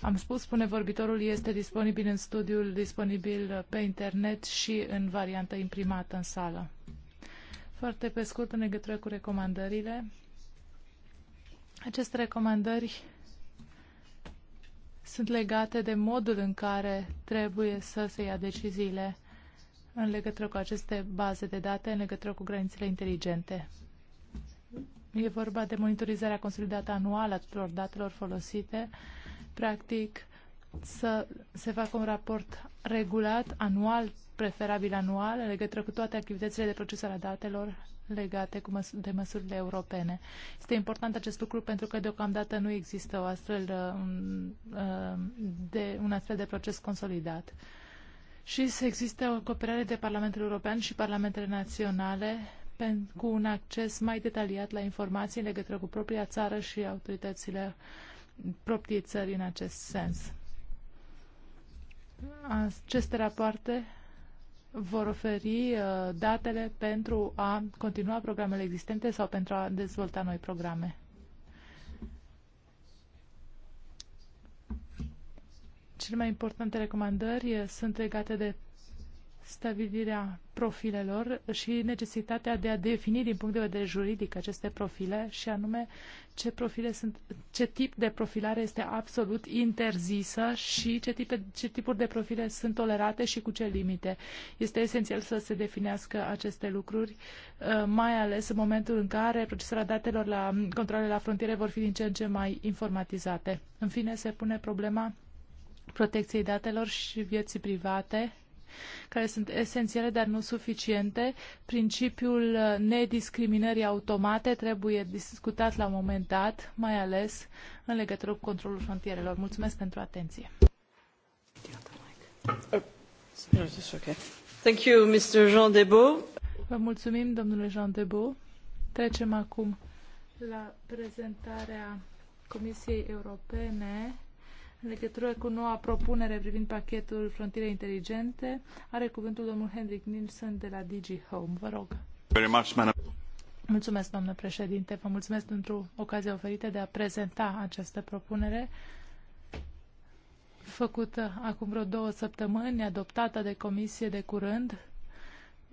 am spus, spune vorbitorul, este disponibil în studiul, disponibil pe internet și în variantă imprimată în sală. Foarte pe scurt, în legătură cu recomandările, aceste recomandări sunt legate de modul în care trebuie să se ia deciziile în legătură cu aceste baze de date, în legătură cu granițele inteligente. E vorba de monitorizarea consolidată anuală a tuturor datelor folosite. Practic, să se facă un raport regulat, anual, preferabil anual, în legătură cu toate activitățile de procesare a datelor legate cu măs- de măsurile europene. Este important acest lucru pentru că deocamdată nu există o astfel uh, uh, de, un astfel de proces consolidat. Și să existe o cooperare de Parlamentul European și Parlamentele Naționale cu un acces mai detaliat la informații în legătură cu propria țară și autoritățile proprii țări în acest sens. Aceste rapoarte vor oferi uh, datele pentru a continua programele existente sau pentru a dezvolta noi programe. Cele mai importante recomandări uh, sunt legate de stabilirea profilelor și necesitatea de a defini din punct de vedere juridic aceste profile și anume ce profile sunt, ce tip de profilare este absolut interzisă și ce, tipe, ce tipuri de profile sunt tolerate și cu ce limite. Este esențial să se definească aceste lucruri, uh, mai ales în momentul în care procesarea datelor la controlele la frontiere vor fi din ce în ce mai informatizate. În fine, se pune problema protecției datelor și vieții private care sunt esențiale, dar nu suficiente. Principiul uh, nediscriminării automate trebuie discutat la un moment dat, mai ales în legătură cu controlul frontierelor. Mulțumesc pentru atenție. Oh, Thank you, Mr. Jean Debo. Vă mulțumim, domnule Jean Debo. Trecem acum la prezentarea Comisiei Europene în legătură cu noua propunere privind pachetul frontiere inteligente, are cuvântul domnul Hendrik Nilsson de la Digi Home. Vă rog. Very much, Mulțumesc, doamnă președinte. Vă mulțumesc pentru ocazia oferită de a prezenta această propunere făcută acum vreo două săptămâni, adoptată de comisie de curând.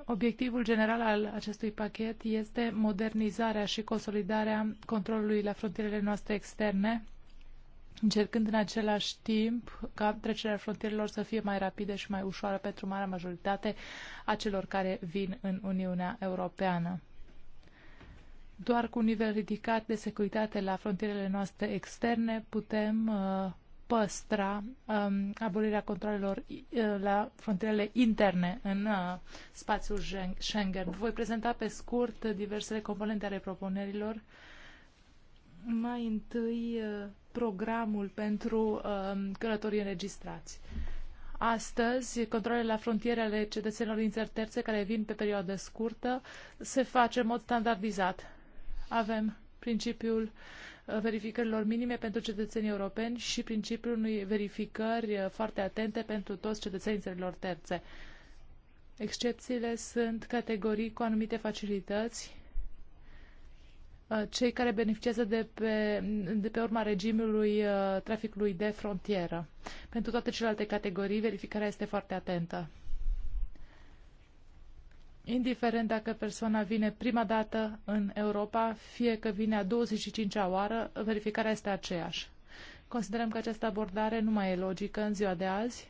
Obiectivul general al acestui pachet este modernizarea și consolidarea controlului la frontierele noastre externe, încercând în același timp ca trecerea frontierelor să fie mai rapidă și mai ușoară pentru marea majoritate a celor care vin în Uniunea Europeană. Doar cu un nivel ridicat de securitate la frontierele noastre externe putem uh, păstra um, abolirea controlelor uh, la frontierele interne în uh, spațiul Schengen. Voi prezenta pe scurt diversele componente ale propunerilor uh, mai întâi uh, programul pentru um, călătorii înregistrați. Astăzi, controlele la frontiere ale cetățenilor din țări terțe care vin pe perioadă scurtă se face în mod standardizat. Avem principiul uh, verificărilor minime pentru cetățenii europeni și principiul unui verificări uh, foarte atente pentru toți cetățenii țărilor terțe. Excepțiile sunt categorii cu anumite facilități Uh, cei care beneficiază de pe, de pe urma regimului uh, traficului de frontieră. Pentru toate celelalte categorii, verificarea este foarte atentă. Indiferent dacă persoana vine prima dată în Europa, fie că vine a 25-a oară, verificarea este aceeași. Considerăm că această abordare nu mai e logică în ziua de azi,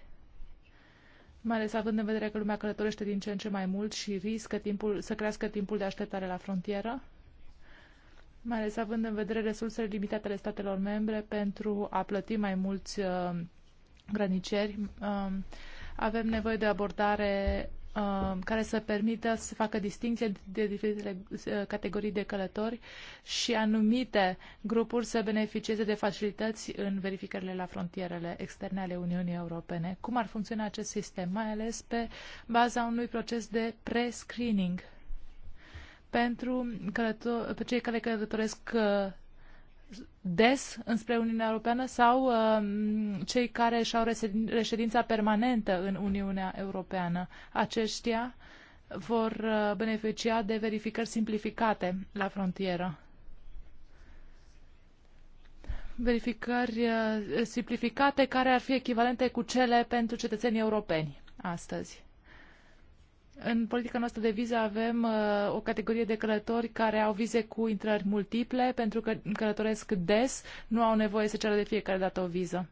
mai ales având în vedere că lumea călătorește din ce în ce mai mult și riscă timpul, să crească timpul de așteptare la frontieră mai ales având în vedere resursele limitate ale statelor membre pentru a plăti mai mulți uh, granicieri. Uh, um, avem nevoie de abordare uh, care să permită să facă distinție de diferitele uh, categorii de călători și anumite grupuri să beneficieze de facilități în verificările la frontierele externe ale Uniunii Europene. Cum ar funcționa acest sistem, mai ales pe baza unui proces de pre-screening pentru, călător, pe cei care călătoresc uh, des înspre Uniunea Europeană sau uh, cei care și-au reședința permanentă în Uniunea Europeană. Aceștia vor uh, beneficia de verificări simplificate la frontieră. Verificări uh, simplificate care ar fi echivalente cu cele pentru cetățenii europeni astăzi. În politica noastră de vize avem uh, o categorie de călători care au vize cu intrări multiple, pentru că călătoresc des, nu au nevoie să ceară de fiecare dată o viză.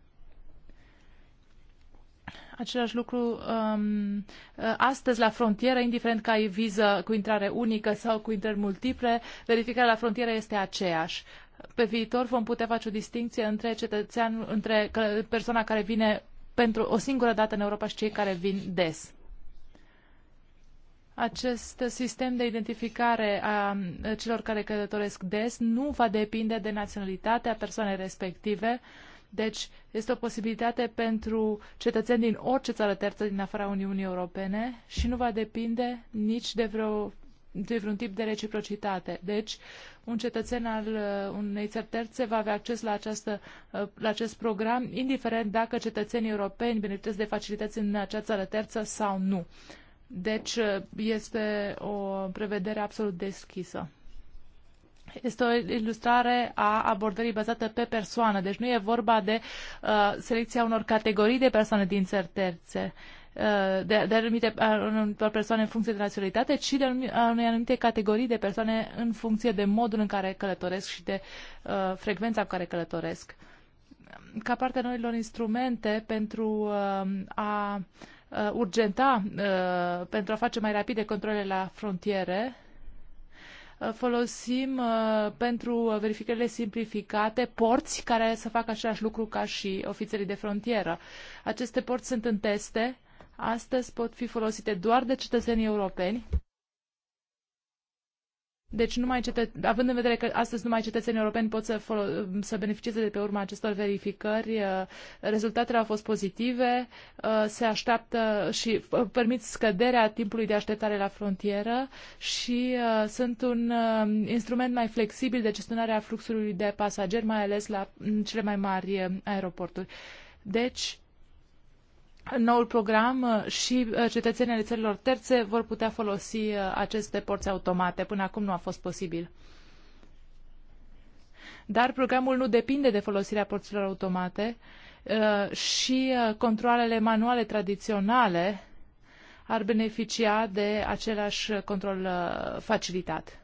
Același lucru um, uh, astăzi la frontieră, indiferent că ai viză cu intrare unică sau cu intrări multiple, verificarea la frontieră este aceeași. Pe viitor vom putea face o distinție între cetățean, între persoana care vine pentru o singură dată în Europa și cei care vin des acest sistem de identificare a celor care călătoresc des nu va depinde de naționalitatea persoanei respective, deci este o posibilitate pentru cetățeni din orice țară terță din afara Uniunii Europene și nu va depinde nici de vreo de vreun tip de reciprocitate. Deci, un cetățen al uh, unei țări terțe va avea acces la, această, uh, la acest program, indiferent dacă cetățenii europeni beneficiază de facilități în acea țară terță sau nu. Deci este o prevedere absolut deschisă. Este o ilustrare a abordării bazată pe persoană, deci nu e vorba de uh, selecția unor categorii de persoane din țări terțe, uh, de, anumite uh, persoane în funcție de naționalitate, ci de anumite, unei anumite categorii de persoane în funcție de modul în care călătoresc și de uh, frecvența cu care călătoresc. Ca parte a noilor instrumente pentru uh, a uh, uh, urgenta uh, pentru a face mai rapide controle la frontiere, uh, folosim uh, pentru verificările simplificate porți care să facă același lucru ca și ofițerii de frontieră. Aceste porți sunt în teste, astăzi pot fi folosite doar de cetățenii europeni deci, numai cetă... având în vedere că astăzi numai cetățenii europeni pot să, fol- să beneficieze de pe urma acestor verificări, uh, rezultatele au fost pozitive, uh, se așteaptă și uh, permit scăderea timpului de așteptare la frontieră și sunt un instrument mai flexibil de gestionare a fluxului de pasageri, mai ales la cele mai mari aeroporturi. Deci, noul program uh, și uh, cetățenii ale țărilor terțe vor putea folosi uh, aceste porți automate. Până acum nu a fost posibil. Dar programul nu depinde de folosirea porților automate și controlele manuale tradiționale ar beneficia de același control facilitat,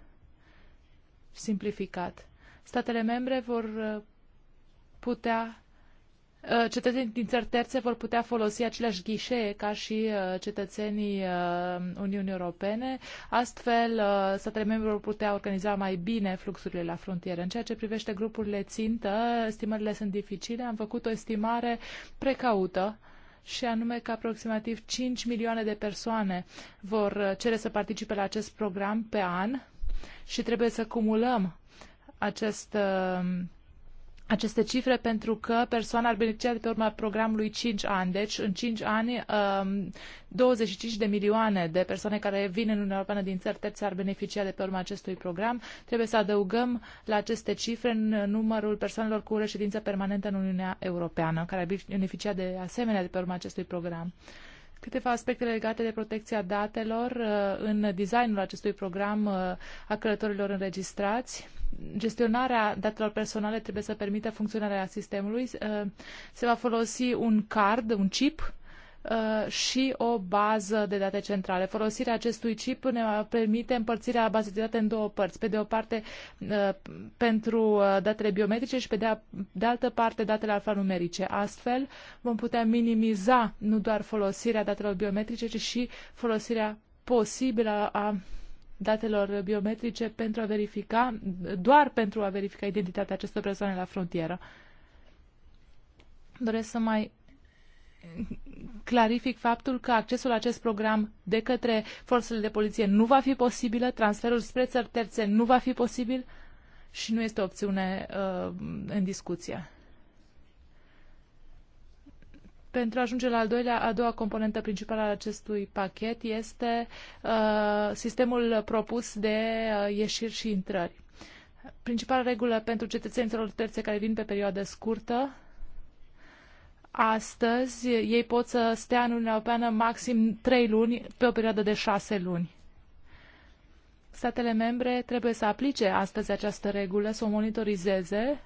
simplificat. Statele membre vor putea Uh, cetățenii din țări terțe vor putea folosi aceleași ghișee ca și uh, cetățenii uh, Uniunii Europene. Astfel, statele membre vor putea organiza mai bine fluxurile la frontieră. În ceea ce privește grupurile țintă, estimările sunt dificile. Am făcut o estimare precaută și anume că aproximativ 5 milioane de persoane vor cere să participe la acest program pe an și trebuie să cumulăm acest uh, aceste cifre pentru că persoana ar beneficia de pe urma programului 5 ani. Deci, în 5 ani, 25 um, de milioane de persoane care vin în Uniunea Europeană din țări terțe ar beneficia de pe urma acestui program. Trebuie să adăugăm la aceste cifre numărul persoanelor cu reședință permanentă în Uniunea Europeană, care ar beneficia de asemenea de pe urma acestui program câteva aspecte legate de protecția datelor uh, în designul acestui program uh, a călătorilor înregistrați gestionarea datelor personale trebuie să permită funcționarea sistemului. Uh, se va folosi un card, un chip uh, și o bază de date centrale. Folosirea acestui chip ne permite împărțirea bazei de date în două părți. Pe de o parte uh, pentru datele biometrice și pe de, de altă parte datele alfanumerice. Astfel vom putea minimiza nu doar folosirea datelor biometrice, ci și folosirea posibilă a datelor biometrice pentru a verifica, doar pentru a verifica identitatea acestor persoane la frontieră. Doresc să mai clarific faptul că accesul la acest program de către forțele de poliție nu va fi posibilă, transferul spre țări terțe nu va fi posibil și nu este o opțiune uh, în discuție pentru a ajunge la al doilea, a doua componentă principală a acestui pachet este uh, sistemul propus de uh, ieșiri și intrări. Principala regulă pentru cetățenii țărilor terțe care vin pe perioadă scurtă, astăzi ei pot să stea în Uniunea Europeană maxim 3 luni pe o perioadă de 6 luni. Statele membre trebuie să aplice astăzi această regulă, să o monitorizeze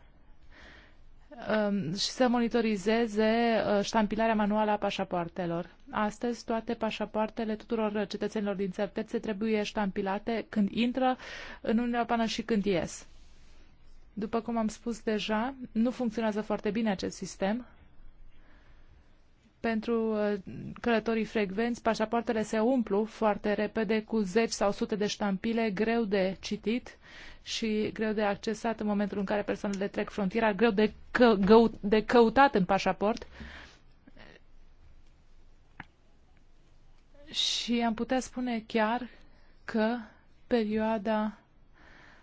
Um, și să monitorizeze uh, ștampilarea manuală a pașapoartelor. Astăzi, toate pașapoartele tuturor cetățenilor din țări terțe trebuie ștampilate când intră în Uniunea Europeană și când ies. După cum am spus deja, nu funcționează foarte bine acest sistem. Pentru uh, călătorii frecvenți, pașapoartele se umplu foarte repede cu zeci sau sute de ștampile greu de citit și greu de accesat în momentul în care persoanele trec frontiera, greu de, că, gău, de căutat în pașaport. Și am putea spune chiar că perioada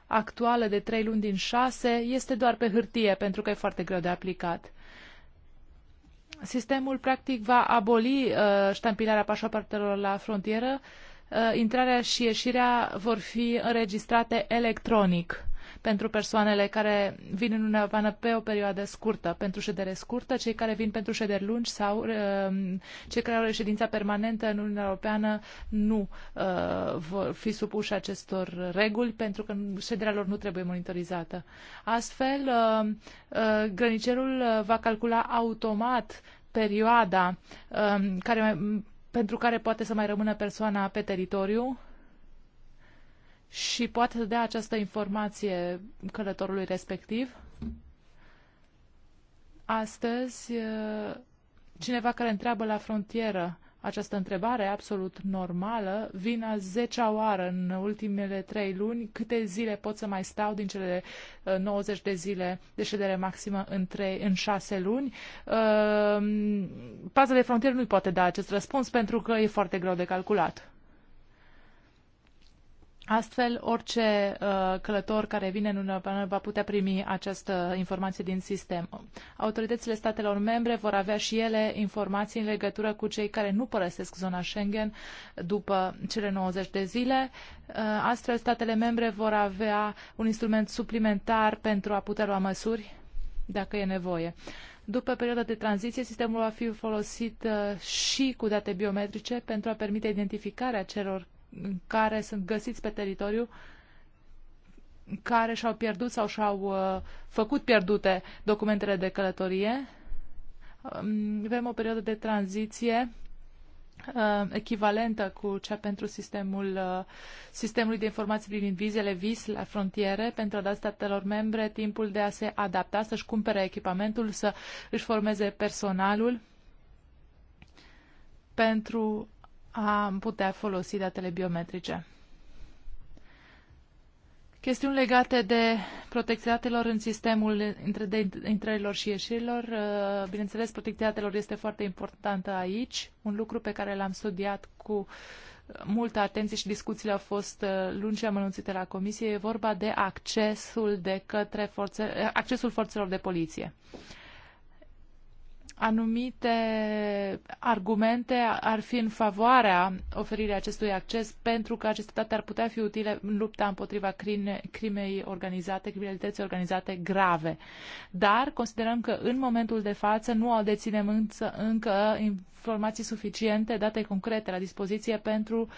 actuală de trei luni din șase este doar pe hârtie, pentru că e foarte greu de aplicat. Sistemul practic va aboli uh, ștampilarea pașapartelor la frontieră Uh, intrarea și ieșirea vor fi înregistrate electronic pentru persoanele care vin în Uniunea Europeană pe o perioadă scurtă, pentru ședere scurtă, cei care vin pentru șederi lungi sau uh, cei care au reședința permanentă în Uniunea Europeană nu uh, vor fi supuși acestor reguli pentru că șederea lor nu trebuie monitorizată. Astfel, uh, uh, grănicerul uh, va calcula automat perioada uh, care mai pentru care poate să mai rămână persoana pe teritoriu și poate să dea această informație călătorului respectiv. Astăzi, eh, cineva care întreabă la frontieră această întrebare absolut normală vin a zecea oară în ultimele trei luni câte zile pot să mai stau din cele 90 uh, de zile de ședere maximă în, 3, în 6 luni. Uh, Paza de frontieră nu poate da acest răspuns pentru că e foarte greu de calculat. Astfel, orice uh, călător care vine în Uniunea Europeană va putea primi această informație din sistem. Autoritățile statelor membre vor avea și ele informații în legătură cu cei care nu părăsesc zona Schengen după cele 90 de zile. Uh, astfel, statele membre vor avea un instrument suplimentar pentru a putea lua măsuri dacă e nevoie. După perioada de tranziție, sistemul va fi folosit uh, și cu date biometrice pentru a permite identificarea celor care sunt găsiți pe teritoriu care și-au pierdut sau și-au uh, făcut pierdute documentele de călătorie. Um, avem o perioadă de tranziție uh, echivalentă cu cea pentru sistemul uh, sistemului de informații privind vizele vis la frontiere pentru a da statelor membre timpul de a se adapta, să-și cumpere echipamentul, să își formeze personalul pentru a putea folosi datele biometrice. Chestiuni legate de protecția datelor în sistemul de intrărilor și ieșirilor. Uh, bineînțeles, protecția datelor este foarte importantă aici, un lucru pe care l-am studiat cu multă atenție și discuțiile au fost uh, lungi și amănunțite la comisie. E vorba de accesul, de către forțe, uh, accesul forțelor de poliție. Uh, anumite argumente ar fi în favoarea oferirii acestui acces pentru că aceste date ar putea fi utile în lupta împotriva crime, crimei organizate, criminalității organizate grave. Dar considerăm că în momentul de față nu au deținem însă încă informații suficiente, date concrete la dispoziție pentru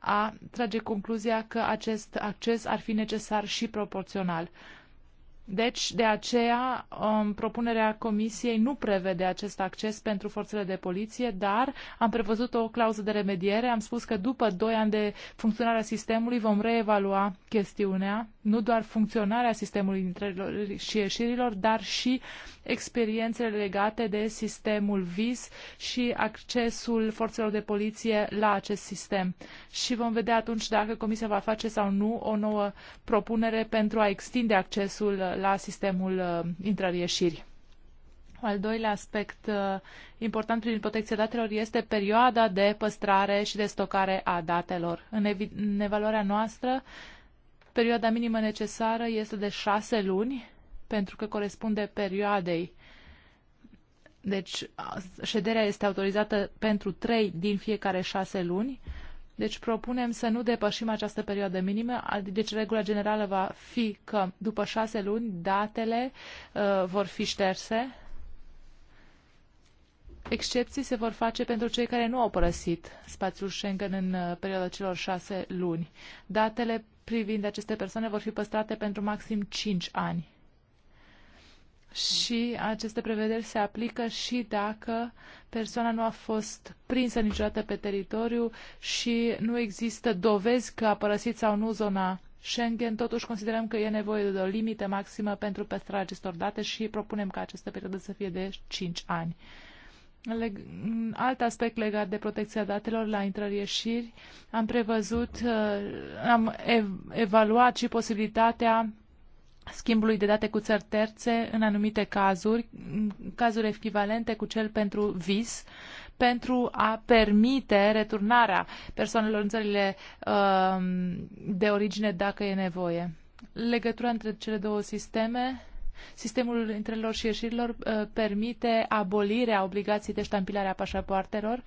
a trage concluzia că acest acces ar fi necesar și proporțional. Deci, de aceea, um, propunerea Comisiei nu prevede acest acces pentru forțele de poliție, dar am prevăzut o clauză de remediere. Am spus că după 2 ani de funcționarea sistemului vom reevalua chestiunea, nu doar funcționarea sistemului intrărilor și ieșirilor, dar și experiențele legate de sistemul VIS și accesul forțelor de poliție la acest sistem. Și vom vedea atunci dacă Comisia va face sau nu o nouă propunere pentru a extinde accesul la sistemul uh, intrări-ieșiri. Al doilea aspect uh, important prin protecția datelor este perioada de păstrare și de stocare a datelor. În, ev- în evaluarea noastră, perioada minimă necesară este de șase luni, pentru că corespunde perioadei. Deci, șederea este autorizată pentru trei din fiecare șase luni. Uh, deci propunem să nu depășim această perioadă minimă, deci regula generală va fi că după șase luni datele uh, vor fi șterse. Excepții se vor face pentru cei care nu au părăsit spațiul Schengen în uh, perioada celor șase luni. Datele privind aceste persoane vor fi păstrate pentru maxim 5 ani și aceste prevederi se aplică și dacă persoana nu a fost prinsă niciodată pe teritoriu și nu există dovezi că a părăsit sau nu zona Schengen, totuși considerăm că e nevoie de o limită maximă pentru păstrarea acestor date și propunem ca această perioadă să fie de 5 ani. Leg alt aspect legat de protecția datelor la intrări-ieșiri, am prevăzut, uh, am ev evaluat și posibilitatea schimbului de date cu țări terțe în anumite cazuri, cazuri echivalente cu cel pentru vis, pentru a permite returnarea persoanelor în țările um, de origine dacă e nevoie. Legătura între cele două sisteme Sistemul intrărilor și ieșirilor uh, permite abolirea obligației de ștampilare a pașapoartelor,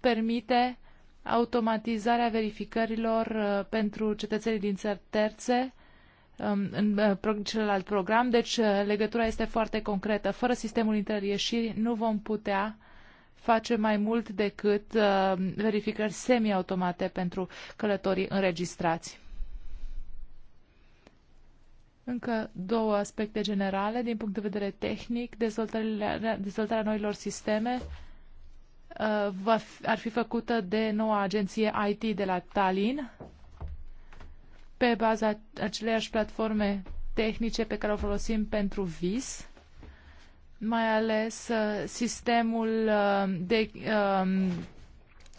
permite automatizarea verificărilor uh, pentru cetățenii din țări terțe, Um, în uh, celălalt program, deci uh, legătura este foarte concretă. Fără sistemul interieșiri nu vom putea face mai mult decât uh, verificări semi-automate pentru călătorii înregistrați. Încă două aspecte generale din punct de vedere tehnic. Dezvoltarea, dezvoltarea noilor sisteme uh, va fi, ar fi făcută de noua agenție IT de la Tallinn pe baza aceleiași platforme tehnice pe care o folosim pentru vis, mai ales uh, sistemul uh, de um,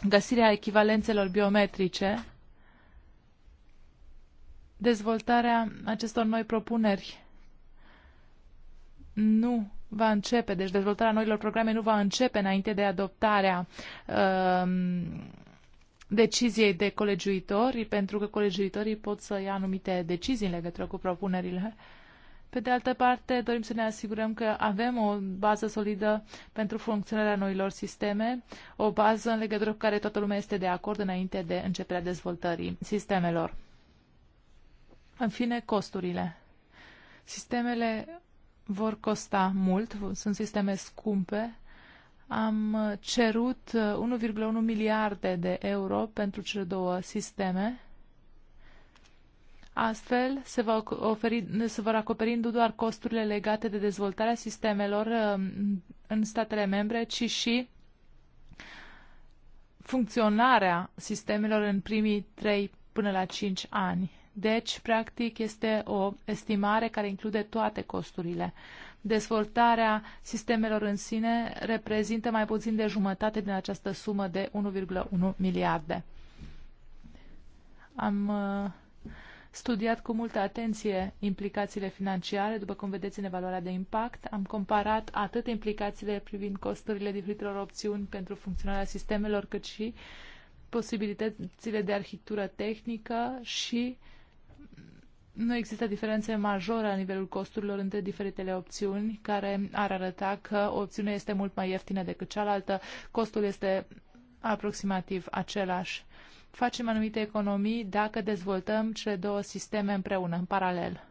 găsirea echivalențelor biometrice, dezvoltarea acestor noi propuneri nu va începe, deci dezvoltarea noilor programe nu va începe înainte de adoptarea um, deciziei de colegiuitori, pentru că colegiuitorii pot să ia anumite decizii în legătură cu propunerile. Pe de altă parte, dorim să ne asigurăm că avem o bază solidă pentru funcționarea noilor sisteme, o bază în legătură cu care toată lumea este de acord înainte de începerea dezvoltării sistemelor. În fine, costurile. Sistemele vor costa mult, sunt sisteme scumpe, am cerut 1,1 uh, miliarde de euro pentru cele două sisteme. Astfel, se, va oferi, se vor acoperi nu doar costurile legate de dezvoltarea sistemelor um, în statele membre, ci și funcționarea sistemelor în primii 3 până la 5 ani. Deci, practic, este o estimare care include toate costurile Dezvoltarea sistemelor în sine reprezintă mai puțin de jumătate din această sumă de 1,1 miliarde. Am uh, studiat cu multă atenție implicațiile financiare, după cum vedeți în evaluarea de impact. Am comparat atât implicațiile privind costurile diferitelor opțiuni pentru funcționarea sistemelor, cât și posibilitățile de arhitectură tehnică și uh, nu există diferențe majore la nivelul costurilor între diferitele opțiuni, care ar arăta că o opțiune este mult mai ieftină decât cealaltă, costul este aproximativ același. Facem anumite economii dacă dezvoltăm cele două sisteme împreună, în paralel.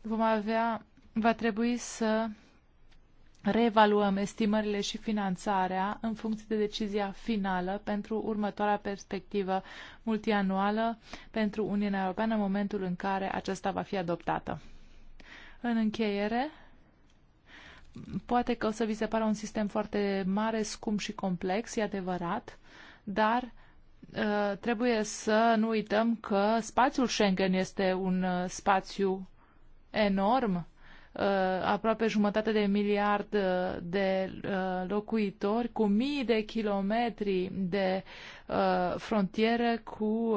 Vom avea, va trebui să reevaluăm estimările și finanțarea în funcție de decizia finală pentru următoarea perspectivă multianuală pentru Uniunea Europeană în momentul în care aceasta va fi adoptată. În încheiere, poate că o să vi se pară un sistem foarte mare, scump și complex, e adevărat, dar ă, trebuie să nu uităm că spațiul Schengen este un ă, spațiu enorm Uh, aproape jumătate de miliard uh, de uh, locuitori, cu mii de kilometri de frontiere, cu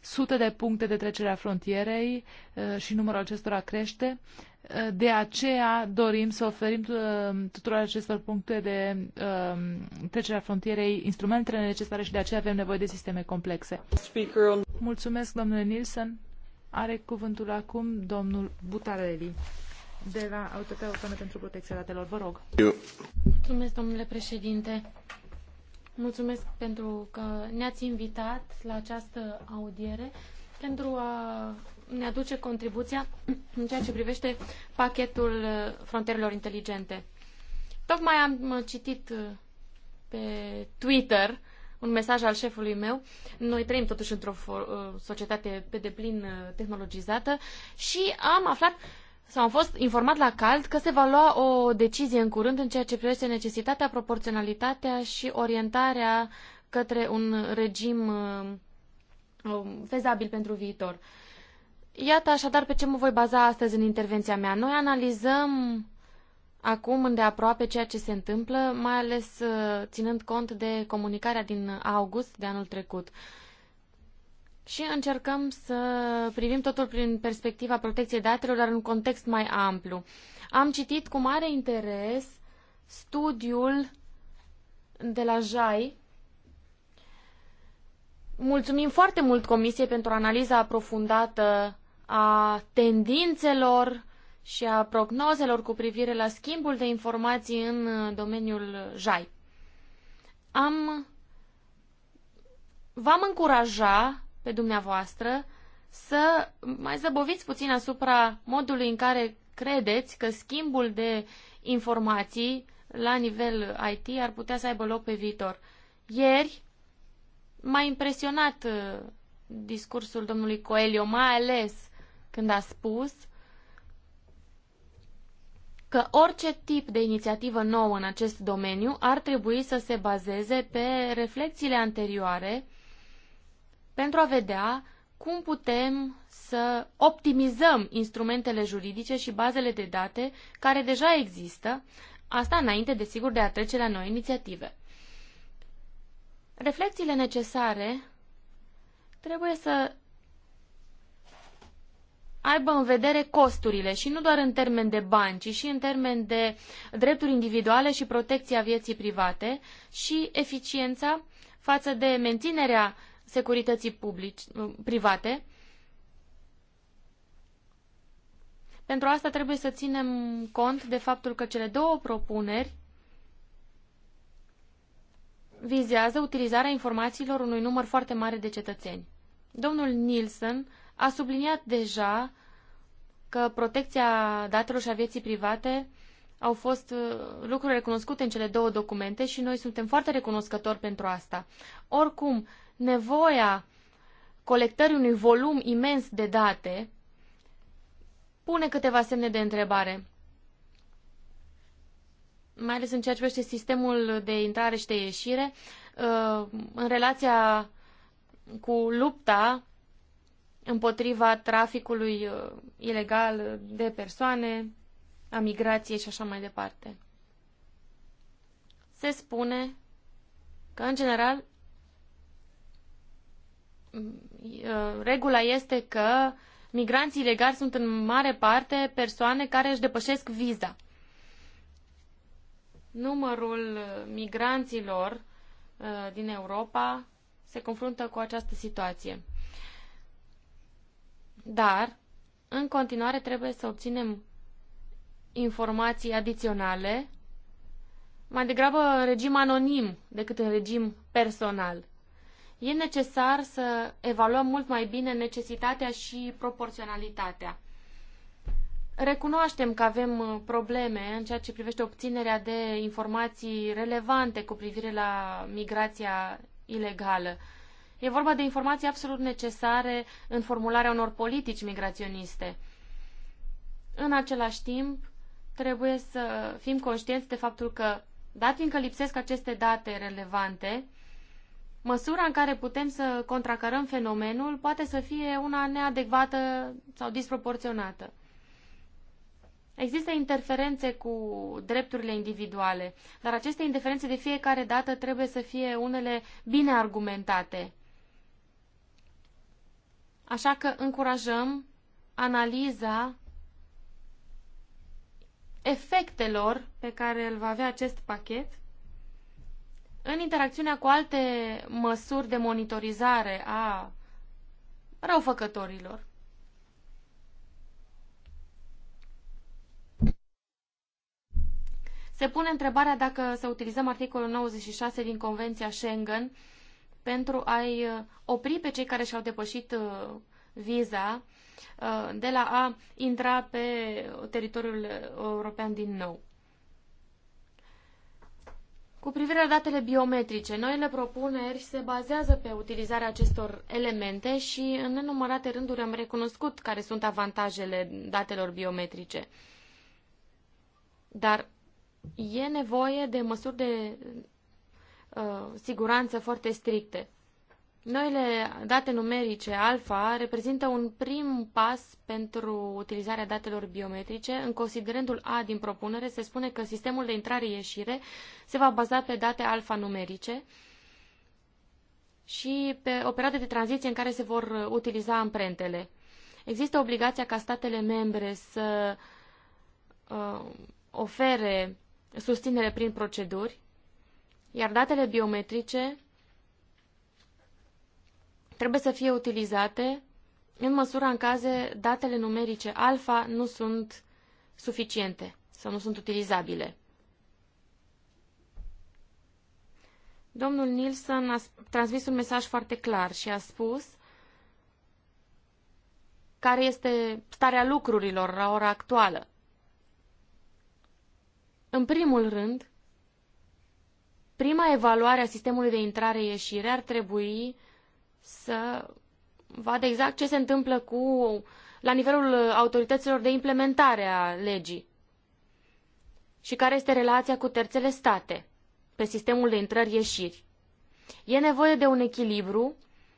sute de puncte de trecere a frontierei și numărul acestora crește. De aceea dorim să oferim tuturor acestor puncte de um, trecere a frontierei instrumentele necesare și de aceea avem nevoie de sisteme complexe. Mulțumesc, domnule Nielsen. Are cuvântul acum domnul Butareli de la Autoritatea Europeană pentru Protecția Datelor. Vă rog. Mulțumesc, domnule președinte. Mulțumesc pentru că ne-ați invitat la această audiere pentru a ne aduce contribuția în ceea ce privește pachetul frontierelor inteligente. Tocmai am citit uh, pe Twitter un mesaj al șefului meu. Noi trăim totuși într-o uh, societate pe deplin uh, tehnologizată și am aflat sau am fost informat la cald că se va lua o decizie în curând în ceea ce privește necesitatea, proporționalitatea și orientarea către un regim uh, um, fezabil pentru viitor. Iată așadar pe ce mă voi baza astăzi în intervenția mea. Noi analizăm acum îndeaproape ceea ce se întâmplă, mai ales uh, ținând cont de comunicarea din august de anul trecut și încercăm să privim totul prin perspectiva protecției datelor, dar în context mai amplu. Am citit cu mare interes studiul de la JAI. Mulțumim foarte mult Comisiei pentru analiza aprofundată a tendințelor și a prognozelor cu privire la schimbul de informații în domeniul JAI. Am V-am încuraja pe dumneavoastră să mai zăboviți puțin asupra modului în care credeți că schimbul de informații la nivel IT ar putea să aibă loc pe viitor. Ieri m-a impresionat uh, discursul domnului Coelho, mai ales când a spus că orice tip de inițiativă nouă în acest domeniu ar trebui să se bazeze pe reflexiile anterioare pentru a vedea cum putem să optimizăm instrumentele juridice și bazele de date care deja există, asta înainte, desigur, de a trece la noi inițiative. Reflecțiile necesare trebuie să aibă în vedere costurile și nu doar în termen de bani, ci și în termen de drepturi individuale și protecția vieții private și eficiența față de menținerea securității publici, private. Pentru asta trebuie să ținem cont de faptul că cele două propuneri vizează utilizarea informațiilor unui număr foarte mare de cetățeni. Domnul Nielsen a subliniat deja că protecția datelor și a vieții private au fost uh, lucruri recunoscute în cele două documente și noi suntem foarte recunoscători pentru asta. Oricum, nevoia colectării unui volum imens de date pune câteva semne de întrebare. Mai ales în ceea ce privește sistemul de intrare și de ieșire, uh, în relația cu lupta împotriva traficului uh, ilegal de persoane, a migrației și așa mai departe. Se spune că, în general, Mm, regula este că migranții ilegali sunt în mare parte persoane care își depășesc viza. Numărul migranților din Europa se confruntă cu această situație. Dar, în continuare, trebuie să obținem informații adiționale, mai degrabă în regim anonim decât în regim personal. E necesar să evaluăm mult mai bine necesitatea și proporționalitatea. Recunoaștem că avem uh, probleme în ceea ce privește obținerea de informații relevante cu privire la migrația ilegală. E vorba de informații absolut necesare în formularea unor politici migraționiste. În același timp, trebuie să fim conștienți de faptul că, dat fiindcă lipsesc aceste date relevante, Măsura în care putem să contracarăm fenomenul poate să fie una neadecvată sau disproporționată. Există interferențe cu drepturile individuale, dar aceste interferențe de fiecare dată trebuie să fie unele bine argumentate. Așa că încurajăm analiza efectelor pe care îl va avea acest pachet în interacțiunea cu alte măsuri de monitorizare a răufăcătorilor. Se pune întrebarea dacă să utilizăm articolul 96 din Convenția Schengen pentru a-i uh, opri pe cei care și-au depășit uh, viza uh, de la a intra pe teritoriul european din nou. Cu privire la datele biometrice, noile propuneri se bazează pe utilizarea acestor elemente și în nenumărate rânduri am recunoscut care sunt avantajele datelor biometrice. Dar e nevoie de măsuri de uh, siguranță foarte stricte. Noile date numerice alfa reprezintă un prim pas pentru utilizarea datelor biometrice. În considerentul A din propunere se spune că sistemul de intrare-ieșire se va baza pe date numerice și pe o perioadă de tranziție în care se vor utiliza amprentele. Există obligația ca statele membre să uh, ofere susținere prin proceduri, iar datele biometrice trebuie să fie utilizate în măsura în care datele numerice alfa nu sunt suficiente sau nu sunt utilizabile. Domnul Nilsson a transmis un mesaj foarte clar și a spus care este starea lucrurilor la ora actuală. În primul rând, prima evaluare a sistemului de intrare-ieșire ar trebui să vadă exact ce se întâmplă cu la nivelul autorităților de implementare a legii și care este relația cu terțele state pe sistemul de intrări-ieșiri. E nevoie de un echilibru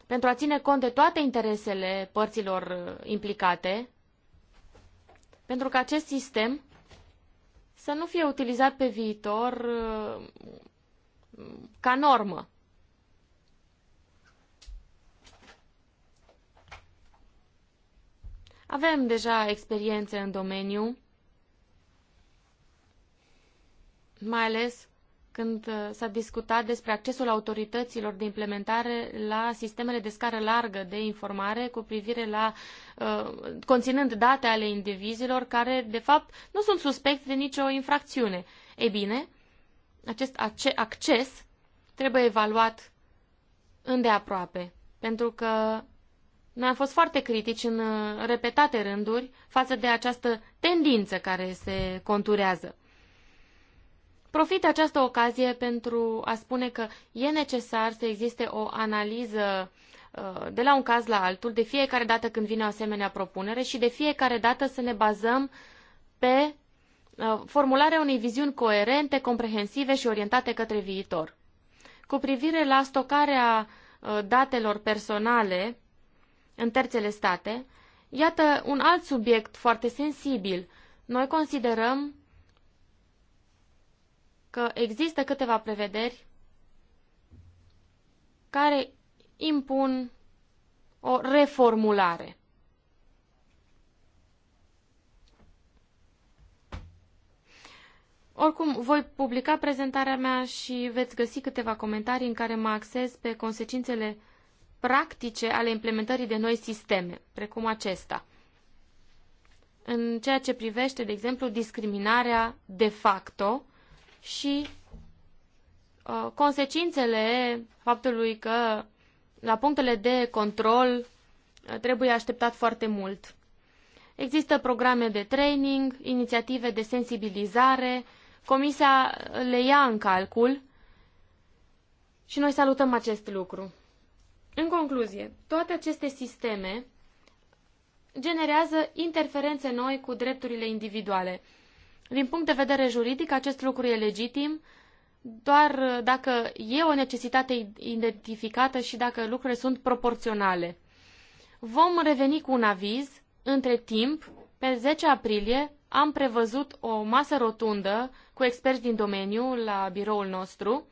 pentru a ține cont de toate interesele părților uh, implicate, pentru că acest sistem să nu fie utilizat pe viitor uh, ca normă. Avem deja experiențe în domeniu, mai ales când uh, s-a discutat despre accesul autorităților de implementare la sistemele de scară largă de informare cu privire la uh, conținând date ale indivizilor care, de fapt, nu sunt suspecte de nicio infracțiune. Ei bine, acest acces trebuie evaluat îndeaproape, pentru că noi am fost foarte critici în uh, repetate rânduri față de această tendință care se conturează. Profit această ocazie pentru a spune că e necesar să existe o analiză uh, de la un caz la altul, de fiecare dată când vine o asemenea propunere și de fiecare dată să ne bazăm pe uh, formularea unei viziuni coerente, comprehensive și orientate către viitor. Cu privire la stocarea datelor personale, în terțele state, iată un alt subiect foarte sensibil. Noi considerăm că există câteva prevederi care impun o reformulare. Oricum, voi publica prezentarea mea și veți găsi câteva comentarii în care mă axez pe consecințele practice ale implementării de noi sisteme, precum acesta, în ceea ce privește, de exemplu, discriminarea de facto și uh, consecințele faptului că la punctele de control uh, trebuie așteptat foarte mult. Există programe de training, inițiative de sensibilizare, comisia le ia în calcul și noi salutăm acest lucru. În concluzie, toate aceste sisteme generează interferențe noi cu drepturile individuale. Din punct de vedere juridic, acest lucru e legitim doar dacă e o necesitate identificată și dacă lucrurile sunt proporționale. Vom reveni cu un aviz. Între timp, pe 10 aprilie, am prevăzut o masă rotundă cu experți din domeniu la biroul nostru.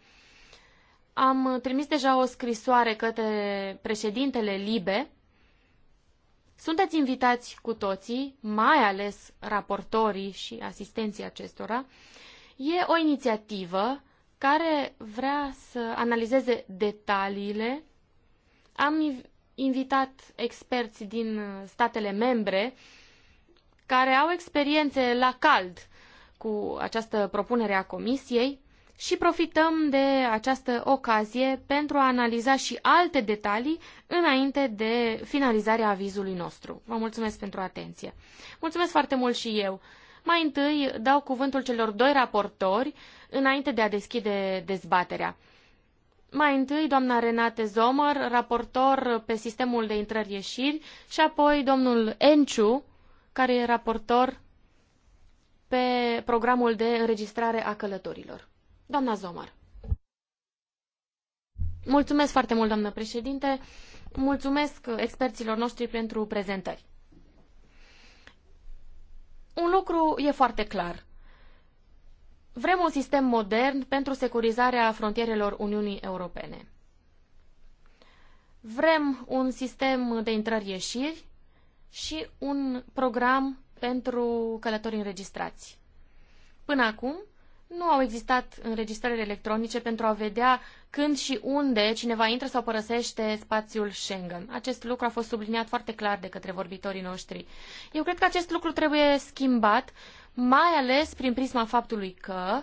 Am trimis deja o scrisoare către președintele Libe. Sunteți invitați cu toții, mai ales raportorii și asistenții acestora. E o inițiativă care vrea să analizeze detaliile. Am invitat experți din statele membre care au experiențe la cald cu această propunere a Comisiei și profităm de această ocazie pentru a analiza și alte detalii înainte de finalizarea avizului nostru. Vă mulțumesc pentru atenție. Mulțumesc foarte mult și eu. Mai întâi dau cuvântul celor doi raportori înainte de a deschide dezbaterea. Mai întâi doamna Renate Zomăr, raportor pe sistemul de intrări-ieșiri, și apoi domnul Enciu, care e raportor pe programul de înregistrare a călătorilor. Doamna Zomar. Mulțumesc foarte mult, doamnă președinte. Mulțumesc experților noștri pentru prezentări. Un lucru e foarte clar. Vrem un sistem modern pentru securizarea frontierelor Uniunii Europene. Vrem un sistem de intrări-ieșiri și un program pentru călători înregistrați. Până acum, nu au existat înregistrări electronice pentru a vedea când și unde cineva intră sau părăsește spațiul Schengen. Acest lucru a fost subliniat foarte clar de către vorbitorii noștri. Eu cred că acest lucru trebuie schimbat, mai ales prin prisma faptului că,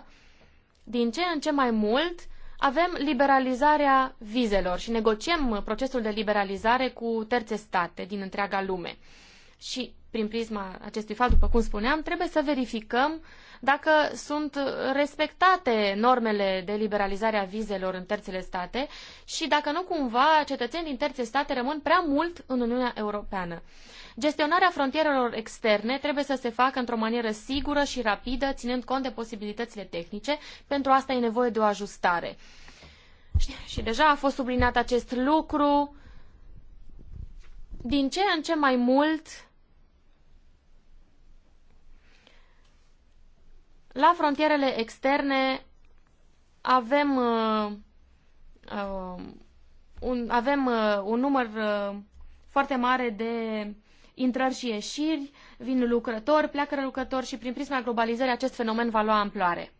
din ce în ce mai mult, avem liberalizarea vizelor și negociem procesul de liberalizare cu terțe state din întreaga lume. Și, prin prisma acestui fapt, după cum spuneam, trebuie să verificăm uh, dacă sunt respectate normele de liberalizare a vizelor în terțele state și dacă nu cumva cetățenii din terțe state rămân prea mult în Uniunea Europeană. Gestionarea frontierelor externe trebuie să se facă într-o manieră sigură și rapidă, ținând cont de posibilitățile tehnice. Pentru asta e nevoie de o ajustare. Și, și deja a fost subliniat acest lucru. Din ce în ce mai mult La frontierele externe avem, uh, uh, un, avem uh, un număr uh, foarte mare de intrări și ieșiri, vin lucrători, pleacă lucrători și prin prisma globalizării acest fenomen va lua amploare.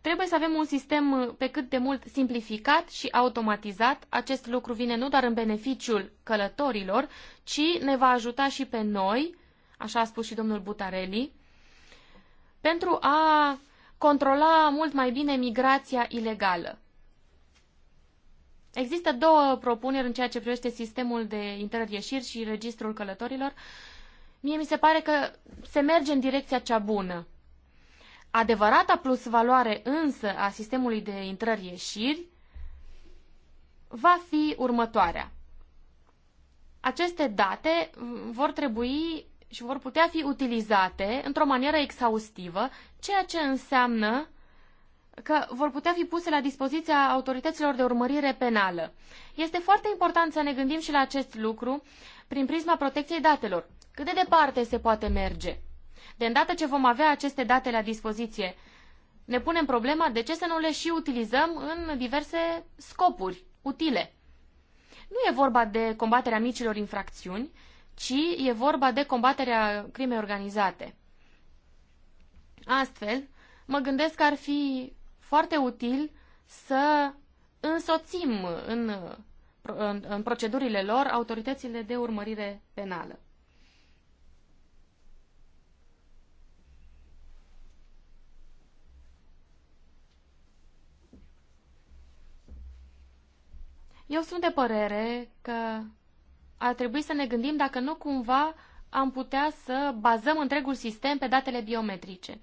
Trebuie să avem un sistem uh, pe cât de mult simplificat și automatizat. Acest lucru vine nu doar în beneficiul călătorilor, ci ne va ajuta și pe noi, așa a spus și domnul Butarelli, pentru a controla mult mai bine migrația ilegală. Există două propuneri în ceea ce privește sistemul de intrări-ieșiri și registrul călătorilor. Mie mi se pare că se merge în direcția cea bună. Adevărata plus valoare însă a sistemului de intrări-ieșiri va fi următoarea. Aceste date vor trebui și vor putea fi utilizate într-o manieră exhaustivă, ceea ce înseamnă că vor putea fi puse la dispoziția autorităților de urmărire penală. Este foarte important să ne gândim și la acest lucru prin prisma protecției datelor. Cât de departe se poate merge? De îndată ce vom avea aceste date la dispoziție, ne punem problema de ce să nu le și utilizăm în diverse scopuri utile. Nu e vorba de combaterea micilor infracțiuni, ci e vorba de combaterea crimei organizate. Astfel, mă gândesc că ar fi foarte util să însoțim în, în, în procedurile lor autoritățile de urmărire penală. Eu sunt de părere că ar trebui să ne gândim dacă nu cumva am putea să bazăm întregul sistem pe datele biometrice.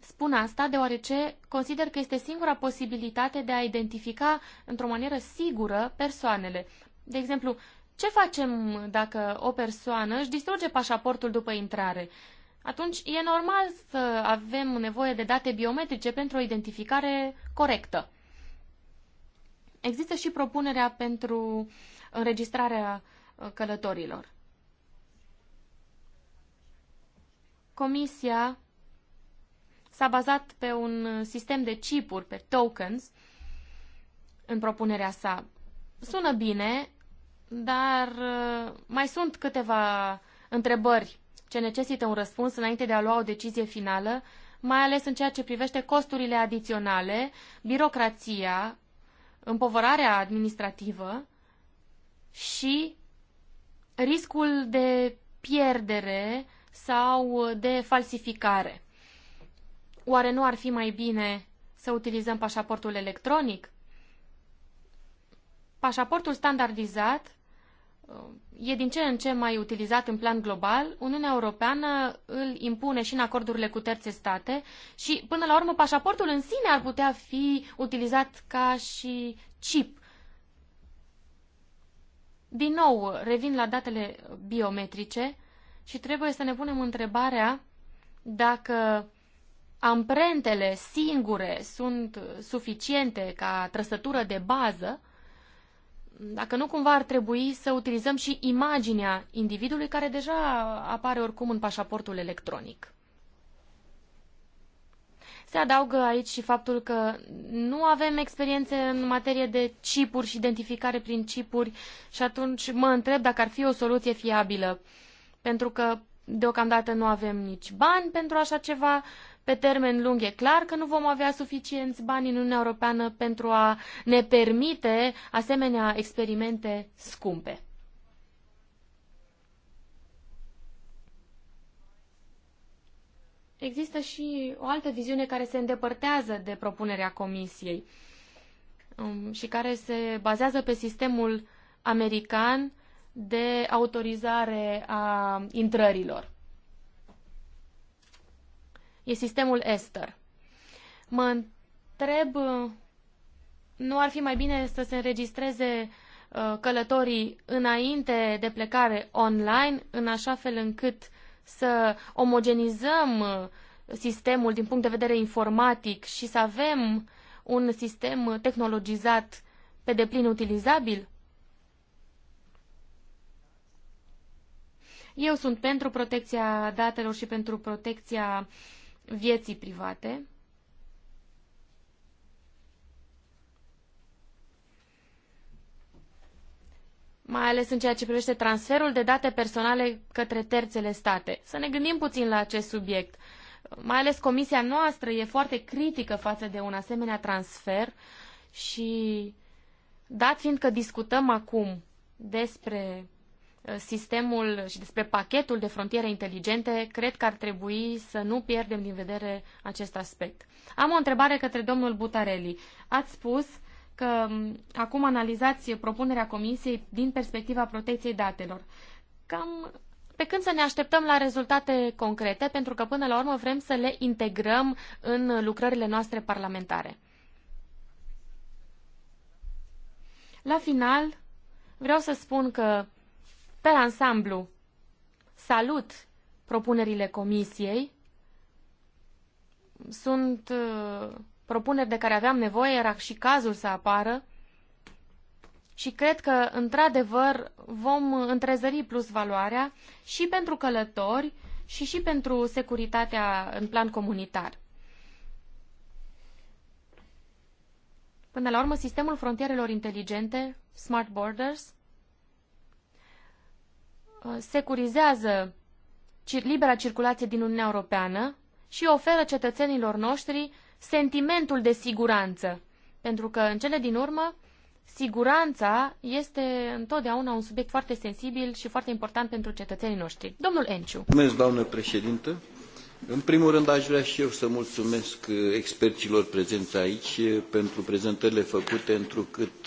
Spun asta deoarece consider că este singura posibilitate de a identifica într-o manieră sigură persoanele. De exemplu, ce facem dacă o persoană își distruge pașaportul după intrare? Atunci e normal să avem nevoie de date biometrice pentru o identificare corectă. Există și propunerea pentru înregistrarea uh, călătorilor. Comisia s-a bazat pe un sistem de chipuri, pe tokens, în propunerea sa. Sună bine, dar uh, mai sunt câteva întrebări ce necesită un răspuns înainte de a lua o decizie finală, mai ales în ceea ce privește costurile adiționale, birocrația împovărarea administrativă și riscul de pierdere sau de falsificare. Oare nu ar fi mai bine să utilizăm pașaportul electronic? Pașaportul standardizat e din ce în ce mai utilizat în plan global, Uniunea Europeană îl impune și în acordurile cu terțe state și, până la urmă, pașaportul în sine ar putea fi utilizat ca și chip. Din nou, revin la datele biometrice și trebuie să ne punem întrebarea dacă amprentele singure sunt suficiente ca trăsătură de bază dacă nu cumva ar trebui să utilizăm și imaginea individului care deja apare oricum în pașaportul electronic. Se adaugă aici și faptul că nu avem experiențe în materie de chipuri și identificare prin chipuri și atunci mă întreb dacă ar fi o soluție fiabilă. Pentru că deocamdată nu avem nici bani pentru așa ceva, pe termen lung e clar că nu vom avea suficienți bani în Uniunea Europeană pentru a ne permite asemenea experimente scumpe. Există și o altă viziune care se îndepărtează de propunerea Comisiei um, și care se bazează pe sistemul american de autorizare a intrărilor e sistemul Ester. Mă întreb, nu ar fi mai bine să se înregistreze uh, călătorii înainte de plecare online, în așa fel încât să omogenizăm uh, sistemul din punct de vedere informatic și să avem un sistem tehnologizat pe deplin utilizabil? Eu sunt pentru protecția datelor și pentru protecția vieții private. mai ales în ceea ce privește transferul de date personale către terțele state. Să ne gândim puțin la acest subiect. Mai ales comisia noastră e foarte critică față de un asemenea transfer și dat fiind că discutăm acum despre sistemul și despre pachetul de frontiere inteligente, cred că ar trebui să nu pierdem din vedere acest aspect. Am o întrebare către domnul Butarelli. Ați spus că acum analizați propunerea Comisiei din perspectiva protecției datelor. Cam pe când să ne așteptăm la rezultate concrete, pentru că până la urmă vrem să le integrăm în lucrările noastre parlamentare. La final, vreau să spun că pe ansamblu, salut propunerile comisiei. Sunt uh, propuneri de care aveam nevoie, era și cazul să apară. Și cred că, într-adevăr, vom întrezări plus valoarea și pentru călători și și pentru securitatea în plan comunitar. Până la urmă, sistemul frontierelor inteligente, Smart Borders, Uh, securizează libera circulație din Uniunea Europeană și oferă cetățenilor noștri sentimentul de siguranță. Pentru că, în cele din urmă, siguranța este întotdeauna un subiect foarte sensibil și foarte important pentru cetățenii noștri. Domnul Enciu. Mulțumesc, doamnă președintă. În primul rând, aș vrea și eu să mulțumesc uh, experților prezenți aici uh, pentru prezentările făcute, întrucât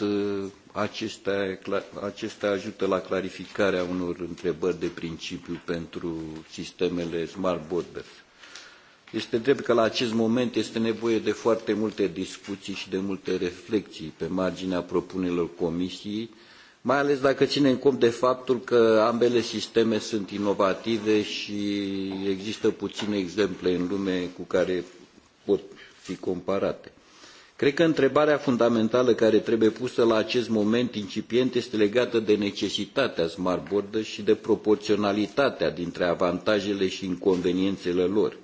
Acestea, acestea ajută la clarificarea unor întrebări de principiu pentru sistemele smart borders. Este drept că la acest moment este nevoie de foarte multe discuții și de multe reflexii pe marginea propunerilor comisiei, mai ales dacă ținem cont de faptul că ambele sisteme sunt inovative și există puține exemple în lume cu care pot fi comparate. Cred că întrebarea fundamentală care trebuie pusă la acest moment incipient este legată de necesitatea smart border și de proporționalitatea dintre avantajele și inconveniențele lor.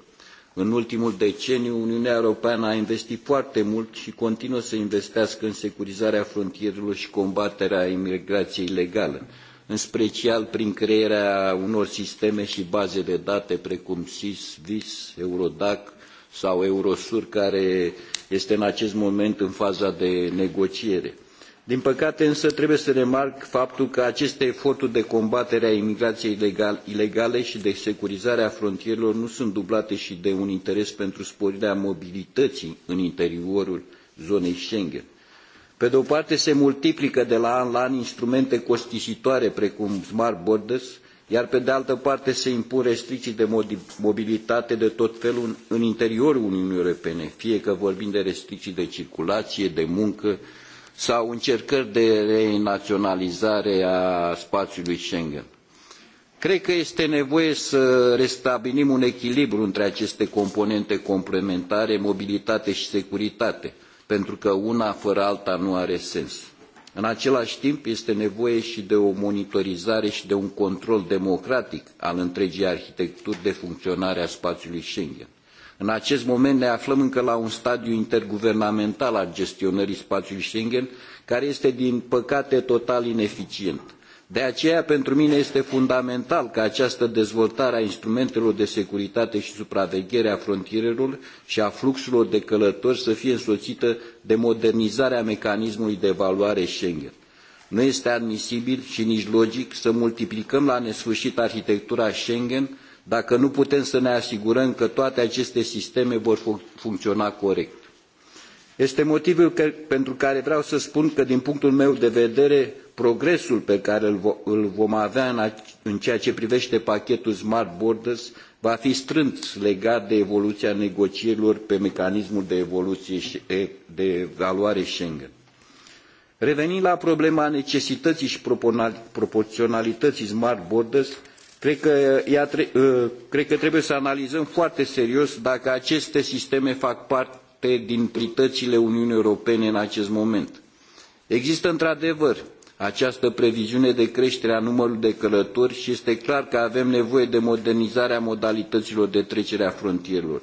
În ultimul deceniu, Uniunea Europeană a investit foarte mult și continuă să investească în securizarea frontierelor și combaterea imigrației ilegale, în special prin crearea unor sisteme și baze de date precum SIS, VIS, Eurodac sau Eurosur, care este în acest moment în faza de negociere. Din păcate însă trebuie să remarc faptul că aceste eforturi de combatere a imigrației ilegale și de securizare a frontierelor nu sunt dublate și de un interes pentru sporirea mobilității în interiorul zonei Schengen. Pe de o parte se multiplică de la an la an instrumente costisitoare precum Smart Borders, iar pe de altă parte se impun restricții de mobilitate de tot felul în interiorul Uniunii Europene, fie că vorbim de restricții de circulație, de muncă sau încercări de renaționalizare a spațiului Schengen. Cred că este nevoie să restabilim un echilibru între aceste componente complementare, mobilitate și securitate, pentru că una fără alta nu are sens. În același timp, este nevoie și de o monitorizare și de un control democratic al întregii arhitecturi de funcționare a spațiului Schengen. În acest moment ne aflăm încă la un stadiu interguvernamental al gestionării spațiului Schengen, care este, din păcate, total ineficient de aceea, pentru mine este fundamental ca această dezvoltare a instrumentelor de securitate și supraveghere a frontierelor și a fluxurilor de călători să fie însoțită de modernizarea mecanismului de evaluare Schengen. Nu este admisibil și nici logic să multiplicăm la nesfârșit arhitectura Schengen dacă nu putem să ne asigurăm că toate aceste sisteme vor funcționa corect. Este motivul pentru care vreau să spun că, din punctul meu de vedere, progresul pe care îl vom avea în ceea ce privește pachetul Smart Borders va fi strâns legat de evoluția negocierilor pe mecanismul de, evoluție, de evaluare Schengen. Revenind la problema necesității și proporționalității Smart Borders, cred că, ea, ă, cred că trebuie să analizăm foarte serios dacă aceste sisteme fac parte din prioritățile Uniunii Europene în acest moment. Există într-adevăr această previziune de creștere a numărului de călători și este clar că avem nevoie de modernizarea modalităților de trecere a frontierelor.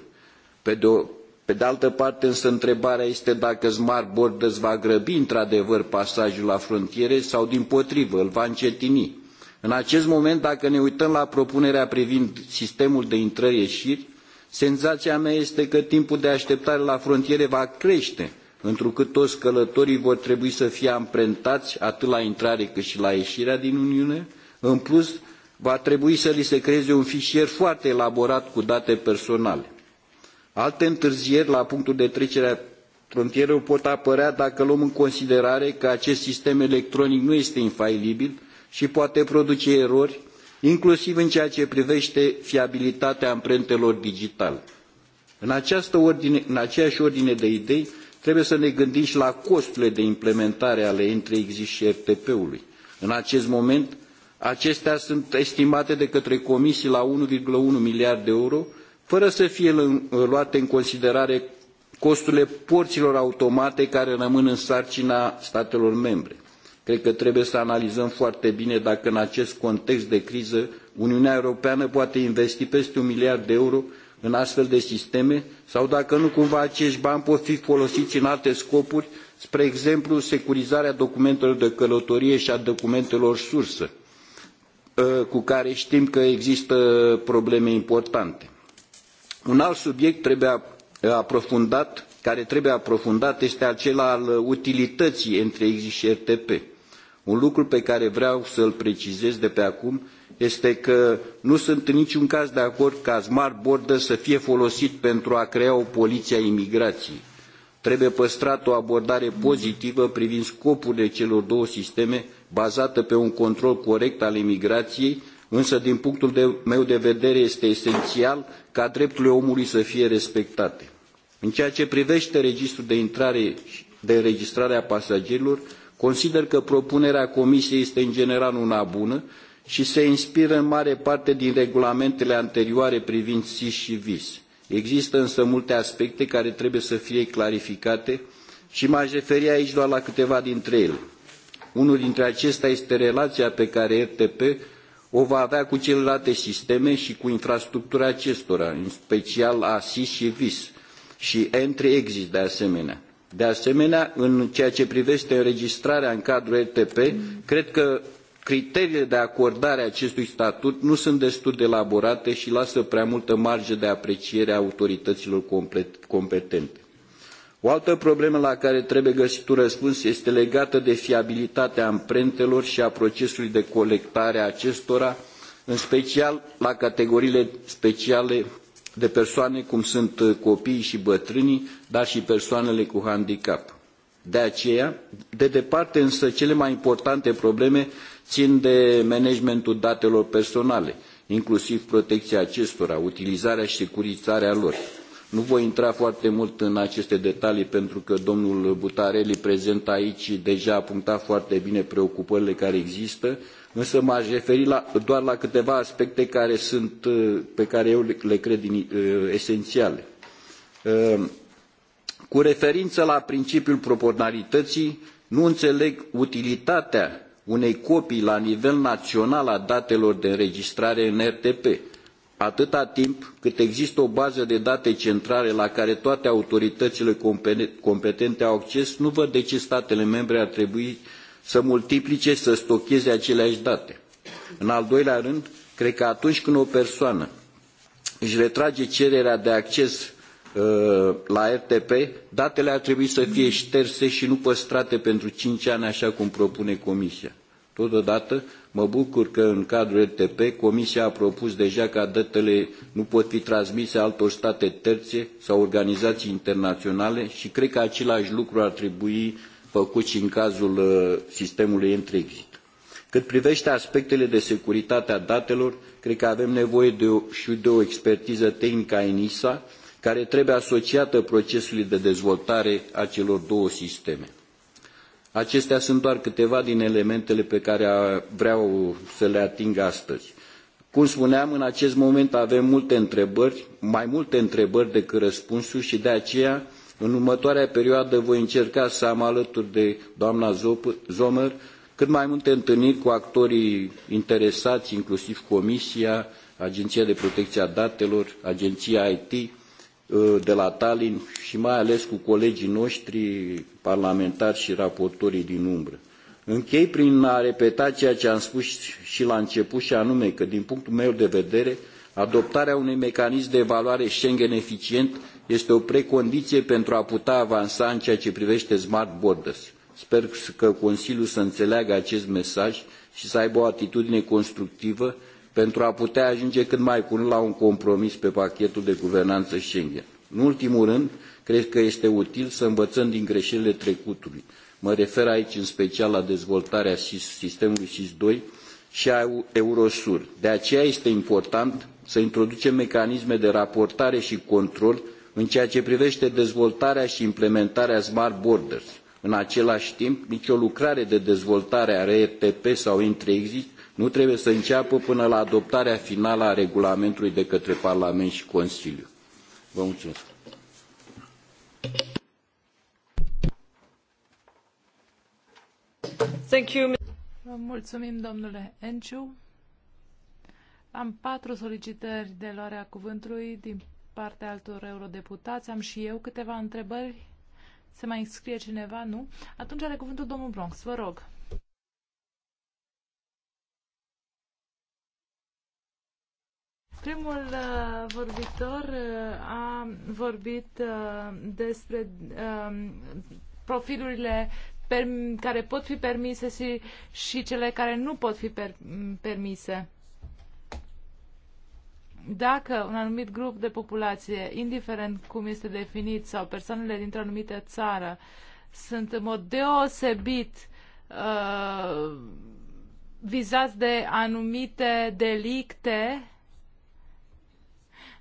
Pe de, o, pe de altă parte, însă, întrebarea este dacă Smart Borders va grăbi într-adevăr pasajul la frontiere sau, din potrivă, îl va încetini. În acest moment, dacă ne uităm la propunerea privind sistemul de intrări-ieșiri, senzația mea este că timpul de așteptare la frontiere va crește, întrucât toți călătorii vor trebui să fie amprentați atât la intrare cât și la ieșirea din Uniune. În plus, va trebui să li se creeze un fișier foarte elaborat cu date personale. Alte întârzieri la punctul de trecere a frontierelor pot apărea dacă luăm în considerare că acest sistem electronic nu este infailibil și poate produce erori, inclusiv în ceea ce privește fiabilitatea amprentelor digitale. În, această ordine, în aceeași ordine de idei, Trebuie să ne gândim și la costurile de implementare ale între EXIS și FTP-ului. În acest moment, acestea sunt estimate de către comisii la 1,1 miliarde de euro, fără să fie luate în considerare costurile porților automate care rămân în sarcina statelor membre. Cred că trebuie să analizăm foarte bine dacă în acest context de criză Uniunea Europeană poate investi peste un miliard de euro în astfel de sisteme sau dacă nu cumva acești bani pot fi folosiți în alte scopuri, spre exemplu securizarea documentelor de călătorie și a documentelor sursă, ă, cu care știm că există probleme importante. Un alt subiect trebuie aprofundat, care trebuie aprofundat este acela al utilității între EXIS și RTP. Un lucru pe care vreau să-l precizez de pe acum este că nu sunt în niciun caz de acord ca Smart Border să fie folosit pentru a crea o poliție a imigrației. Trebuie păstrată o abordare pozitivă privind scopurile celor două sisteme, bazată pe un control corect al imigrației, însă din punctul de, meu de vedere este esențial ca drepturile omului să fie respectate. În ceea ce privește registrul de intrare de înregistrare a pasagerilor, consider că propunerea Comisiei este în general una bună, și se inspiră în mare parte din regulamentele anterioare privind SIS și VIS. Există însă multe aspecte care trebuie să fie clarificate și m-aș referi aici doar la câteva dintre ele. Unul dintre acestea este relația pe care RTP o va avea cu celelalte sisteme și cu infrastructura acestora, în special ASIS și VIS și Entry-Exit de asemenea. De asemenea, în ceea ce privește înregistrarea în cadrul RTP, cred că Criteriile de acordare a acestui statut nu sunt destul de elaborate și lasă prea multă marjă de apreciere a autorităților competente. O altă problemă la care trebuie găsit un răspuns este legată de fiabilitatea amprentelor și a procesului de colectare a acestora, în special la categoriile speciale de persoane cum sunt uh, copiii și bătrânii, dar și persoanele cu handicap. De aceea, de departe însă, cele mai importante probleme țin de managementul datelor personale, inclusiv protecția acestora, utilizarea și securizarea lor. Nu voi intra foarte mult în aceste detalii pentru că domnul Butarelli prezent aici deja a punctat foarte bine preocupările care există, însă m-aș referi la, doar la câteva aspecte care sunt, uh, pe care eu le cred uh, esențiale. Uh, cu referință la principiul proporționalității, nu înțeleg utilitatea unei copii la nivel național a datelor de înregistrare în RTP, atâta timp cât există o bază de date centrale la care toate autoritățile competente au acces, nu văd de ce statele membre ar trebui să multiplice, să stocheze aceleași date. În al doilea rând, cred că atunci când o persoană își retrage cererea de acces Uh, la RTP, datele ar trebui să fie șterse și nu păstrate pentru cinci ani, așa cum propune Comisia. Totodată, mă bucur că în cadrul RTP Comisia a propus deja ca datele nu pot fi transmise altor state terțe sau organizații internaționale și cred că același lucru ar trebui făcut și în cazul uh, sistemului Entrexit. Cât privește aspectele de securitate a datelor, cred că avem nevoie de o, și de o expertiză tehnică a ENISA, care trebuie asociată procesului de dezvoltare a celor două sisteme. Acestea sunt doar câteva din elementele pe care vreau să le ating astăzi. Cum spuneam, în acest moment avem multe întrebări, mai multe întrebări decât răspunsuri și de aceea, în următoarea perioadă, voi încerca să am alături de doamna Zomer cât mai multe întâlniri cu actorii interesați, inclusiv Comisia, Agenția de Protecție a Datelor, Agenția IT, Uh, de la Tallinn și mai ales cu colegii noștri parlamentari și raportorii din umbră. Închei prin a repeta ceea ce am spus și la început și anume că din punctul meu de vedere adoptarea unui mecanism de evaluare Schengen eficient este o precondiție pentru a putea avansa în ceea ce privește Smart Borders. Sper că Consiliul să înțeleagă acest mesaj și să aibă o atitudine constructivă pentru a putea ajunge cât mai curând la un compromis pe pachetul de guvernanță Schengen. În ultimul rând, cred că este util să învățăm din greșelile trecutului. Mă refer aici în special la dezvoltarea sistemului SIS-2 și a Eurosur. De aceea este important să introducem mecanisme de raportare și control în ceea ce privește dezvoltarea și implementarea Smart Borders. În același timp, nicio lucrare de dezvoltare a RTP sau Intrexit nu trebuie să înceapă până la adoptarea finală a regulamentului de către Parlament și Consiliu. Vă mulțumesc. Thank you. Vă mulțumim, domnule Enciu. Am patru solicitări de luarea cuvântului din partea altor eurodeputați. Am și eu câteva întrebări. Se mai scrie cineva? Nu? Atunci are cuvântul domnul Bronx. Vă rog. Primul uh, vorbitor uh, a vorbit uh, despre uh, profilurile care pot fi permise și, și cele care nu pot fi per, permise. Dacă un anumit grup de populație, indiferent cum este definit, sau persoanele dintr-o anumită țară, sunt în mod deosebit uh, vizați de anumite delicte,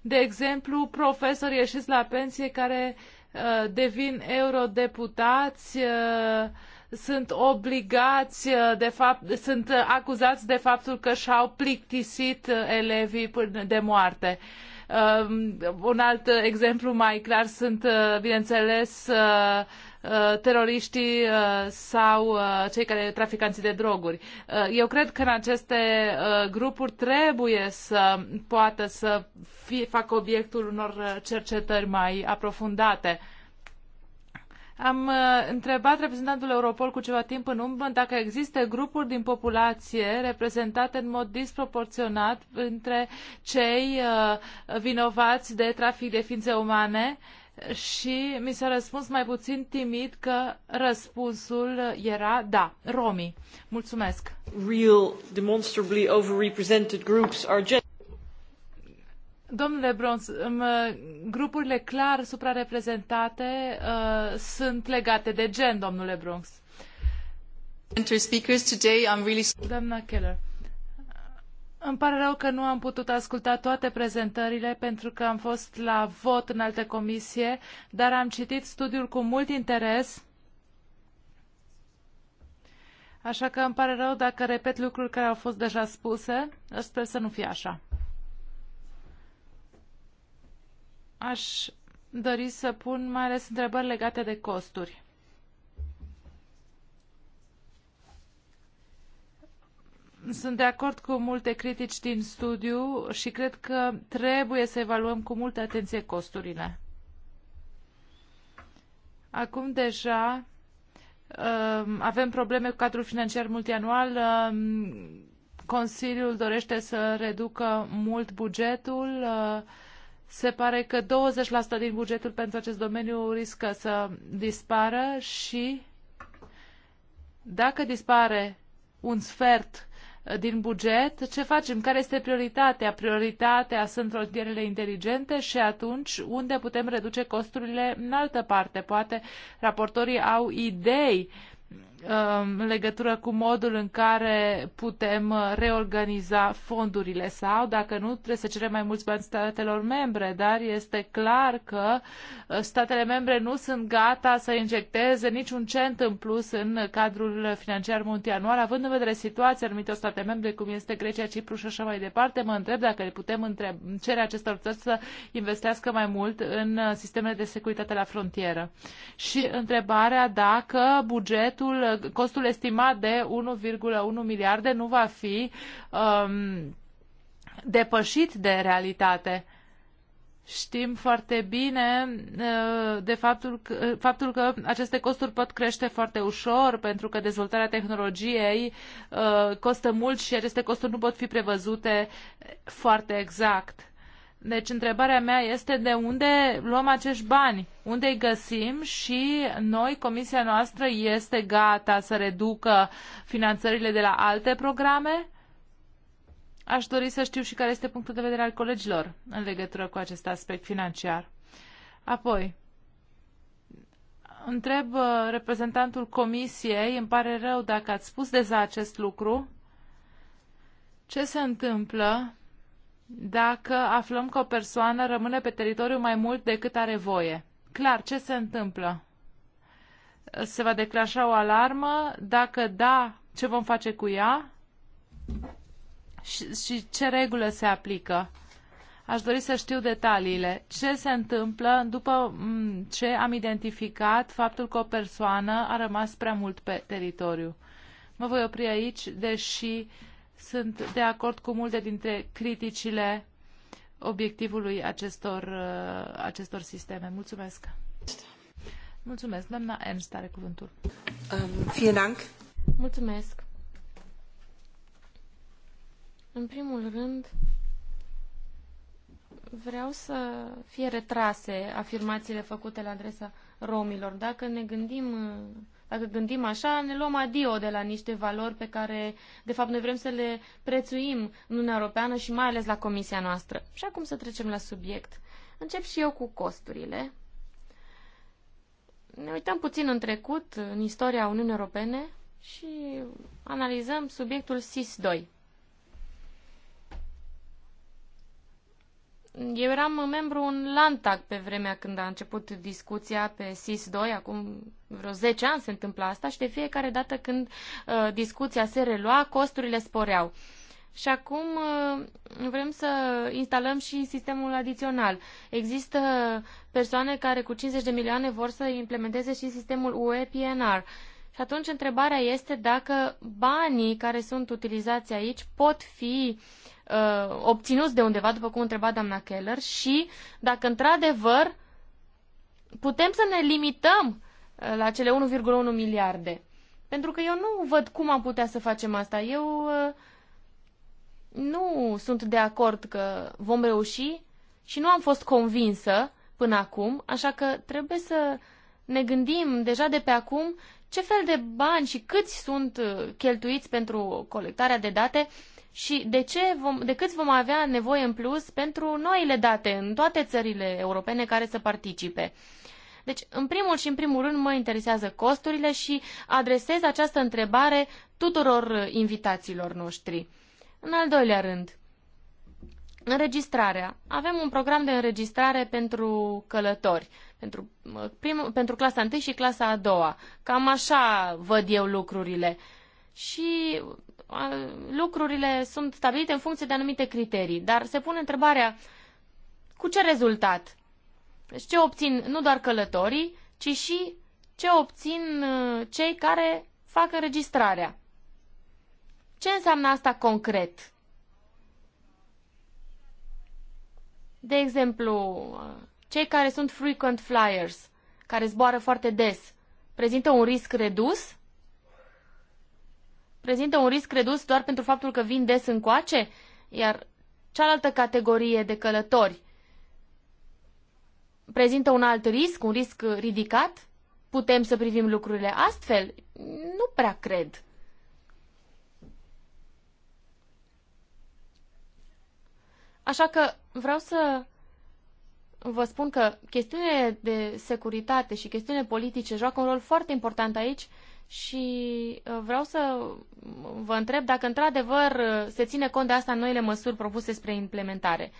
de exemplu, profesori ieșiți la pensie care uh, devin eurodeputați, uh, sunt obligați, uh, de fapt, sunt acuzați de faptul că și-au plictisit elevii de moarte. Um, un alt exemplu mai clar sunt, bineînțeles, Uh, teroriștii uh, sau uh, cei care traficanții de droguri. Eu cred că în aceste grupuri trebuie să poată să fie, facă obiectul unor cercetări mai aprofundate. Am întrebat reprezentantul Europol cu ceva timp în urmă dacă există grupuri din populație reprezentate în mod disproporționat între cei vinovați de trafic de ființe umane uh, și mi s-a răspuns mai puțin timid că răspunsul era da, romii. Mulțumesc. Real demonstrably overrepresented groups are gen- Domnule Brons, um, grupurile clar suprareprezentate uh, sunt legate de gen, domnule Brons. Speakers today, I'm really... Doamna Keller. Îmi pare rău că nu am putut asculta toate prezentările pentru că am fost la vot în alte comisie, dar am citit studiul cu mult interes. Așa că îmi pare rău dacă repet lucruri care au fost deja spuse. Sper să nu fie așa. Aș dori să pun mai ales întrebări legate de costuri. Sunt de acord cu multe critici din studiu și cred că trebuie să evaluăm cu multă atenție costurile. Acum deja um, avem probleme cu cadrul financiar multianual. Um, Consiliul dorește să reducă mult bugetul. Uh, se pare că 20% din bugetul pentru acest domeniu riscă să dispară și dacă dispare un sfert din buget, ce facem? Care este prioritatea? Prioritatea sunt frontierele inteligente și atunci unde putem reduce costurile în altă parte? Poate raportorii au idei uh, Um, în legătură cu modul în care putem uh, reorganiza fondurile sau, dacă nu, trebuie să cerem mai mulți bani statelor membre, dar este clar că uh, statele membre nu sunt gata să injecteze niciun cent în plus în cadrul financiar multianual, având în vedere situația anumitor state membre, cum este Grecia, Cipru și așa mai departe, mă întreb dacă le putem întreb, cere acestor țări să investească mai mult în uh, sistemele de securitate la frontieră. Și întrebarea dacă bugetul costul estimat de 1,1 miliarde nu va fi um, depășit de realitate. Știm foarte bine uh, de faptul că, faptul că aceste costuri pot crește foarte ușor pentru că dezvoltarea tehnologiei uh, costă mult și aceste costuri nu pot fi prevăzute foarte exact. Deci întrebarea mea este de unde luăm acești bani, unde îi găsim și noi, comisia noastră, este gata să reducă finanțările de la alte programe? Aș dori să știu și care este punctul de vedere al colegilor în legătură cu acest aspect financiar. Apoi, întreb uh, reprezentantul comisiei, îmi pare rău dacă ați spus deja acest lucru, ce se întâmplă dacă aflăm că o persoană rămâne pe teritoriu mai mult decât are voie. Clar, ce se întâmplă? Se va declanșa o alarmă? Dacă da, ce vom face cu ea? Și, și ce regulă se aplică? Aș dori să știu detaliile. Ce se întâmplă după ce am identificat faptul că o persoană a rămas prea mult pe teritoriu? Mă voi opri aici, deși sunt de acord cu multe dintre criticile obiectivului acestor, uh, acestor sisteme. Mulțumesc! Mulțumesc, doamna Ernst are cuvântul. Um, Mulțumesc! În primul rând, vreau să fie retrase afirmațiile făcute la adresa romilor. Dacă ne gândim uh, dacă gândim așa, ne luăm adio de la niște valori pe care, de fapt, noi vrem să le prețuim în Uniunea Europeană și mai ales la Comisia noastră. Și acum să trecem la subiect. Încep și eu cu costurile. Ne uităm puțin în trecut, în istoria Uniunii Europene și analizăm subiectul SIS-2. Eu eram membru în Landtag pe vremea când a început discuția pe SIS-2, acum vreo 10 ani se întâmpla asta și de fiecare dată când uh, discuția se relua, costurile sporeau. Și acum uh, vrem să instalăm și sistemul adițional. Există persoane care cu 50 de milioane vor să implementeze și sistemul UE PNR. Și atunci întrebarea este dacă banii care sunt utilizați aici pot fi uh, obținuți de undeva, după cum întreba doamna Keller, și dacă într-adevăr putem să ne limităm uh, la cele 1,1 miliarde. Pentru că eu nu văd cum am putea să facem asta. Eu uh, nu sunt de acord că vom reuși și nu am fost convinsă până acum, așa că trebuie să ne gândim deja de pe acum ce fel de bani și câți sunt uh, cheltuiți pentru colectarea de date și de, ce vom, de câți vom avea nevoie în plus pentru noile date în toate țările europene care să participe. Deci, în primul și în primul rând, mă interesează costurile și adresez această întrebare tuturor invitațiilor noștri. În al doilea rând, înregistrarea. Avem un program de înregistrare pentru călători, pentru, prim, pentru clasa 1 și clasa a doua. Cam așa văd eu lucrurile. Și lucrurile sunt stabilite în funcție de anumite criterii, dar se pune întrebarea cu ce rezultat? Deci ce obțin nu doar călătorii, ci și ce obțin uh, cei care fac înregistrarea. Ce înseamnă asta concret? De exemplu, uh, cei care sunt frequent flyers, care zboară foarte des, prezintă un risc redus? prezintă un risc redus doar pentru faptul că vin des încoace, iar cealaltă categorie de călători prezintă un alt risc, un risc ridicat? Putem să privim lucrurile astfel? Nu prea cred. Așa că vreau să vă spun că chestiunile de securitate și chestiunile politice joacă un rol foarte important aici și uh, vreau să vă întreb dacă într-adevăr uh, se ține cont de asta în noile măsuri propuse spre implementare.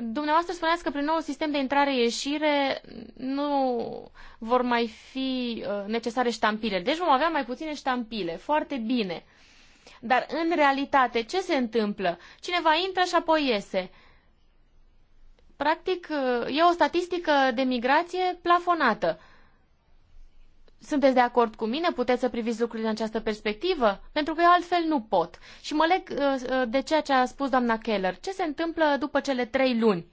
Dumneavoastră spuneați că prin nou sistem de intrare-ieșire nu vor mai fi uh, necesare ștampile. Deci vom avea mai puține ștampile. Foarte bine. Dar în realitate, ce se întâmplă? Cineva intră și apoi iese. Practic, e o statistică de migrație plafonată sunteți de acord cu mine? Puteți să priviți lucrurile în această perspectivă? Pentru că eu altfel nu pot. Și mă leg uh, uh, de ceea ce a spus doamna Keller. Ce se întâmplă după cele trei luni?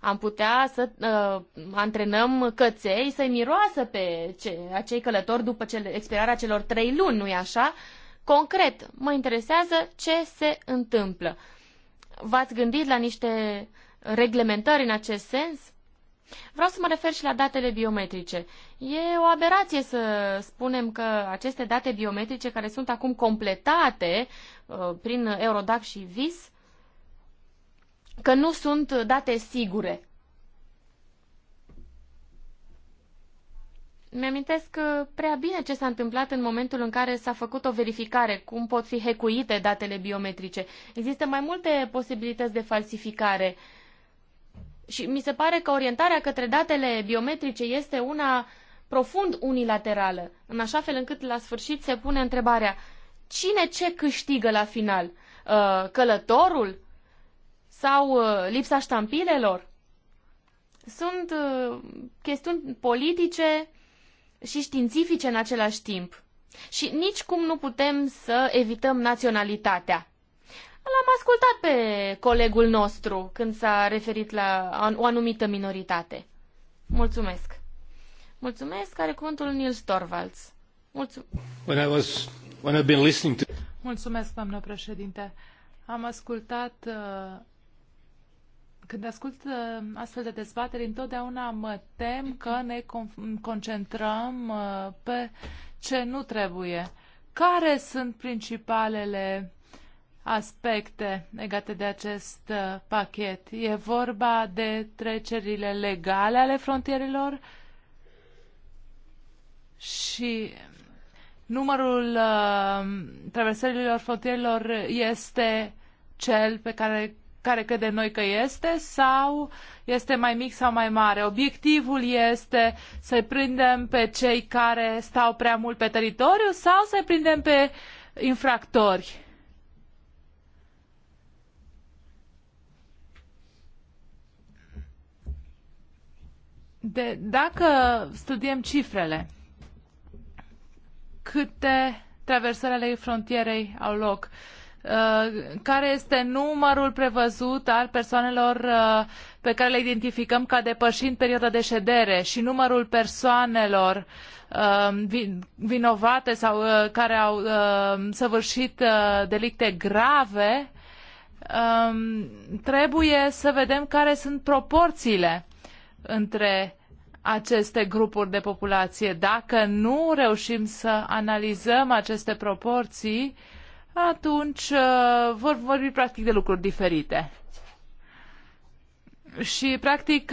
Am putea să uh, antrenăm căței să-i miroasă pe ce, acei călători după cele, expirarea celor trei luni, nu-i așa? Concret, mă interesează ce se întâmplă. V-ați gândit la niște reglementări în acest sens? Vreau să mă refer și la datele biometrice. E o aberație să spunem că aceste date biometrice care sunt acum completate uh, prin Eurodac și VIS, că nu sunt date sigure. Mi-amintesc uh, prea bine ce s-a întâmplat în momentul în care s-a făcut o verificare, cum pot fi hecuite datele biometrice. Există mai multe posibilități de falsificare uh, și mi se pare că orientarea către datele biometrice este una profund unilaterală, în așa fel încât la sfârșit se pune întrebarea cine ce câștigă la final? Uh, călătorul? Sau uh, lipsa ștampilelor? Sunt uh, chestiuni politice și științifice în același timp. Și nici cum nu putem să evităm naționalitatea. L-am ascultat pe colegul nostru când s-a referit la o anumită minoritate. Mulțumesc. Mulțumesc. Are cuvântul Nils Torvalds. Mulțumesc. When I was, when I've been listening to... Mulțumesc, doamnă președinte. Am ascultat uh, când ascult uh, astfel de dezbateri, întotdeauna mă tem că ne concentrăm uh, pe ce nu trebuie. Care sunt principalele aspecte legate de acest uh, pachet. E vorba de trecerile legale ale frontierelor și numărul uh, traversărilor frontierelor este cel pe care, care credem noi că este sau este mai mic sau mai mare. Obiectivul este să-i prindem pe cei care stau prea mult pe teritoriu sau să-i prindem pe infractori De, dacă studiem cifrele, câte traversări ale frontierei au loc, uh, care este numărul prevăzut al persoanelor uh, pe care le identificăm ca depășind perioada de ședere și numărul persoanelor uh, vinovate sau care au săvârșit delicte grave, um, trebuie să vedem care sunt proporțiile între aceste grupuri de populație. Dacă nu reușim să analizăm aceste proporții, atunci uh, vor vorbi practic de lucruri diferite. Și, practic,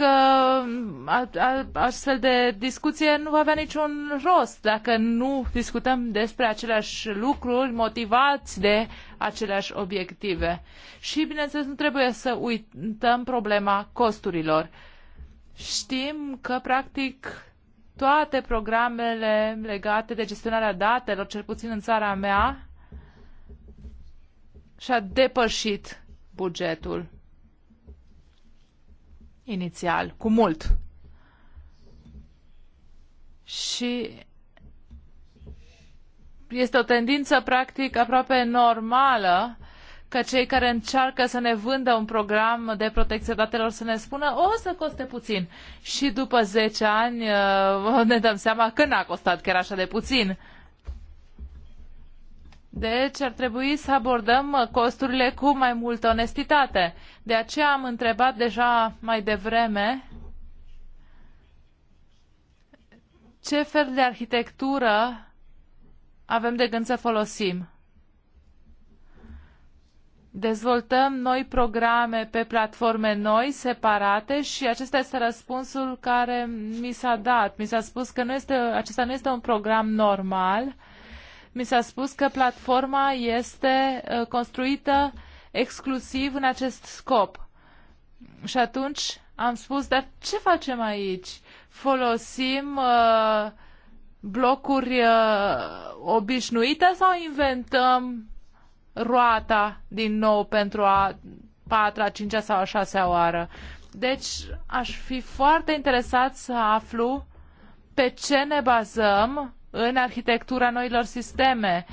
uh, astfel de discuție nu va avea niciun rost dacă nu discutăm despre aceleași lucruri motivați de aceleași obiective. Și, bineînțeles, nu trebuie să uităm problema costurilor. Uh, Știm că, practic, toate programele legate de gestionarea datelor, cel puțin în țara mea, și-a depășit bugetul inițial, cu mult. Și este o tendință practic aproape normală că cei care încearcă să ne vândă un program de protecție datelor să ne spună o să coste puțin. Și după 10 ani uh, ne dăm seama că n-a costat chiar așa de puțin. Deci ar trebui să abordăm uh, costurile cu mai multă onestitate. De aceea am întrebat deja mai devreme ce fel de arhitectură avem de gând să folosim dezvoltăm noi programe pe platforme noi, separate și acesta este răspunsul care mi s-a dat. Mi s-a spus că nu este, acesta nu este un program normal. Mi s-a spus că platforma este ă, construită exclusiv în acest scop. Și atunci am spus, dar ce facem aici? Folosim uh, blocuri uh, obișnuite sau inventăm roata din nou pentru a patra, cincea sau a șasea oară. Deci aș fi foarte interesat să aflu pe ce ne bazăm în arhitectura noilor sisteme.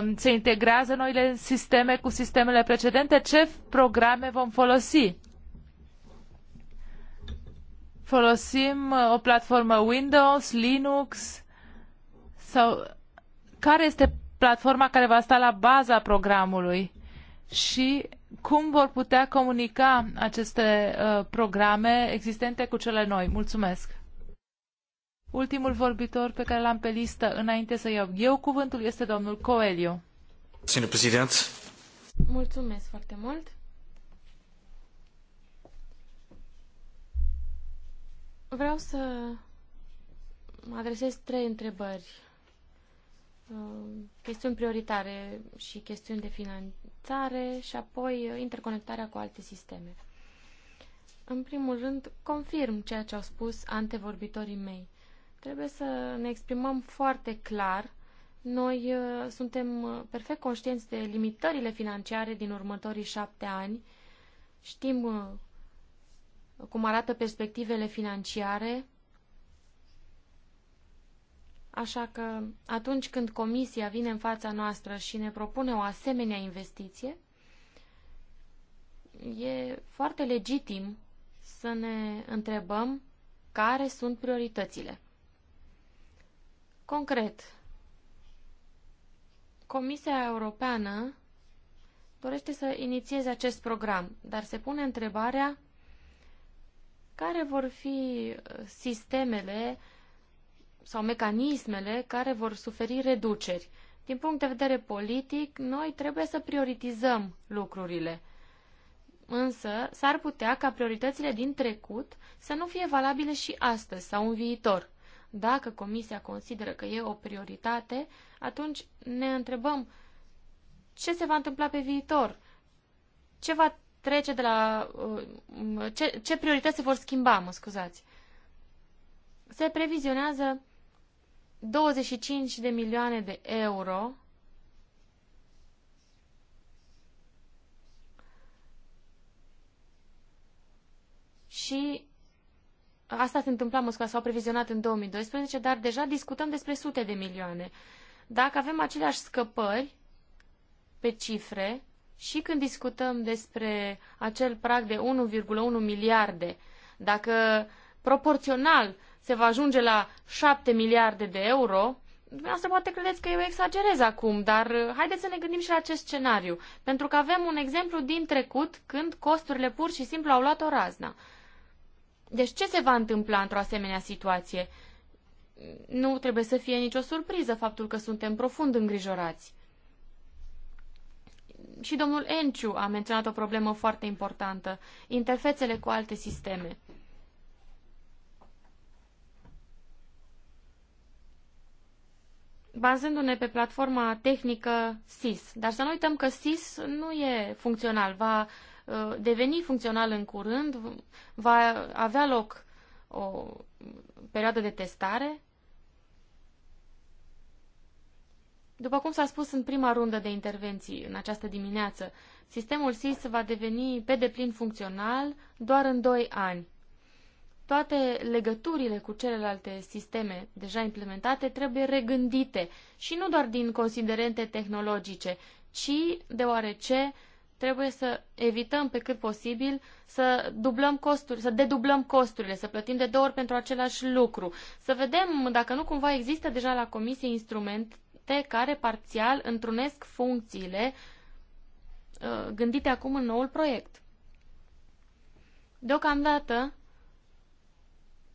Um, se integrează noile sisteme cu sistemele precedente? Ce programe vom folosi? Folosim uh, o platformă Windows, Linux sau care este platforma care va sta la baza programului și cum vor putea comunica aceste uh, programe existente cu cele noi. Mulțumesc! Ultimul vorbitor pe care l-am pe listă înainte să iau eu cuvântul este domnul Coelio. Domnule președinte. Mulțumesc foarte mult. Vreau să adresez trei întrebări Um, chestiuni prioritare și chestiuni de finanțare și apoi uh, interconectarea cu alte sisteme. În primul rând, confirm ceea ce au spus antevorbitorii mei. Trebuie să ne exprimăm foarte clar. Noi uh, suntem uh, perfect conștienți de limitările financiare din următorii șapte ani. Știm cum arată perspectivele financiare Așa că atunci când comisia vine în fața noastră și ne propune o asemenea investiție, e foarte legitim să ne întrebăm care sunt prioritățile. Concret, Comisia Europeană dorește să inițieze acest program, dar se pune întrebarea care vor fi uh, sistemele sau mecanismele care vor suferi reduceri. Din punct de vedere politic, noi trebuie să prioritizăm lucrurile. Însă, s-ar putea ca prioritățile din trecut să nu fie valabile și astăzi sau în viitor. Dacă Comisia consideră că e o prioritate, atunci ne întrebăm ce se va întâmpla pe viitor, ce va trece de la. Uh, ce, ce priorități se vor schimba, mă scuzați. Se previzionează 25 de milioane de euro și asta se întâmpla în Moscova, s-au previzionat în 2012, dar deja discutăm despre sute de milioane. Dacă avem aceleași scăpări pe cifre și când discutăm despre acel prag de 1,1 miliarde, dacă proporțional se va ajunge la 7 miliarde de euro, Dumneavoastră poate credeți că eu exagerez acum, dar uh, haideți să ne gândim și la acest scenariu, pentru că avem un exemplu din trecut când costurile pur și simplu au luat o razna. Deci ce se va întâmpla într-o asemenea situație? Nu trebuie să fie nicio surpriză faptul că suntem profund îngrijorați. Și domnul Enciu a menționat o problemă foarte importantă, interfețele cu alte sisteme. bazându-ne pe platforma tehnică SIS. Dar să nu uităm că SIS nu e funcțional, va uh, deveni funcțional în curând, va avea loc o perioadă de testare. După cum s-a spus în prima rundă de intervenții în această dimineață, sistemul SIS va deveni pe deplin funcțional doar în 2 ani toate legăturile cu celelalte sisteme deja implementate trebuie regândite și nu doar din considerente tehnologice, ci deoarece trebuie să evităm pe cât posibil să dublăm costuri, să dedublăm costurile, să plătim de două ori pentru același lucru. Să vedem dacă nu cumva există deja la comisie instrumente care parțial întrunesc funcțiile uh, gândite acum în noul proiect. Deocamdată,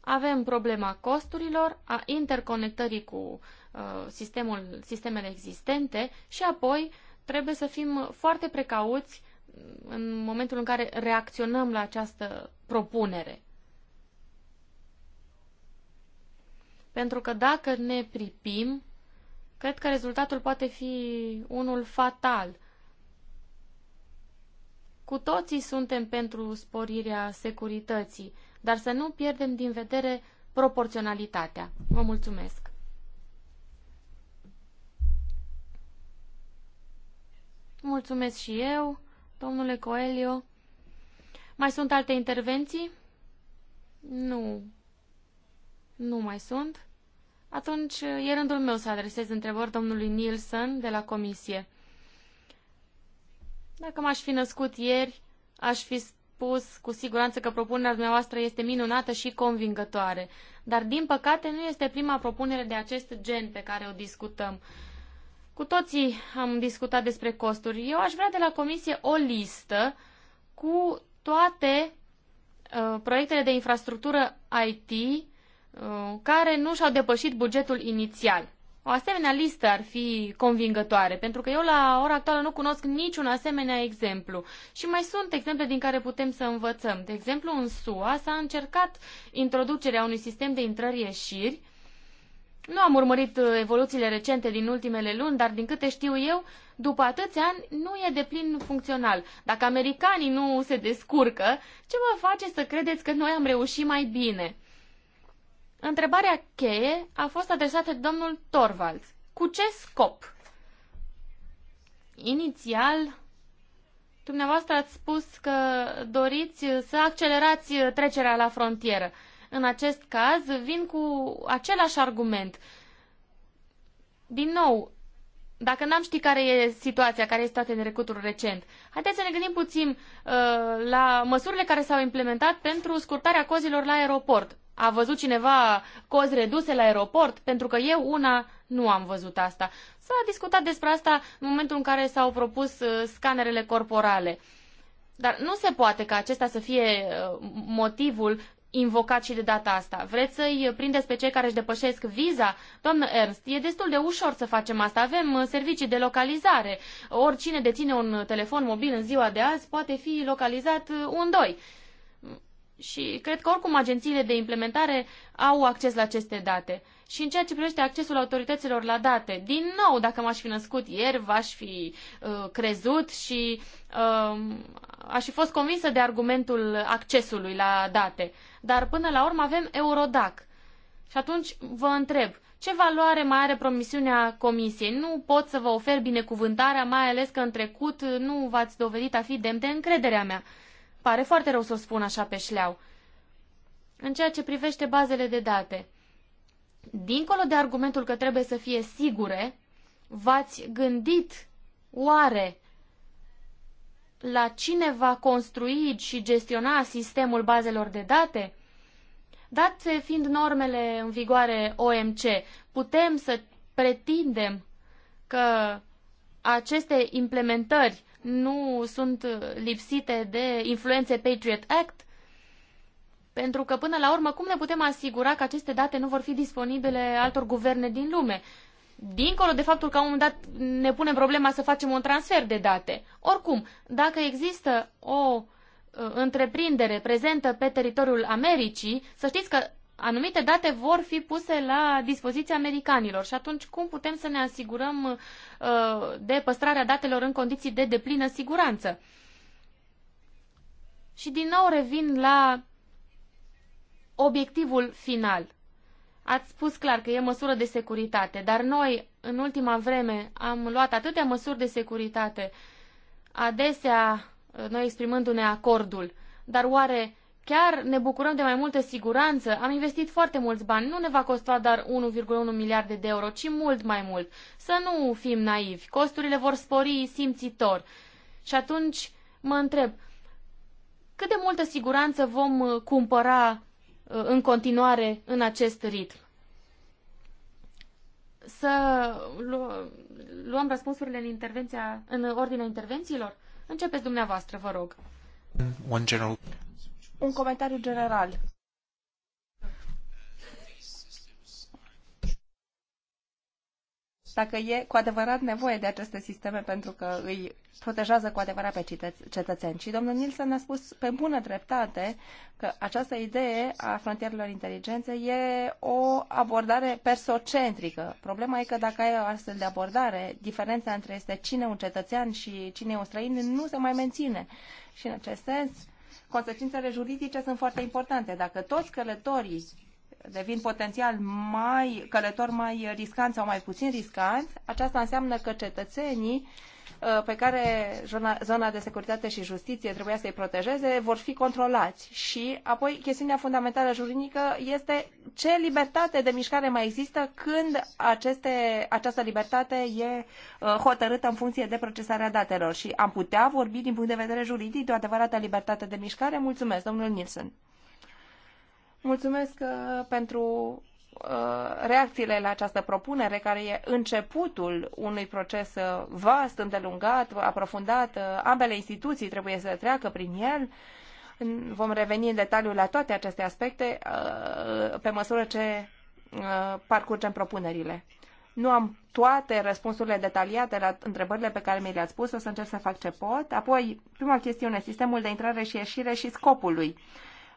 avem problema costurilor, a interconectării cu uh, sistemul, sistemele existente și apoi trebuie să fim foarte precauți în momentul în care reacționăm la această propunere. Pentru că dacă ne pripim, cred că rezultatul poate fi unul fatal. Cu toții suntem pentru sporirea securității, dar să nu pierdem din vedere proporționalitatea. Vă mulțumesc! Mulțumesc și eu, domnule Coelio. Mai sunt alte intervenții? Nu. Nu mai sunt. Atunci e rândul meu să adresez întrebări domnului Nielsen de la comisie. Dacă m-aș fi născut ieri, aș fi spus cu siguranță că propunerea dumneavoastră este minunată și convingătoare, dar din păcate nu este prima propunere de acest gen pe care o discutăm. Cu toții am discutat despre costuri. Eu aș vrea de la comisie o listă cu toate uh, proiectele de infrastructură IT uh, care nu și-au depășit bugetul inițial. O asemenea listă ar fi convingătoare, pentru că eu la ora actuală nu cunosc niciun asemenea exemplu. Și mai sunt exemple din care putem să învățăm. De exemplu, în SUA s-a încercat introducerea unui sistem de intrări-ieșiri. Nu am urmărit uh, evoluțiile recente din ultimele luni, dar din câte știu eu, după atâția ani nu e de plin funcțional. Dacă americanii nu se descurcă, ce vă face să credeți că noi am reușit mai bine? Întrebarea cheie a fost adresată de domnul Torvalds. Cu ce scop? Inițial, dumneavoastră ați spus că doriți să accelerați trecerea la frontieră. În acest caz, vin cu același argument. Din nou, dacă n-am ști care e situația, care este toată în recutul recent, haideți să ne gândim puțin uh, la măsurile care s-au implementat pentru scurtarea cozilor la aeroport a văzut cineva cozi reduse la aeroport? Pentru că eu una nu am văzut asta. S-a discutat despre asta în momentul în care s-au propus uh, scanerele corporale. Dar nu se poate ca acesta să fie uh, motivul invocat și de data asta. Vreți să-i prindeți pe cei care își depășesc viza? Doamnă Ernst, e destul de ușor să facem asta. Avem uh, servicii de localizare. Oricine deține un telefon mobil în ziua de azi poate fi localizat un doi. Și cred că oricum agențiile de implementare au acces la aceste date. Și în ceea ce privește accesul autorităților la date, din nou, dacă m-aș fi născut ieri, v-aș fi uh, crezut și uh, aș fi fost convinsă de argumentul accesului la date. Dar până la urmă avem Eurodac. Și atunci vă întreb, ce valoare mai are promisiunea comisiei? Nu pot să vă ofer binecuvântarea, mai ales că în trecut nu v-ați dovedit a fi demn de încrederea mea. Uh, Pare foarte rău să o spun așa pe șleau. În ceea ce privește bazele de date, dincolo de argumentul că trebuie să fie sigure, v-ați gândit oare la cine va construi și gestiona sistemul bazelor de date? Date fiind normele în vigoare OMC, putem să pretindem că aceste implementări nu sunt lipsite de influențe Patriot Act? Pentru că, până la urmă, cum ne putem asigura că aceste date nu vor fi disponibile altor guverne din lume? Dincolo de faptul că la un moment dat ne punem problema să facem un transfer de date. Oricum, dacă există o uh, întreprindere prezentă pe teritoriul Americii, să știți că anumite date vor fi puse la dispoziția americanilor și atunci cum putem să ne asigurăm uh, de păstrarea datelor în condiții de deplină siguranță? Și din nou revin la obiectivul final. Ați spus clar că e măsură de securitate, dar noi în ultima vreme am luat atâtea măsuri de securitate, adesea uh, noi exprimându-ne acordul, dar oare Chiar ne bucurăm de mai multă siguranță, am investit foarte mulți bani, nu ne va costa doar 1,1 miliarde de euro, ci mult mai mult. Să nu fim naivi, costurile vor spori simțitor. Și atunci mă întreb, cât de multă siguranță vom uh, cumpăra uh, în continuare în acest ritm? Să luăm răspunsurile în, intervenția, în ordinea intervențiilor? Începeți dumneavoastră, vă rog. One general un comentariu general. Dacă e cu adevărat nevoie de aceste sisteme pentru că îi protejează cu adevărat pe cetățeni. Și domnul Nilsson ne-a spus pe bună dreptate că această idee a frontierelor inteligențe e o abordare persocentrică. Problema e că dacă ai o astfel de abordare, diferența între este cine un cetățean și cine un străin nu se mai menține. Și în acest sens, consecințele juridice sunt foarte importante. Dacă toți călătorii devin potențial mai călători mai riscanți sau mai puțin riscanți, aceasta înseamnă că cetățenii Uh, pe care zona, de securitate și justiție trebuia să-i protejeze vor fi controlați. Și apoi chestiunea fundamentală juridică este ce libertate de mișcare mai există când aceste, această libertate e uh, hotărâtă în funcție de procesarea datelor. Și am putea vorbi din punct de vedere juridic de o adevărată libertate de mișcare? Mulțumesc, domnul Nilsson. Mulțumesc uh, pentru Uh, reacțiile la această propunere, care e începutul unui proces uh, vast, îndelungat, aprofundat. Uh, ambele instituții trebuie să treacă prin el. Vom reveni în detaliu la toate aceste aspecte pe măsură ce parcurgem propunerile. Nu am toate răspunsurile detaliate la întrebările pe care mi le-ați pus, o să încerc să fac ce pot. Apoi, prima chestiune, sistemul de intrare și ieșire și scopul lui.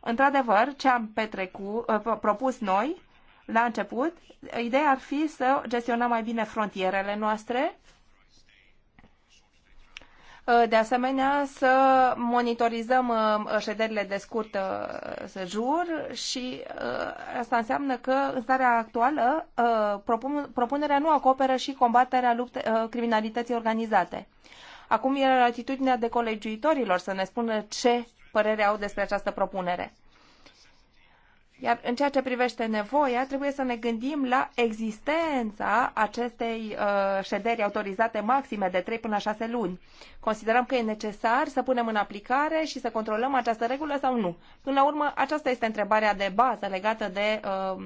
Într-adevăr, ce am petrecut, propus noi la început, ideea ar fi să gestionăm mai bine frontierele noastre, uh, de asemenea, să monitorizăm uh, șederile de scurt uh, sejur și asta înseamnă că în starea actuală propunerea nu acoperă și combaterea lupte, criminalității organizate. Acum e atitudinea de colegiuitorilor să ne spună ce părere au despre această propunere. Iar în ceea ce privește nevoia, trebuie să ne gândim la existența acestei uh, șederi autorizate maxime de 3 până la 6 luni. Considerăm că e necesar să punem în aplicare și să controlăm această regulă sau nu. Până la urmă, aceasta este întrebarea de bază legată de uh,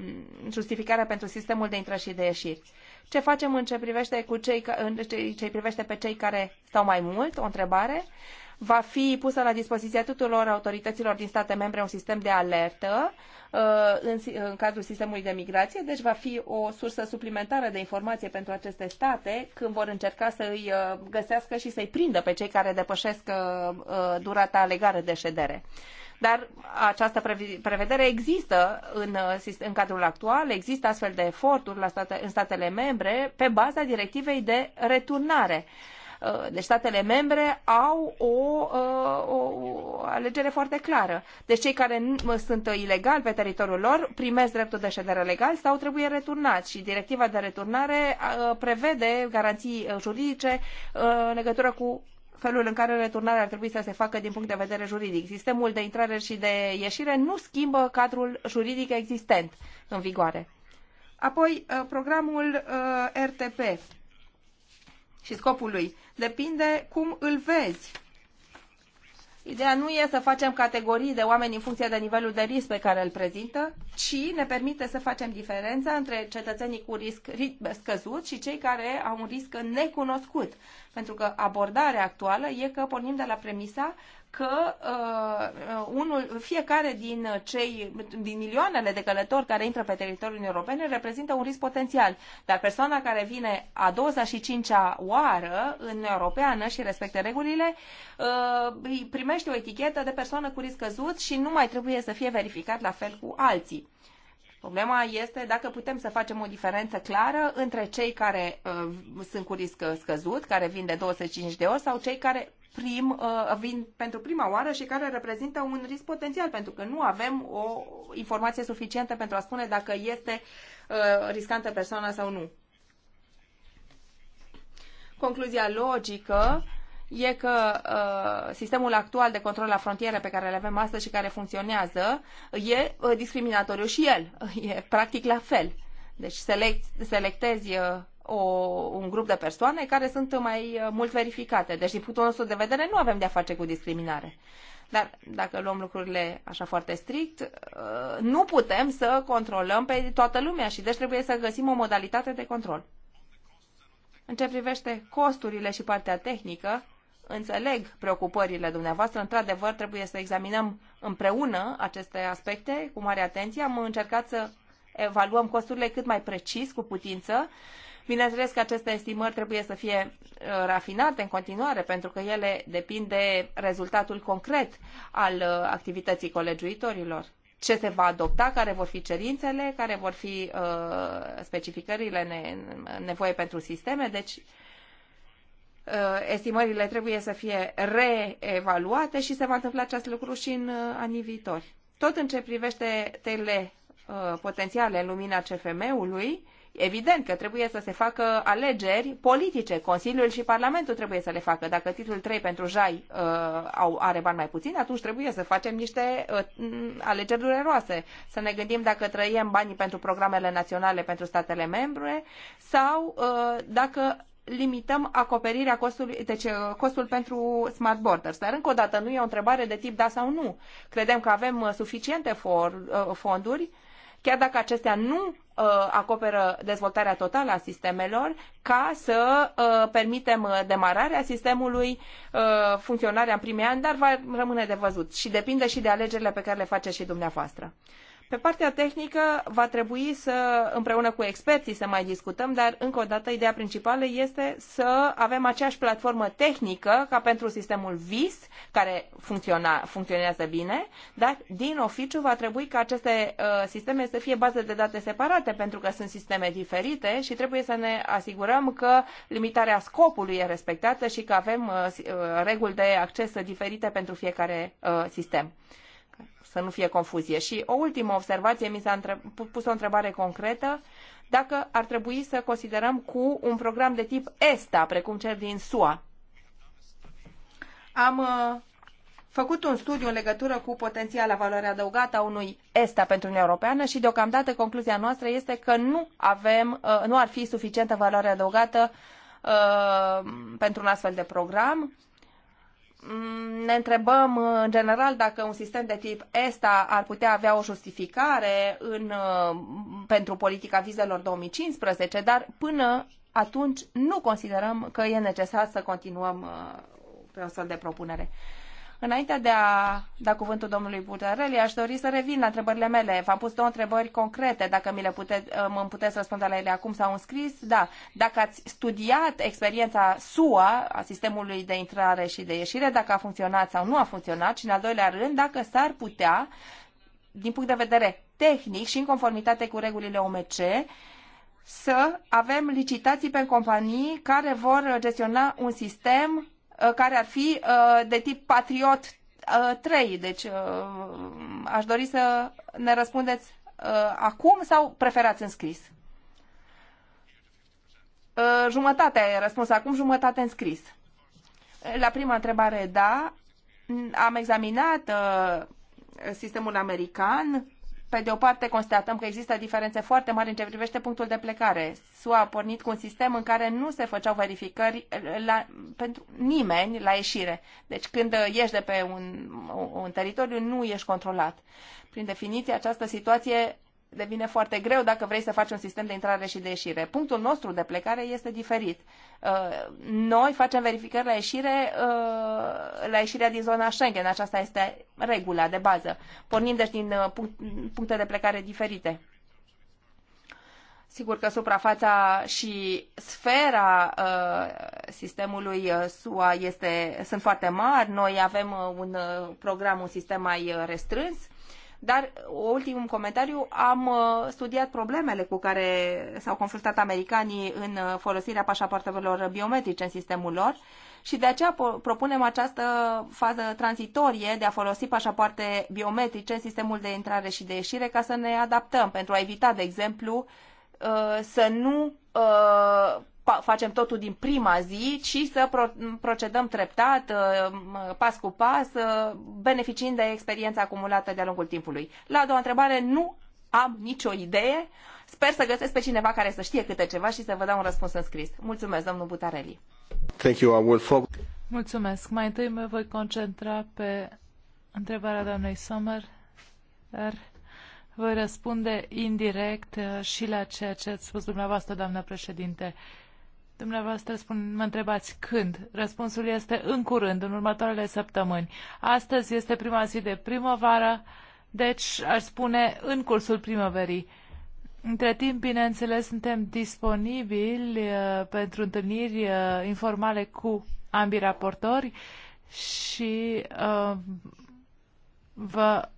justificarea pentru sistemul de intrări și de ieșiri. Ce facem în ce privește cu cei, în ce, ce privește pe cei care stau mai mult? O întrebare. Uh, va fi pusă la dispoziția tuturor autorităților din state membre un sistem de alertă uh, în, în cadrul sistemului de migrație, deci va fi o sursă suplimentară de informație pentru aceste state când vor încerca să îi uh, găsească și să-i prindă pe cei care depășesc uh, durata legală de ședere dar această prevedere există în, în cadrul actual, există astfel de eforturi la state, în statele membre pe baza directivei de returnare. Uh, deci statele membre au uh, o, o alegere foarte clară. Deci cei care sunt ilegali pe teritoriul lor primesc dreptul de ședere legal sau trebuie returnați. Și directiva de returnare uh, prevede garanții juridice în legătură cu felul în care returnarea ar trebui să se facă din punct de vedere juridic. Sistemul de intrare și de ieșire nu schimbă cadrul juridic existent în vigoare. Apoi, programul RTP, și scopul lui. Depinde cum îl vezi. Ideea nu e să facem categorii de oameni în funcție de nivelul de risc pe care îl prezintă, ci ne permite să facem diferența între cetățenii cu risc scăzut și cei care au un risc necunoscut. Pentru că abordarea actuală e că pornim de la premisa că uh, unul, fiecare din cei din milioanele de călători care intră pe teritoriul european reprezintă un risc potențial. Dar persoana care vine a 25-a oară în europeană și respectă regulile, uh, îi primește o etichetă de persoană cu risc căzut și nu mai trebuie să fie verificat la fel cu alții. Problema este dacă putem să facem o diferență clară între cei care uh, sunt cu risc scăzut, care vin de 25 de ori, sau cei care prim, uh, vin pentru prima oară și care reprezintă un risc potențial, pentru că nu avem o informație suficientă pentru a spune dacă este uh, riscantă persoana sau nu. Concluzia logică e că uh, sistemul actual de control la frontieră pe care le avem astăzi și care funcționează e uh, discriminatoriu și el. E practic la fel. Deci select, selectezi uh, o, un grup de persoane care sunt mai uh, mult verificate. Deci, din punctul nostru de vedere, nu avem de-a face cu discriminare. Dar dacă luăm lucrurile așa foarte strict, uh, nu putem să controlăm pe toată lumea și deci trebuie să găsim o modalitate de control. În ce privește costurile și partea tehnică, înțeleg preocupările dumneavoastră. Într-adevăr, trebuie să examinăm împreună aceste aspecte cu mare atenție. Am încercat să evaluăm costurile cât mai precis, cu putință. Uh, Bineînțeles că aceste estimări trebuie să fie uh, rafinate în continuare, pentru că ele depind de rezultatul concret al uh, activității colegiuitorilor ce se va adopta, care vor fi cerințele, care vor fi uh, specificările nevoie pentru sisteme. Deci, estimările trebuie să fie reevaluate și se va întâmpla acest lucru și în anii viitori. Tot în ce privește tele potențiale în lumina CFM-ului, Evident că trebuie să se facă alegeri politice. Consiliul și Parlamentul trebuie să le facă. Dacă titlul 3 pentru Jai uh, au, are bani mai puțin, atunci trebuie să facem niște uh, mm, alegeri dureroase. Să ne gândim dacă trăiem banii pentru programele naționale pentru statele membre sau uh, dacă limităm acoperirea costului, deci uh, costul pentru smart borders. Dar încă o dată nu e o întrebare de tip da sau nu. Credem că avem uh, suficiente for, uh, fonduri uh, chiar dacă acestea nu uh, acoperă dezvoltarea totală a sistemelor ca să uh, permitem uh, demararea sistemului, funcționarea în primii ani, dar va rămâne de văzut și depinde și de alegerile pe care le faceți și dumneavoastră. Pe partea tehnică va trebui să, împreună cu experții, să mai discutăm, dar încă o dată ideea principală este să avem aceeași platformă tehnică ca pentru sistemul VIS, care funcționa, funcționează bine, dar din oficiu va trebui ca aceste uh, sisteme să fie baze de date separate, pentru că sunt sisteme diferite și trebuie să ne asigurăm că limitarea scopului e respectată și că avem uh, uh reguli de acces diferite pentru fiecare uh, sistem să nu fie confuzie. Și o ultimă observație, mi s-a pus o întrebare concretă, dacă ar trebui să considerăm cu un program de tip ESTA, precum cel din SUA. Am uh, făcut un studiu în legătură cu potențiala valoare adăugată a unui ESTA pentru Uniunea Europeană și deocamdată concluzia noastră este că nu avem, uh, nu ar fi suficientă valoare adăugată uh, pentru un astfel de program Mm, ne întrebăm uh, în general dacă un sistem de tip ESTA ar putea avea o justificare în, uh, pentru politica vizelor 2015, dar până atunci nu considerăm că e necesar să continuăm uh, pe o astfel de propunere. Înainte de a da cuvântul domnului Butărăli, aș dori să revin la întrebările mele. V-am pus două întrebări concrete, dacă mi le pute, uh, mă puteți răspunde la ele acum sau în scris. Da, dacă ați studiat experiența SUA, a sistemului de intrare și de ieșire, dacă a funcționat sau nu a funcționat și, în al doilea rând, dacă s-ar putea, din punct de vedere tehnic și în conformitate cu regulile OMC, să avem licitații pe companii care vor gestiona un sistem Uh, care ar fi uh, de tip Patriot 3. Uh, deci aș dori să ne răspundeți acum sau preferați în scris? Jumătate e răspuns acum, jumătate în scris. La prima întrebare, da, am examinat sistemul american, pe de o parte, constatăm că există diferențe foarte mari în ce privește punctul de plecare. SUA a pornit cu un sistem în care nu se făceau verificări la, pentru nimeni la ieșire. Deci când ieși de pe un, un teritoriu, nu ești controlat. Prin definiție, această situație devine foarte greu dacă vrei să faci un sistem de intrare și de ieșire. Punctul nostru de plecare este diferit. Uh, noi facem verificări la ieșire, uh, la ieșirea din zona Schengen. Aceasta este regula de bază. Pornim deci din uh, puncte de plecare diferite. Sigur că suprafața și sfera uh, sistemului SUA este, sunt foarte mari. Noi avem un program, un sistem mai restrâns. Dar, ultimul comentariu, am uh, studiat problemele cu care s-au confruntat americanii în uh, folosirea pașapoartelor biometrice în sistemul lor și de aceea propunem această fază tranzitorie de a folosi pașapoarte biometrice în sistemul de intrare și de ieșire ca să ne adaptăm pentru a evita, de exemplu, uh, să nu facem totul din prima zi, ci să procedăm treptat, uh, pas cu pas, uh, beneficiind de experiența acumulată de-a lungul timpului. La a doua întrebare, nu am nicio idee. Sper să găsesc pe cineva care să știe câte ceva și să vă dau un răspuns în scris. Mulțumesc, domnul Butareli. Thank you, I will focus. Mulțumesc. Mai întâi mă voi concentra pe întrebarea doamnei Sommer, dar voi răspunde indirect uh, și la ceea ce ați spus dumneavoastră, doamnă președinte. Dumneavoastră spun, mă întrebați când. Răspunsul este în curând, în următoarele săptămâni. Astăzi este prima zi de primăvară, deci aș spune în cursul primăverii. Între timp, bineînțeles, suntem disponibili uh, pentru întâlniri uh, informale cu ambii raportori și uh, vă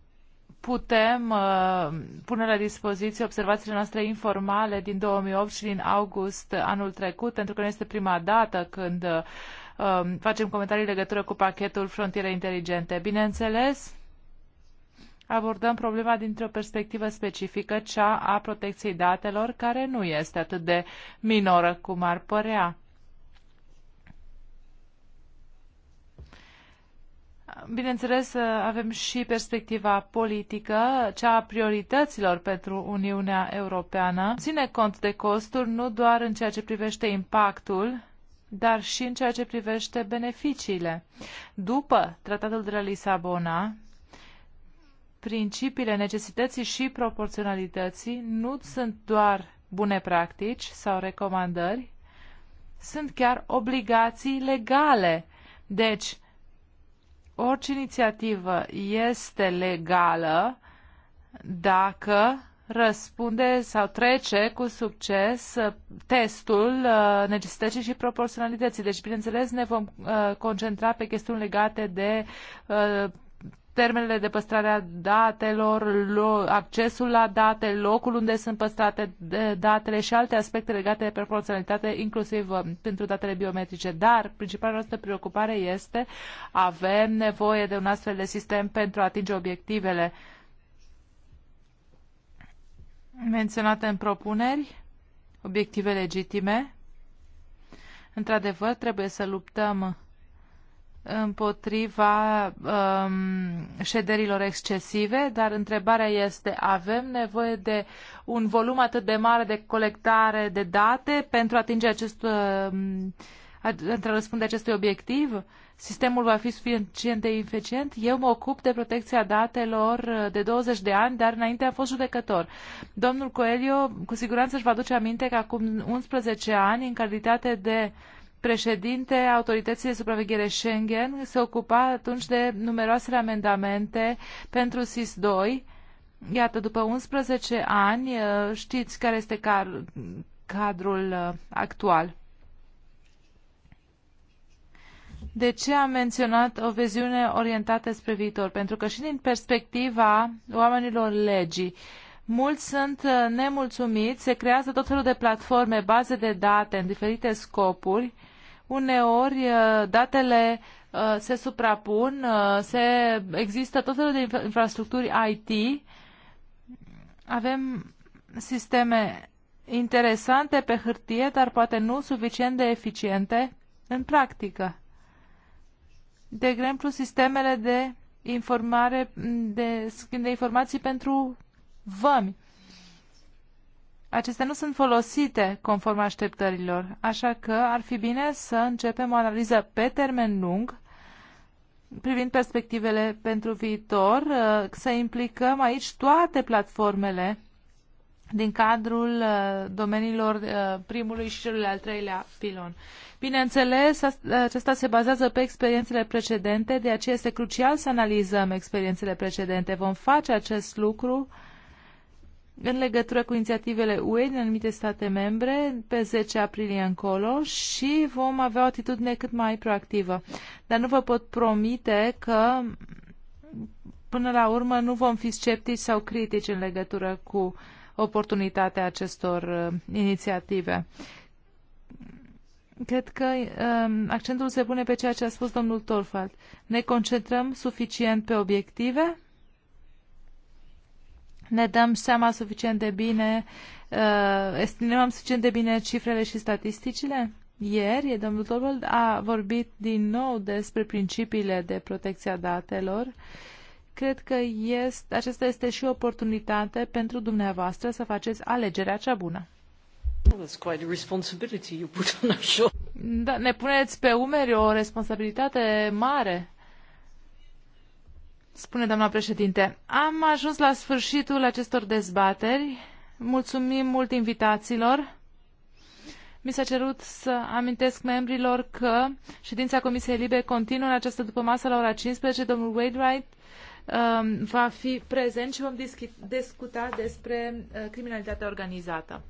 putem uh, pune la dispoziție observațiile noastre informale din 2008 și din august anul trecut, pentru că nu este prima dată când uh, facem comentarii legătură cu pachetul Frontiere Inteligente. Bineînțeles, abordăm problema dintr-o perspectivă specifică, cea a protecției datelor, care nu este atât de minoră cum ar părea. bineînțeles, uh, avem și perspectiva politică, cea a priorităților pentru Uniunea Europeană. Ține cont de costuri nu doar în ceea ce privește impactul, dar și în ceea ce privește beneficiile. După Tratatul de la Lisabona, principiile necesității și proporționalității nu sunt doar bune practici sau recomandări, sunt chiar obligații legale. Deci, orice inițiativă este legală dacă răspunde sau trece cu succes uh, testul uh, necesității și proporționalității. Deci, bineînțeles, ne vom uh, concentra pe chestiuni legate de termenele de păstrare a datelor, accesul la date, locul unde sunt păstrate datele și alte aspecte legate de proporționalitate, inclusiv uh, pentru datele biometrice. Dar principala noastră preocupare este avem nevoie de un astfel de sistem pentru a atinge obiectivele menționate în propuneri, obiective legitime. Într-adevăr, trebuie să luptăm împotriva um, șederilor excesive, dar întrebarea este, avem nevoie de un volum atât de mare de colectare de date pentru a atinge acest, um, pentru a răspunde acestui obiectiv? Sistemul va fi suficient de eficient? Eu mă ocup de protecția datelor de 20 de ani, dar înainte am fost judecător. Domnul Coelho cu siguranță își va duce aminte că acum 11 ani, în calitate de uh, președinte, autorității de supraveghere Schengen se ocupa atunci de numeroase amendamente pentru SIS-2. Iată, după 11 ani, uh, știți care este cadrul uh, actual. De ce am menționat o viziune orientată spre viitor? Pentru că și din perspectiva oamenilor legii, mulți sunt uh, nemulțumiți, se creează tot felul de platforme, baze de date în diferite scopuri uneori uh, datele uh, se suprapun, uh, se, există tot felul de infrastructuri IT, avem sisteme interesante pe hârtie, dar poate nu suficient de eficiente în practică. De exemplu, sistemele de informare, de schimb de informații pentru vămi acestea nu sunt folosite conform așteptărilor, așa că ar fi bine să începem o analiză pe termen lung privind perspectivele pentru viitor, uh, să implicăm aici toate platformele din cadrul uh, domeniilor uh, primului și celui al treilea pilon. Bineînțeles, acesta se bazează pe experiențele precedente, de aceea este crucial să analizăm experiențele precedente. Vom face acest lucru uh, în legătură cu inițiativele UE din anumite state membre pe 10 aprilie încolo și vom avea o atitudine cât mai proactivă. Dar nu vă pot promite că până la urmă nu vom fi sceptici sau critici în legătură cu oportunitatea acestor uh, inițiative. Cred că uh, accentul se pune pe ceea ce a spus domnul Torfald. Ne concentrăm suficient pe obiective? ne dăm seama suficient de bine, uh, estimăm suficient de bine cifrele și statisticile? Ieri, domnul Torvald a vorbit din nou despre principiile de protecția datelor. Cred că este, aceasta este și o oportunitate pentru dumneavoastră să faceți alegerea cea bună. Da, ne puneți pe umeri o responsabilitate mare spune doamna președinte. Am ajuns la sfârșitul acestor dezbateri. Mulțumim mult invitațiilor. Mi s-a cerut să amintesc membrilor că ședința Comisiei Libe continuă în această după masă la ora 15. Domnul Wainwright um, va fi prezent și vom discuta despre uh, criminalitatea organizată.